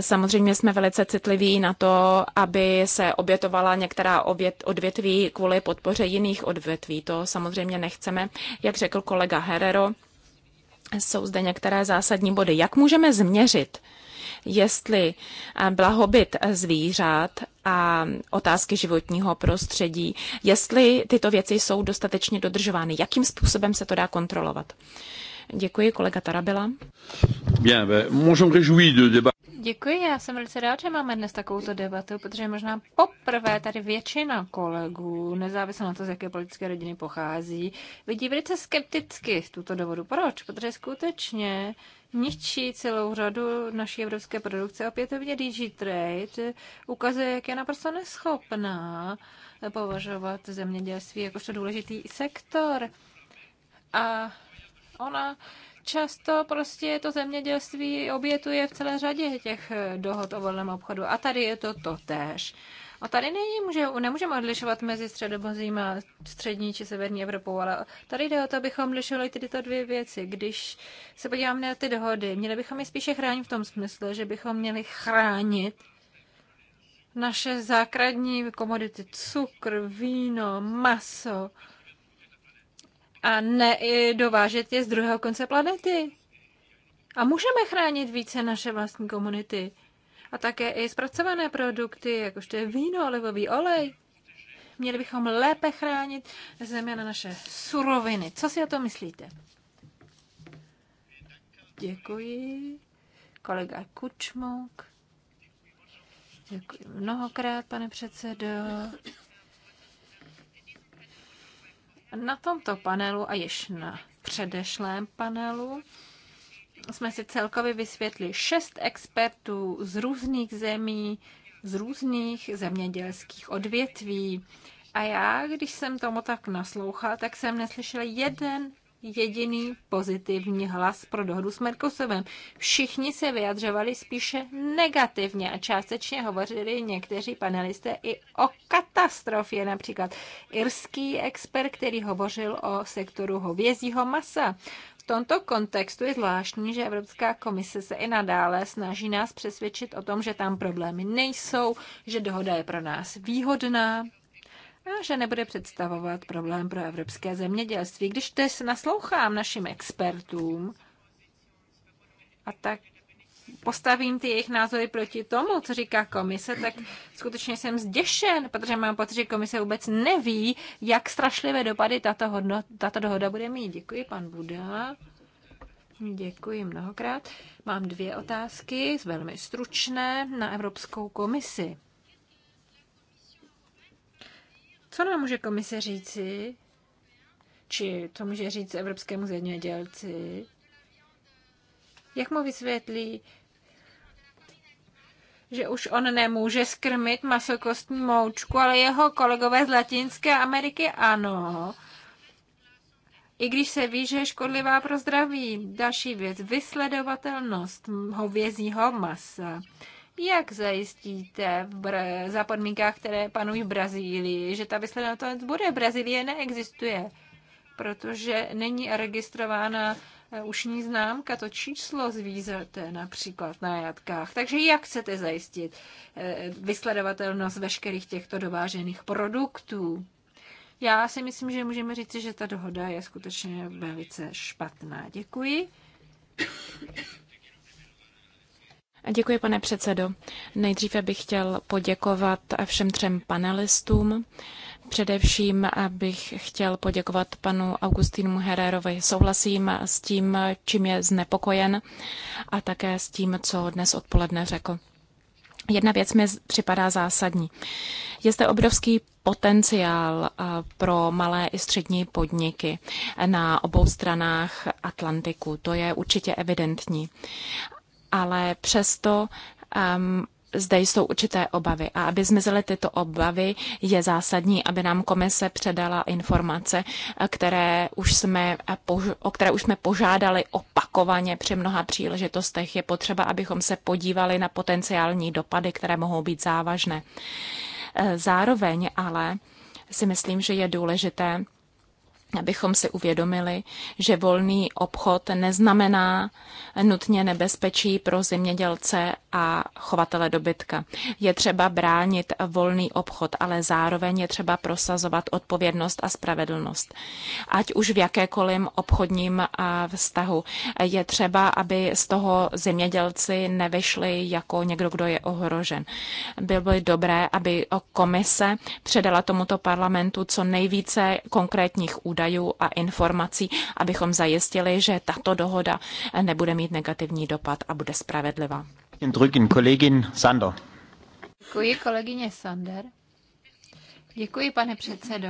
samozřejmě jsme velice citliví na to, aby se obětovala některá odvětví kvůli podpoře jiných odvětví. To samozřejmě nechceme. Jak řekl kolega Herero, jsou zde některé zásadní body. Jak můžeme změřit, jestli eh, blahobyt zvířat a otázky životního prostředí, jestli tyto věci jsou dostatečně dodržovány, jakým způsobem se to dá kontrolovat? Děkuji, kolega Tarabila. Děkuji, já jsem velice rád, že máme dnes takovouto debatu, protože možná poprvé tady většina kolegů, nezávisle na to, z jaké politické rodiny pochází, vidí velice skepticky tuto dovodu. Proč? Protože skutečně ničí celou řadu naší evropské produkce. Opětovně DigiTrade ukazuje, jak je naprosto neschopná považovat zemědělství jakožto důležitý sektor. A ona často prostě to zemědělství obětuje v celé řadě těch eh, dohod o volném obchodu. A tady je to totéž. A tady není, může, nemůžeme odlišovat mezi středobozím a střední či severní Evropou, ale tady jde o to, abychom odlišovali tyto dvě věci. Když se podíváme na ty dohody, měli bychom je spíše chránit v tom smyslu, že bychom měli chránit naše základní komodity, cukr, víno, maso, a ne dovážet je z druhého konce planety. A můžeme chránit více naše vlastní komunity. A také i zpracované produkty, jakožto je víno, olivový olej. Měli bychom lépe chránit země na naše suroviny. Co si o to myslíte? Děkuji. Kolega Kučmouk. Děkuji mnohokrát, pane předsedo. Na tomto panelu a již na předešlém panelu jsme si celkově vysvětli šest expertů z různých zemí, z různých zemědělských odvětví. A já, když jsem tomu tak naslouchala, tak jsem neslyšela jeden jediný pozitivní hlas pro dohodu s Merkosovem. Všichni se vyjadřovali spíše negativně a částečně hovořili někteří panelisté i o katastrofě, například irský expert, který hovořil o sektoru hovězího masa. V tomto kontextu je zvláštní, že Evropská komise se i nadále snaží nás přesvědčit o tom, že tam problémy nejsou, že dohoda je pro nás výhodná a že nebude představovat problém pro evropské zemědělství. Když teď naslouchám našim expertům a tak postavím ty jejich názory proti tomu, co říká komise, tak skutečně jsem zděšen, protože mám pocit, že komise vůbec neví, jak strašlivé dopady tato, hodno, tato dohoda bude mít. Děkuji, pan Buda. Děkuji mnohokrát. Mám dvě otázky, velmi stručné, na Evropskou komisi. Co nám může komise říci, či co může říct Evropskému zemědělci? Jak mu vysvětlí, že už on nemůže skrmit masokostní moučku, ale jeho kolegové z Latinské Ameriky ano. I když se ví, že je škodlivá pro zdraví. Další věc, vysledovatelnost hovězího masa. Jak zajistíte v Br- za podmínkách, které panují v Brazílii, že ta to bude? Brazílie neexistuje, protože není registrována eh, ušní známka, to číslo zvířete eh, například na jatkách. Takže jak chcete zajistit eh, vysledovatelnost veškerých těchto dovážených produktů? Já si myslím, že můžeme říct, že ta dohoda je skutečně velice špatná. Děkuji. Děkuji, pane předsedo. Nejdříve bych chtěl poděkovat všem třem panelistům. Především bych chtěl poděkovat panu Augustínu Herérovi. Souhlasím s tím, čím je znepokojen a také s tím, co dnes odpoledne řekl. Jedna věc mi připadá zásadní. Je zde obrovský potenciál eh, pro malé i střední podniky na obou stranách Atlantiku. To je určitě evidentní ale přesto um, zde jsou určité obavy. A aby zmizely tyto obavy, je zásadní, aby nám komise předala informace, které už jsme, o které už jsme požádali opakovaně při mnoha příležitostech. Je potřeba, abychom se podívali na potenciální dopady, které mohou být závažné. E, zároveň ale si myslím, že je důležité, abychom si uvědomili, že volný obchod neznamená nutně nebezpečí pro zemědělce a chovatele dobytka. Je třeba bránit volný obchod, ale zároveň je třeba prosazovat odpovědnost a spravedlnost. Ať už v jakékoliv obchodním vztahu. Je třeba, aby z toho zemědělci nevyšli jako někdo, kdo je ohrožen. Bylo by dobré, aby komise předala tomuto parlamentu co nejvíce konkrétních údajů údajů a informací, abychom zajistili, že tato dohoda eh, nebude mít negativní dopad a bude spravedlivá. Děkuji, kolegyně Sander. Děkuji, pane předsedo.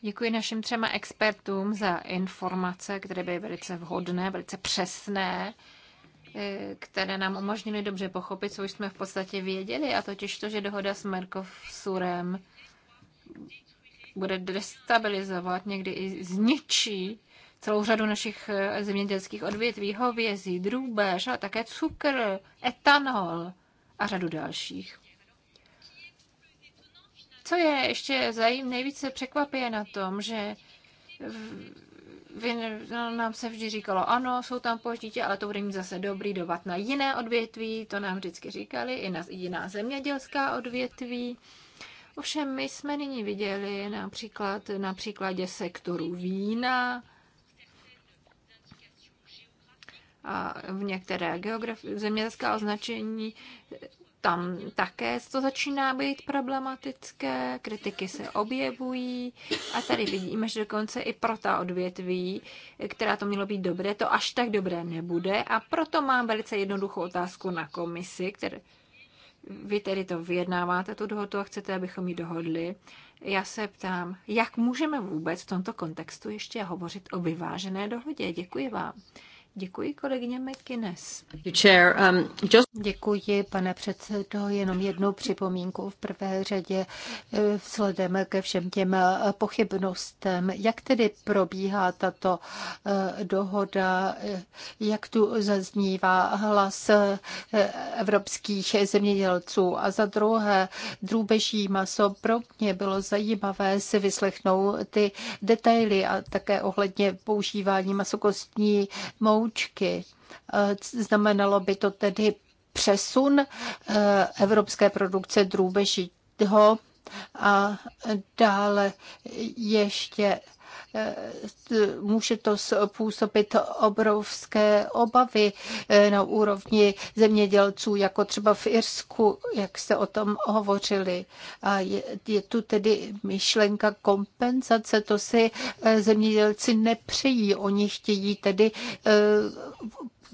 Děkuji našim třema expertům za informace, které byly velice vhodné, velice přesné, eh, které nám umožnily dobře pochopit, co už jsme v podstatě věděli, a totiž to, že dohoda s Mercosurem bude destabilizovat, někdy i zničí celou řadu našich eh, zemědělských odvětví, hovězí, drůbež, ale také cukr, etanol a řadu dalších. Co je ještě zajím, nejvíce překvapuje na tom, že vy, no, nám se vždy říkalo, ano, jsou tam požitě, ale to bude mít zase dobrý dopad na jiné odvětví, to nám vždycky říkali, i na jiná zemědělská odvětví. Ovšem my jsme nyní viděli například na příkladě sektoru vína, a v některé geografi- zemědělská označení, tam také to začíná být problematické, kritiky se objevují a tady vidíme, že dokonce i pro ta odvětví, která to mělo být dobré, to až tak dobré nebude a proto mám velice jednoduchou otázku na komisi, které, vy tedy to vyjednáváte, tu dohodu, a chcete, abychom ji dohodli. Já se ptám, jak můžeme vůbec v tomto kontextu ještě hovořit o vyvážené dohodě? Děkuji vám. Děkuji kolegyně McInnes. Um, Děkuji, pane předsedo. Jenom jednu připomínku v prvé řadě eh, vzhledem ke všem těm eh, pochybnostem. Jak tedy probíhá tato eh, dohoda? Jak tu zaznívá hlas evropských zemědělců? A za druhé, drůbeží maso pro mě bylo zajímavé si vyslechnout ty detaily a také ohledně používání masokostní mou poučky. Eh, znamenalo by to tedy přesun eh, evropské produkce drůbežího a dále ještě může to způsobit obrovské obavy eh, na úrovni zemědělců, jako třeba v Irsku, jak jste o tom hovořili. A je, je tu tedy myšlenka kompenzace, to si eh, zemědělci nepřejí. Oni chtějí tedy eh,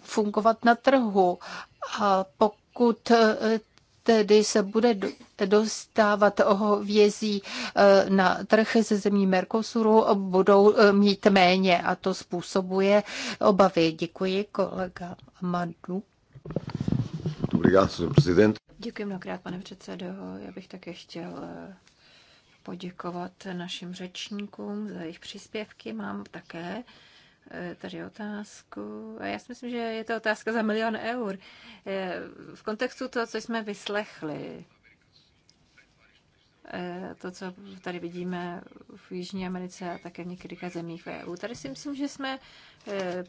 fungovat na trhu. A pokud pokud tedy se bude dostávat hovězí eh, na trh ze zemí Mercosuru, budou eh, mít méně a to způsobuje obavy. Děkuji, kolega Madu. Děkuji mnohokrát, pane předsedo. Já bych také chtěl eh, poděkovat našim řečníkům za jejich příspěvky. Mám také Eh, tady otázku. A já si myslím, že je to otázka za milion eur. Eh, v kontextu toho, co jsme vyslechli, eh, to, co tady vidíme v Jižní Americe a také v některých zemích v EU. Tady si myslím, že jsme,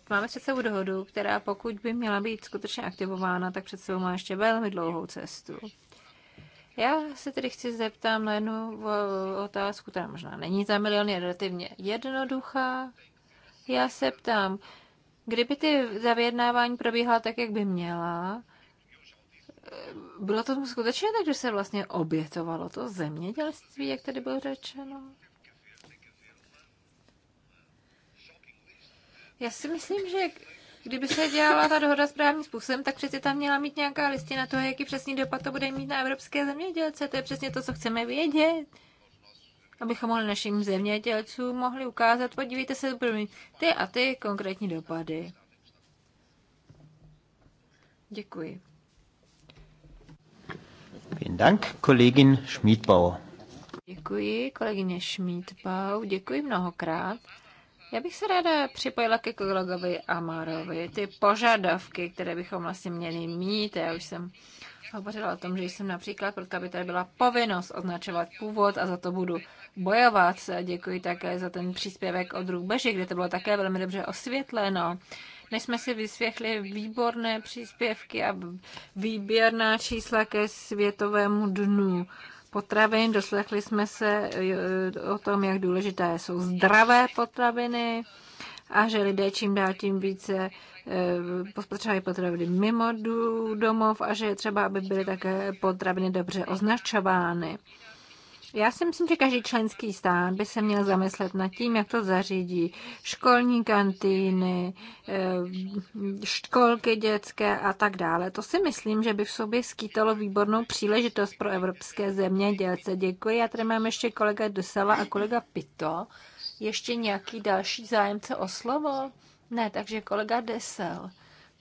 máme před sebou dohodu, která pokud by měla být skutečně aktivována, tak před sebou má ještě velmi dlouhou cestu. Já se tedy chci zeptat na jednu otázku, která možná není za milion, je relativně jednoduchá. Já se ptám, kdyby ty zavědnávání probíhala tak, jak by měla, bylo to skutečně tak, že se vlastně obětovalo to zemědělství, jak tady bylo řečeno? Já si myslím, že kdyby se dělala ta dohoda správným způsobem, tak přeci tam měla mít nějaká listina toho, jaký přesný dopad to bude mít na evropské zemědělce. To je přesně to, co chceme vědět abychom mohli našim zemědělcům mohli ukázat, podívejte se, první, ty a ty konkrétní dopady. Děkuji. Vielen Dank, Kollegin Schmidbauer. Děkuji, kolegyně Schmidbau, děkuji mnohokrát. Já bych se ráda připojila ke kolegovi Amarovi. Ty požadavky, které bychom vlastně měli mít, já už jsem hovořila o tom, že jsem například, proto aby tady byla povinnost označovat původ a za to budu bojovat. Děkuji také za ten příspěvek od Růbeži, kde to bylo také velmi dobře osvětleno. Než jsme si vysvětli výborné příspěvky a výběrná čísla ke Světovému dnu potravin, doslechli jsme se eh, o tom, jak důležité jsou zdravé potraviny a že lidé čím dál tím více eh, potřebují potraviny mimo domov a že je třeba, aby byly také potraviny dobře označovány. Já si myslím, že každý členský stát by se měl zamyslet nad tím, jak to zařídí. Školní kantýny, eh, školky dětské a tak dále. To si myslím, že by v sobě skýtalo výbornou příležitost pro evropské zemědělce. Děkuji. A tady mám ještě kolega Dusela a kolega Pito. Ještě nějaký další zájemce o slovo? Ne, takže kolega Desel.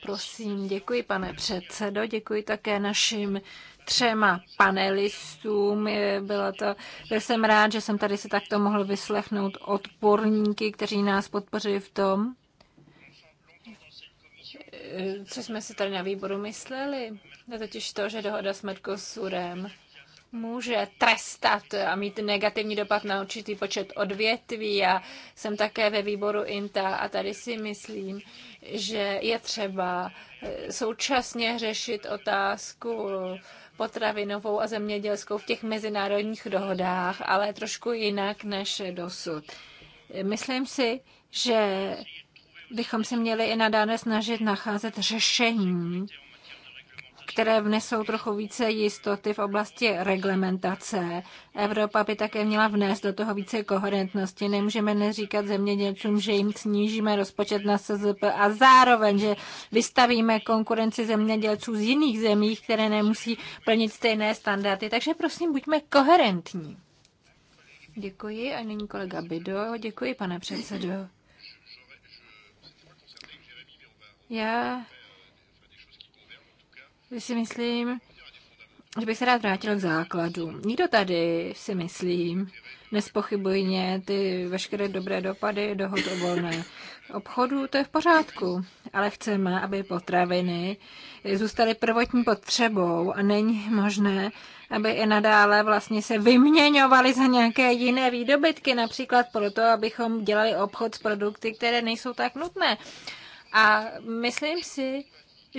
Prosím, děkuji pane předsedo, děkuji také našim třema panelistům. Byla to, byl jsem rád, že jsem tady se takto mohl vyslechnout odporníky, kteří nás podpořili v tom, co jsme si tady na výboru mysleli. No totiž to, že dohoda s Mercosurem může trestat a mít negativní dopad na určitý počet odvětví. Já jsem také ve výboru INTA a tady si myslím, že je třeba eh, současně řešit otázku potravinovou a zemědělskou v těch mezinárodních dohodách, ale trošku jinak než dosud. Myslím si, že bychom se měli i nadále snažit nacházet řešení které vnesou trochu více jistoty v oblasti reglementace. Evropa by také měla vnést do toho více koherentnosti. Nemůžeme neříkat zemědělcům, že jim snížíme rozpočet na SZP a zároveň, že vystavíme konkurenci zemědělců z jiných zemí, které nemusí plnit stejné standardy. Takže prosím, buďme koherentní. Děkuji a nyní kolega Bido. Děkuji, pane předsedo. Já si myslím, že bych se rád vrátil k základu. Nikdo tady si myslím, nespochybujně ty veškeré dobré dopady dohod o volné obchodu, to je v pořádku, ale chceme, aby potraviny zůstaly prvotní potřebou a není možné, aby i nadále vlastně se vyměňovaly za nějaké jiné výdobytky, například proto, abychom dělali obchod s produkty, které nejsou tak nutné. A myslím si,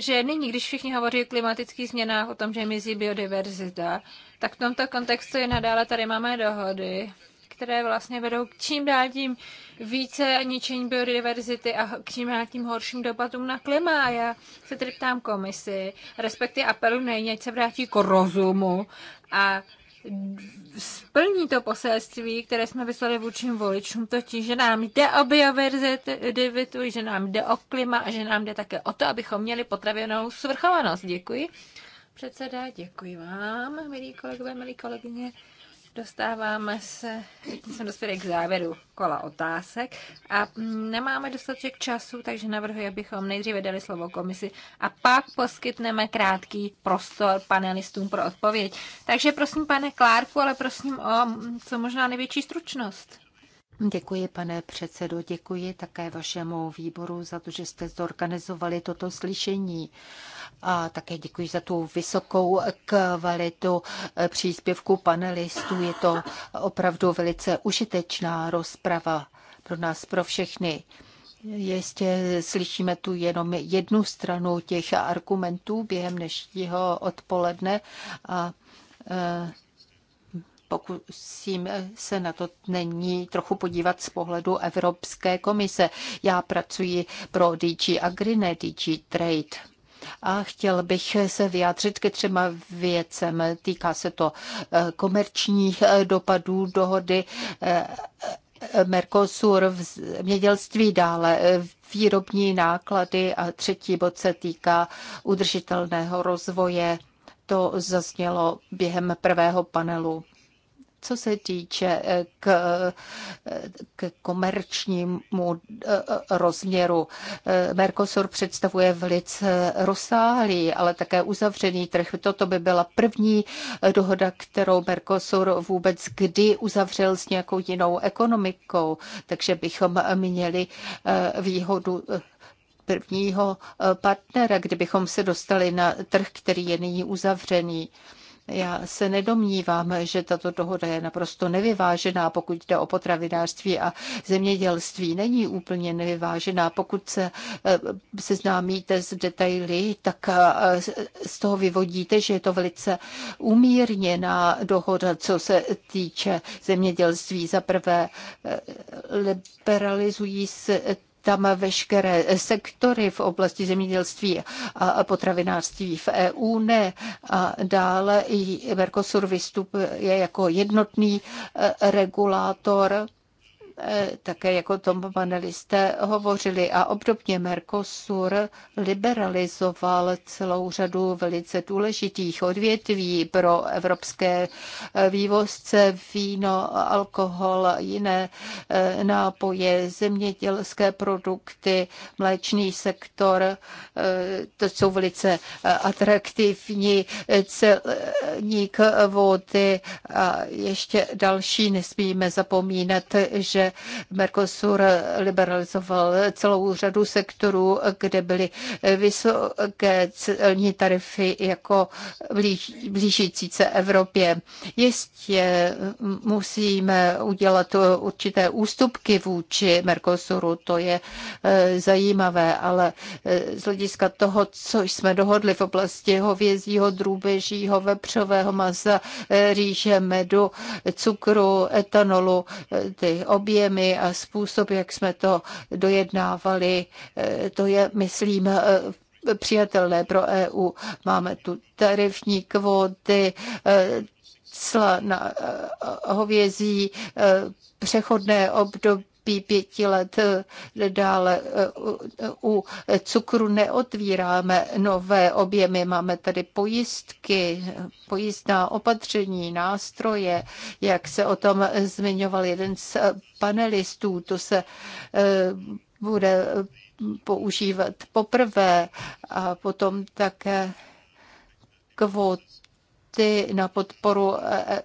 že nyní, když všichni hovoří o klimatických změnách, o tom, že mizí biodiverzita, tak v tomto kontextu je nadále tady máme dohody, které vlastně vedou k čím dál tím více ničení biodiverzity a k čím dál tím horším dopadům na klima. A já se tedy ptám komisi, respektive apelu nejně, ať se vrátí k rozumu a splní to poselství, které jsme vyslali vůči voličům, totiž, že nám jde o biodiverzitu, že nám jde o klima a že nám jde také o to, abychom měli potravěnou svrchovanost. Děkuji. Předseda, děkuji vám, milí kolegové, milí kolegyně. Dostáváme se, Jsem dospěli k závěru kola otázek a nemáme dostatek času, takže navrhuji, abychom nejdříve dali slovo komisi a pak poskytneme krátký prostor panelistům pro odpověď. Takže prosím, pane Klárku, ale prosím o co možná největší stručnost. Děkuji, pane předsedo, děkuji také vašemu výboru za to, že jste zorganizovali toto slyšení. A také děkuji za tu vysokou kvalitu příspěvku panelistů. Je to opravdu velice užitečná rozprava pro nás, pro všechny. Jistě slyšíme tu jenom jednu stranu těch argumentů během dnešního odpoledne a e, pokusím se na to není trochu podívat z pohledu Evropské komise. Já pracuji pro DG Agri, ne DG Trade. A chtěl bych se vyjádřit ke třema věcem. Týká se to eh, komerčních eh, dopadů dohody eh, Mercosur v mědělství dále výrobní náklady a třetí bod se týká udržitelného rozvoje. To zaznělo během prvého panelu. Co se týče eh, k, eh, k komerčnímu eh, rozměru, Mercosur představuje velice rozsáhlý, ale také uzavřený trh. Toto by byla první dohoda, kterou Mercosur vůbec kdy uzavřel s nějakou jinou ekonomikou, takže bychom měli výhodu prvního partnera, kdybychom se dostali na trh, který je nyní uzavřený. Já se nedomnívám, že tato dohoda je naprosto nevyvážená, pokud jde o potravinářství a zemědělství. Není úplně nevyvážená. Pokud se eh, seznámíte s detaily, tak eh, z toho vyvodíte, že je to velice umírněná dohoda, co se týče zemědělství. Za prvé eh, liberalizují se tam veškeré sektory v oblasti zemědělství a potravinářství v EU ne. A dále i Mercosur vystupuje jako jednotný eh, regulátor Eh, také jako tom panelisté hovořili. A obdobně Mercosur liberalizoval celou řadu velice důležitých odvětví pro evropské eh, vývozce, víno, alkohol, jiné eh, nápoje, zemědělské produkty, mléčný sektor. To jsou velice atraktivní celník vody a ještě další nesmíme zapomínat, že Mercosur liberalizoval celou řadu sektorů, kde byly vysoké celní tarify jako blíž, blížící se Evropě. Jistě musíme udělat určité ústupky vůči Mercosuru, to je eh, zajímavé, ale eh, z hlediska toho, co jsme dohodli v oblasti hovězího, drůbežího, vepřového masa, eh, rýže, medu, cukru, etanolu, ty obě příjemy a způsob, jak jsme to dojednávali, eh, to je, myslím, eh, přijatelné pro EU. Máme tu tarifní kvóty, eh, cla na hovězí, přechodné období pěti let eh, dále eh, eh, u cukru neotvíráme nové objemy, máme tady pojistky, pojistná opatření, nástroje, jak se o tom zmiňoval jeden z panelistů, to se bude používat poprvé a potom také kvóty na podporu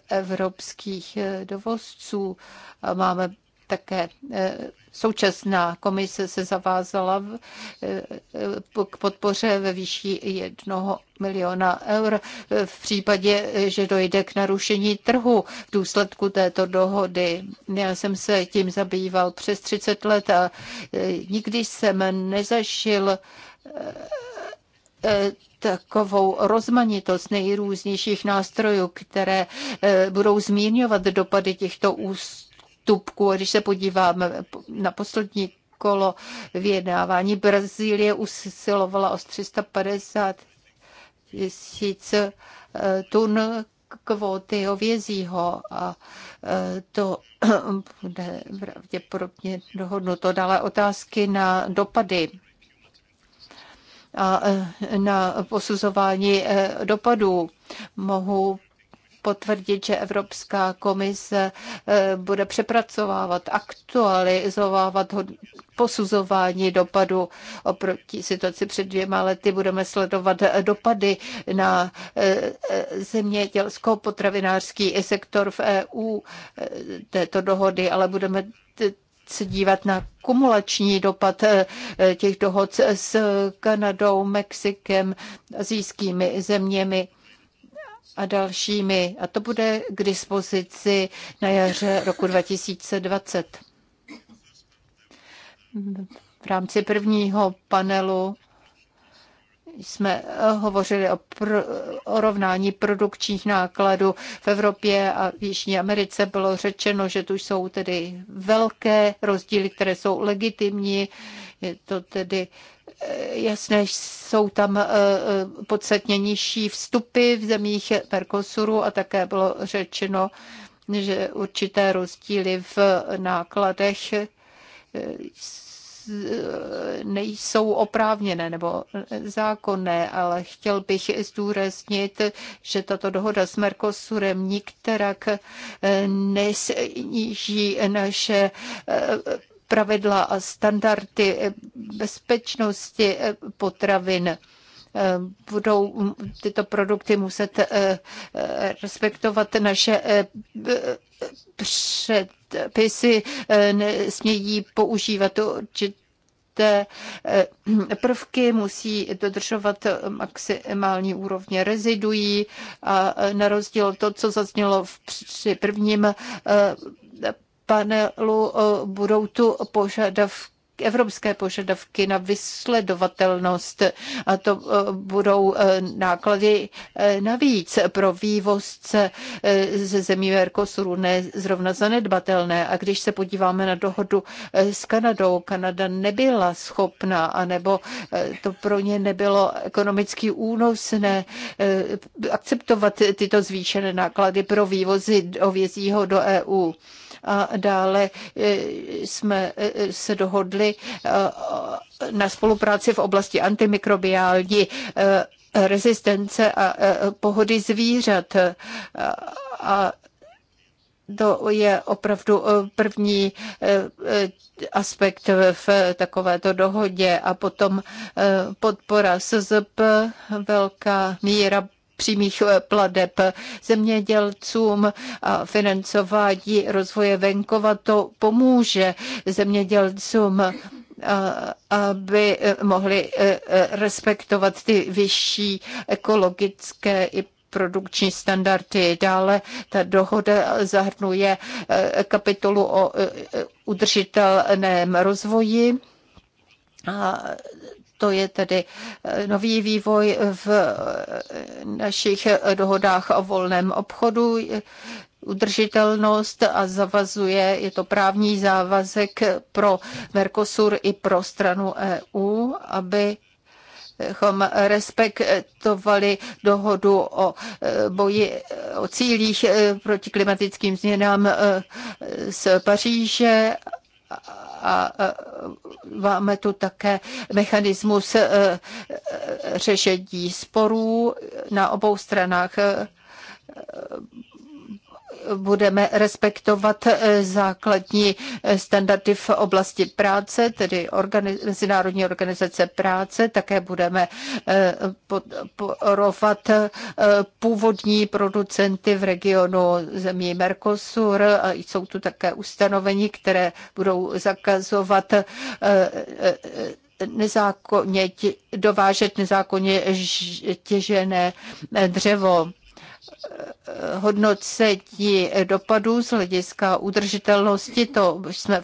evropských dovozců. Máme také eh, současná komise se zavázala eh, k podpoře ve výši jednoho miliona eur v případě, že dojde k narušení trhu v důsledku této dohody. Já jsem se tím zabýval přes 30 let a eh, nikdy jsem nezašil takovou rozmanitost nejrůznějších nástrojů, které budou zmírňovat dopady těchto úst ústupku. Když se podíváme na poslední kolo vyjednávání, Brazílie usilovala o 350 tisíc eh, tun kvóty hovězího a eh, to bude pravděpodobně dohodnuto. Dále otázky na dopady a eh, na posuzování dopadů. Mohu potvrdit, že Evropská komise eh, bude přepracovávat, aktualizovávat posuzování dopadu oproti situaci před dvěma lety. Budeme sledovat eh, dopady na eh, zemědělsko-potravinářský sektor v EU této dohody, ale budeme se dívat na kumulační dopad těch dohod s Kanadou, Mexikem, azijskými zeměmi a dalšími. A to bude k dispozici na jaře roku 2020. V rámci prvního panelu jsme hovořili o, pr- o rovnání produkčních nákladů v Evropě a v Jižní Americe. Bylo řečeno, že tu jsou tedy velké rozdíly, které jsou legitimní je to tedy eh, jasné, jsou tam eh, eh, podstatně nižší vstupy v zemích Mercosuru a také bylo řečeno, že určité rozdíly v nákladech nejsou oprávněné nebo zákonné, ale chtěl bych zdůraznit, že tato dohoda s Mercosurem nikterak nesníží naše pravidla a standardy eh, bezpečnosti eh, potravin eh, budou tyto produkty muset respektovat naše předpisy, nesmějí používat určité prvky, musí dodržovat maximální úrovně reziduí a na rozdíl to, co zaznělo při prvním panelu eh, budou tu požadavky evropské požadavky na vysledovatelnost a to eh, budou eh, náklady navíc pro vývozce ze zemí Mercosuru, ne zrovna zanedbatelné. A když se podíváme na dohodu s Kanadou, Kanada nebyla schopna, anebo to pro ně nebylo ekonomicky únosné akceptovat tyto zvýšené náklady pro vývozy ovězího do EU. A dále eh, jsme eh, se dohodli eh, na spolupráci v oblasti antimikrobiální rezistence a pohody zvířat. A to je opravdu první aspekt v takovéto dohodě a potom podpora SZP, velká míra přímých eh, pladeb zemědělcům a financování rozvoje venkova. To pomůže zemědělcům eh, aby eh, mohli respektovat ty vyšší ekologické i produkční standardy. Dále ta dohoda zahrnuje kapitolu o udržitelném rozvoji. A to je tedy eh, nový vývoj v eh, našich eh, dohodách o volném obchodu udržitelnost a zavazuje, je to právní závazek pro Mercosur i pro stranu EU, aby respektovali dohodu o boji, o cílích proti klimatickým změnám z Paříže a máme tu také mechanismus e, e, řešení sporů na obou stranách e, budeme respektovat eh, základní eh, standardy v oblasti práce, tedy Mezinárodní organizace práce, také budeme eh, podporovat původní producenty v regionu zemí Mercosur. Jsou tu také ustanovení, které budou zakazovat nezákonně dovážet nezákonně těžené dřevo hodnocení dopadů z hlediska udržitelnosti. To jsme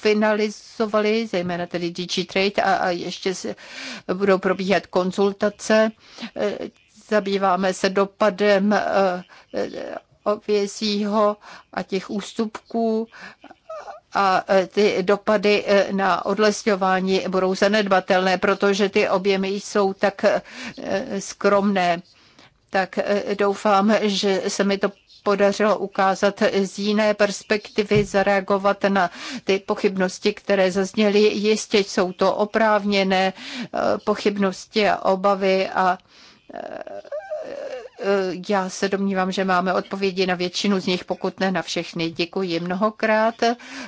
finalizovali, zejména tedy DigiTrade a, a ještě se budou probíhat konzultace. Zabýváme se dopadem eh, eh, ovězího a těch ústupků a eh, ty dopady na odlesňování budou zanedbatelné, protože ty objemy jsou tak skromné tak eh, doufám, že se mi to podařilo ukázat z jiné perspektivy, zareagovat na ty pochybnosti, které zazněly. Jistě jsou to oprávněné eh, pochybnosti a obavy a eh, Eh, já se domnívám, že máme odpovědi na většinu z nich, pokud ne na všechny. Děkuji mnohokrát,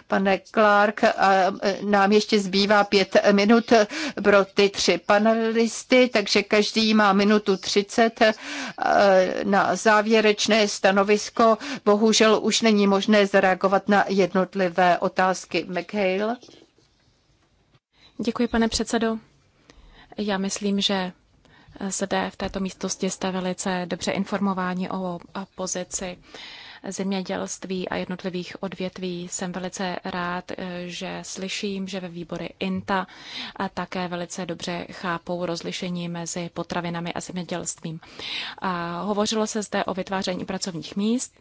pane Clark. A eh, nám ještě zbývá pět minut pro ty tři panelisty, takže každý má minutu třicet eh, na závěrečné stanovisko. Bohužel už není možné zareagovat na jednotlivé otázky. McHale. Děkuji, pane předsedo. Já myslím, že zde v této místnosti jste velice dobře informováni o pozici zemědělství a jednotlivých odvětví. Jsem velice rád, eh, že slyším, že ve výbory INTA a také velice dobře chápou rozlišení mezi potravinami a zemědělstvím. A hovořilo se zde o vytváření pracovních míst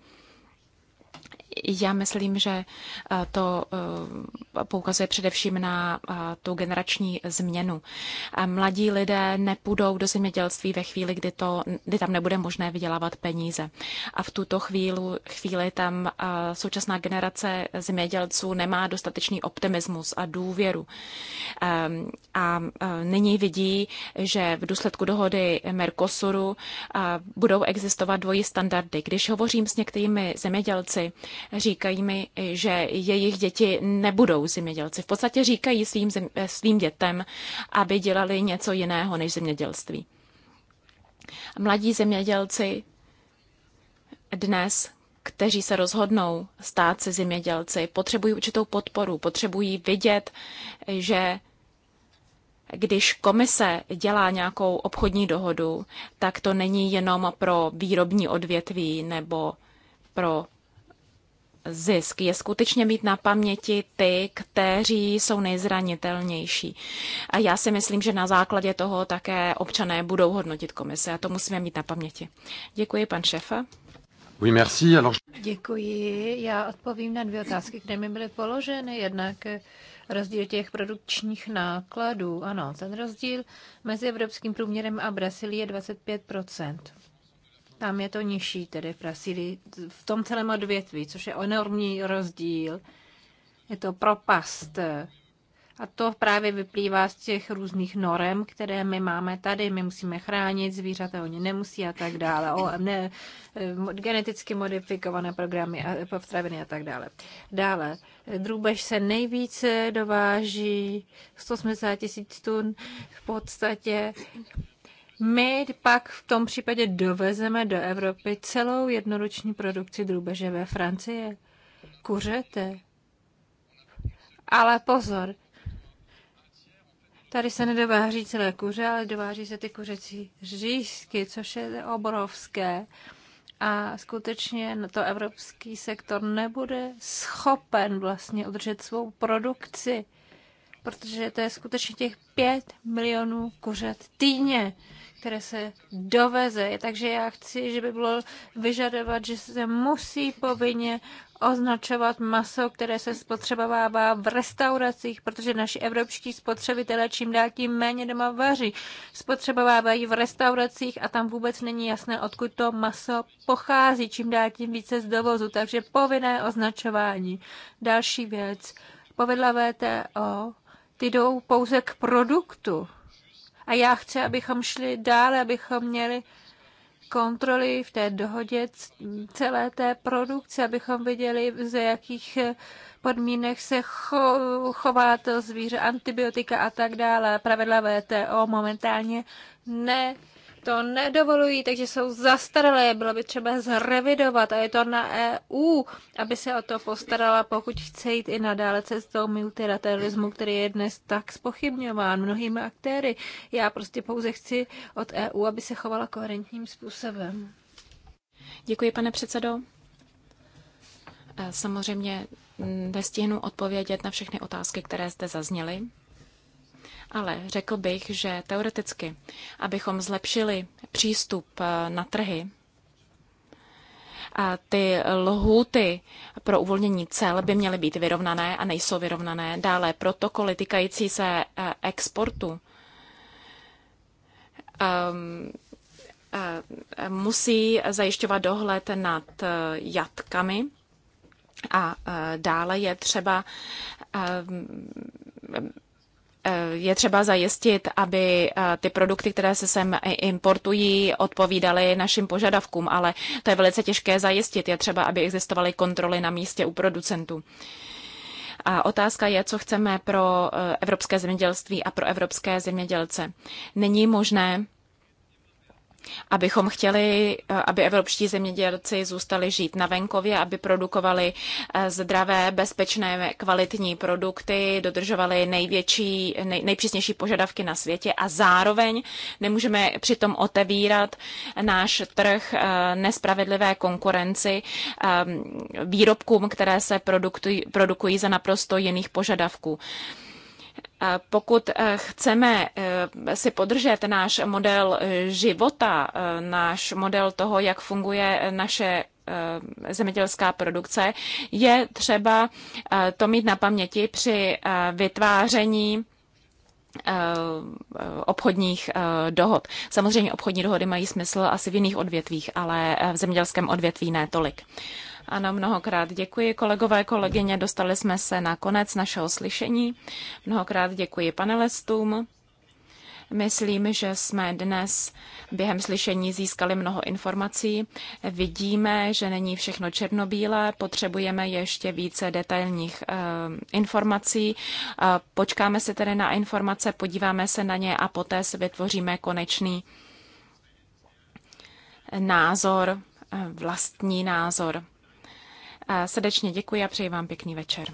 já myslím, že eh, to eh, poukazuje především na eh, tu generační změnu. Mladí lidé nepůjdou do zemědělství ve chvíli, kdy, to, kdy tam nebude možné vydělávat peníze. A v tuto chvíli, chvíli tam současná generace zemědělců nemá dostatečný optimismus a důvěru. Ehm, a nyní vidí, že v důsledku dohody Mercosuru budou existovat dvojí standardy. Když hovořím s některými zemědělci, Říkají mi, že jejich děti nebudou zemědělci. V podstatě říkají svým, zem, eh, svým dětem, aby dělali něco jiného než zemědělství. Mladí zemědělci dnes kteří se rozhodnou stát se zemědělci, potřebují určitou podporu, potřebují vidět, že když komise dělá nějakou obchodní dohodu, tak to není jenom pro výrobní odvětví nebo pro zisk je skutečně mít na paměti ty, kteří jsou nejzranitelnější. A já si myslím, že na základě toho také občané budou hodnotit komise a to musíme mít na paměti. Děkuji, pan šefa. Oui, merci. Alors... Děkuji. Já odpovím na dvě otázky, které mi byly položeny. Jednak rozdíl těch produkčních nákladů. Ano, ten rozdíl mezi evropským průměrem a Brazílií je 25 tam je to nižší, tedy v Brazílii, v tom celém odvětví, což je enormní rozdíl. Je to propast. A to právě vyplývá z těch různých norem, které my máme tady. My musíme chránit zvířata, oni nemusí a tak dále. O, ne, eh, geneticky modifikované programy, a, potraviny a tak dále. Dále, drůbež se nejvíce dováží, 180 tisíc tun v podstatě. My pak v tom případě dovezeme do Evropy celou jednoroční produkci drůbeže ve Francie. Kuřete. Ale pozor, Tady se nedováží celé kuře, ale dováží se ty kuřecí řízky, což je obrovské. A skutečně to evropský sektor nebude schopen vlastně udržet svou produkci, protože to je skutečně těch 5 milionů kuřet týdně které se doveze. Takže já chci, že by bylo vyžadovat, že se musí povinně označovat maso, které se spotřebovává v restauracích, protože naši evropští spotřebitelé čím dál tím méně doma vaří. Spotřebovávají v restauracích a tam vůbec není jasné, odkud to maso pochází, čím dál tím více z dovozu, takže povinné označování. Další věc. Povedla VTO, ty jdou pouze k produktu a já chci, abychom šli dál, abychom měli kontroly v té dohodě celé té produkce, abychom viděli, ze jakých eh, podmínek se cho, chová to zvíře, antibiotika a tak dále. Pravidla VTO momentálně ne to nedovolují, takže jsou zastaralé, bylo by třeba zrevidovat a je to na EU, aby se o to postarala, pokud chce jít i nadále cestou multilateralismu, který je dnes tak spochybňován mnohými aktéry. Já prostě pouze chci od EU, aby se chovala koherentním způsobem. Děkuji, pane předsedo. E, samozřejmě nestihnu odpovědět na všechny otázky, které zde zazněly. Ale řekl bych, že teoreticky, abychom zlepšili přístup eh, na trhy, a ty lhůty pro uvolnění cel by měly být vyrovnané a nejsou vyrovnané. Dále protokoly týkající se eh, exportu ehm, eh, musí zajišťovat dohled nad jatkami a dále je třeba ehm, Eh, je třeba zajistit, aby eh, ty produkty, které se sem importují, odpovídaly našim požadavkům, ale to je velice těžké zajistit. Je třeba, aby existovaly kontroly na místě u producentů. A otázka je, co chceme pro eh, evropské zemědělství a pro evropské zemědělce. Není možné abychom chtěli, eh, aby evropští zemědělci zůstali žít na venkově, aby produkovali eh, zdravé, bezpečné, kvalitní produkty, dodržovali největší, nej, nejpřísnější požadavky na světě a zároveň nemůžeme přitom otevírat náš trh eh, nespravedlivé konkurenci výrobkům, které se produkují za naprosto jiných požadavků. Pokud eh, chceme eh, si podržet náš model eh, života, náš model toho, jak funguje naše zemědělská produkce, je třeba to mít na paměti při vytváření obchodních dohod. Samozřejmě obchodní dohody mají smysl asi v jiných odvětvích, ale v zemědělském odvětví ne tolik. Ano, mnohokrát děkuji, kolegové, kolegyně. Dostali jsme se na konec našeho slyšení. Mnohokrát děkuji panelistům. Myslím, že jsme dnes během slyšení získali mnoho informací. Vidíme, že není všechno černobílé, potřebujeme ještě více detailních uh, informací. Uh, počkáme se tedy na informace, podíváme se na ně a poté si vytvoříme konečný názor, eh, vlastní názor. Srdečně děkuji a přeji vám pěkný večer.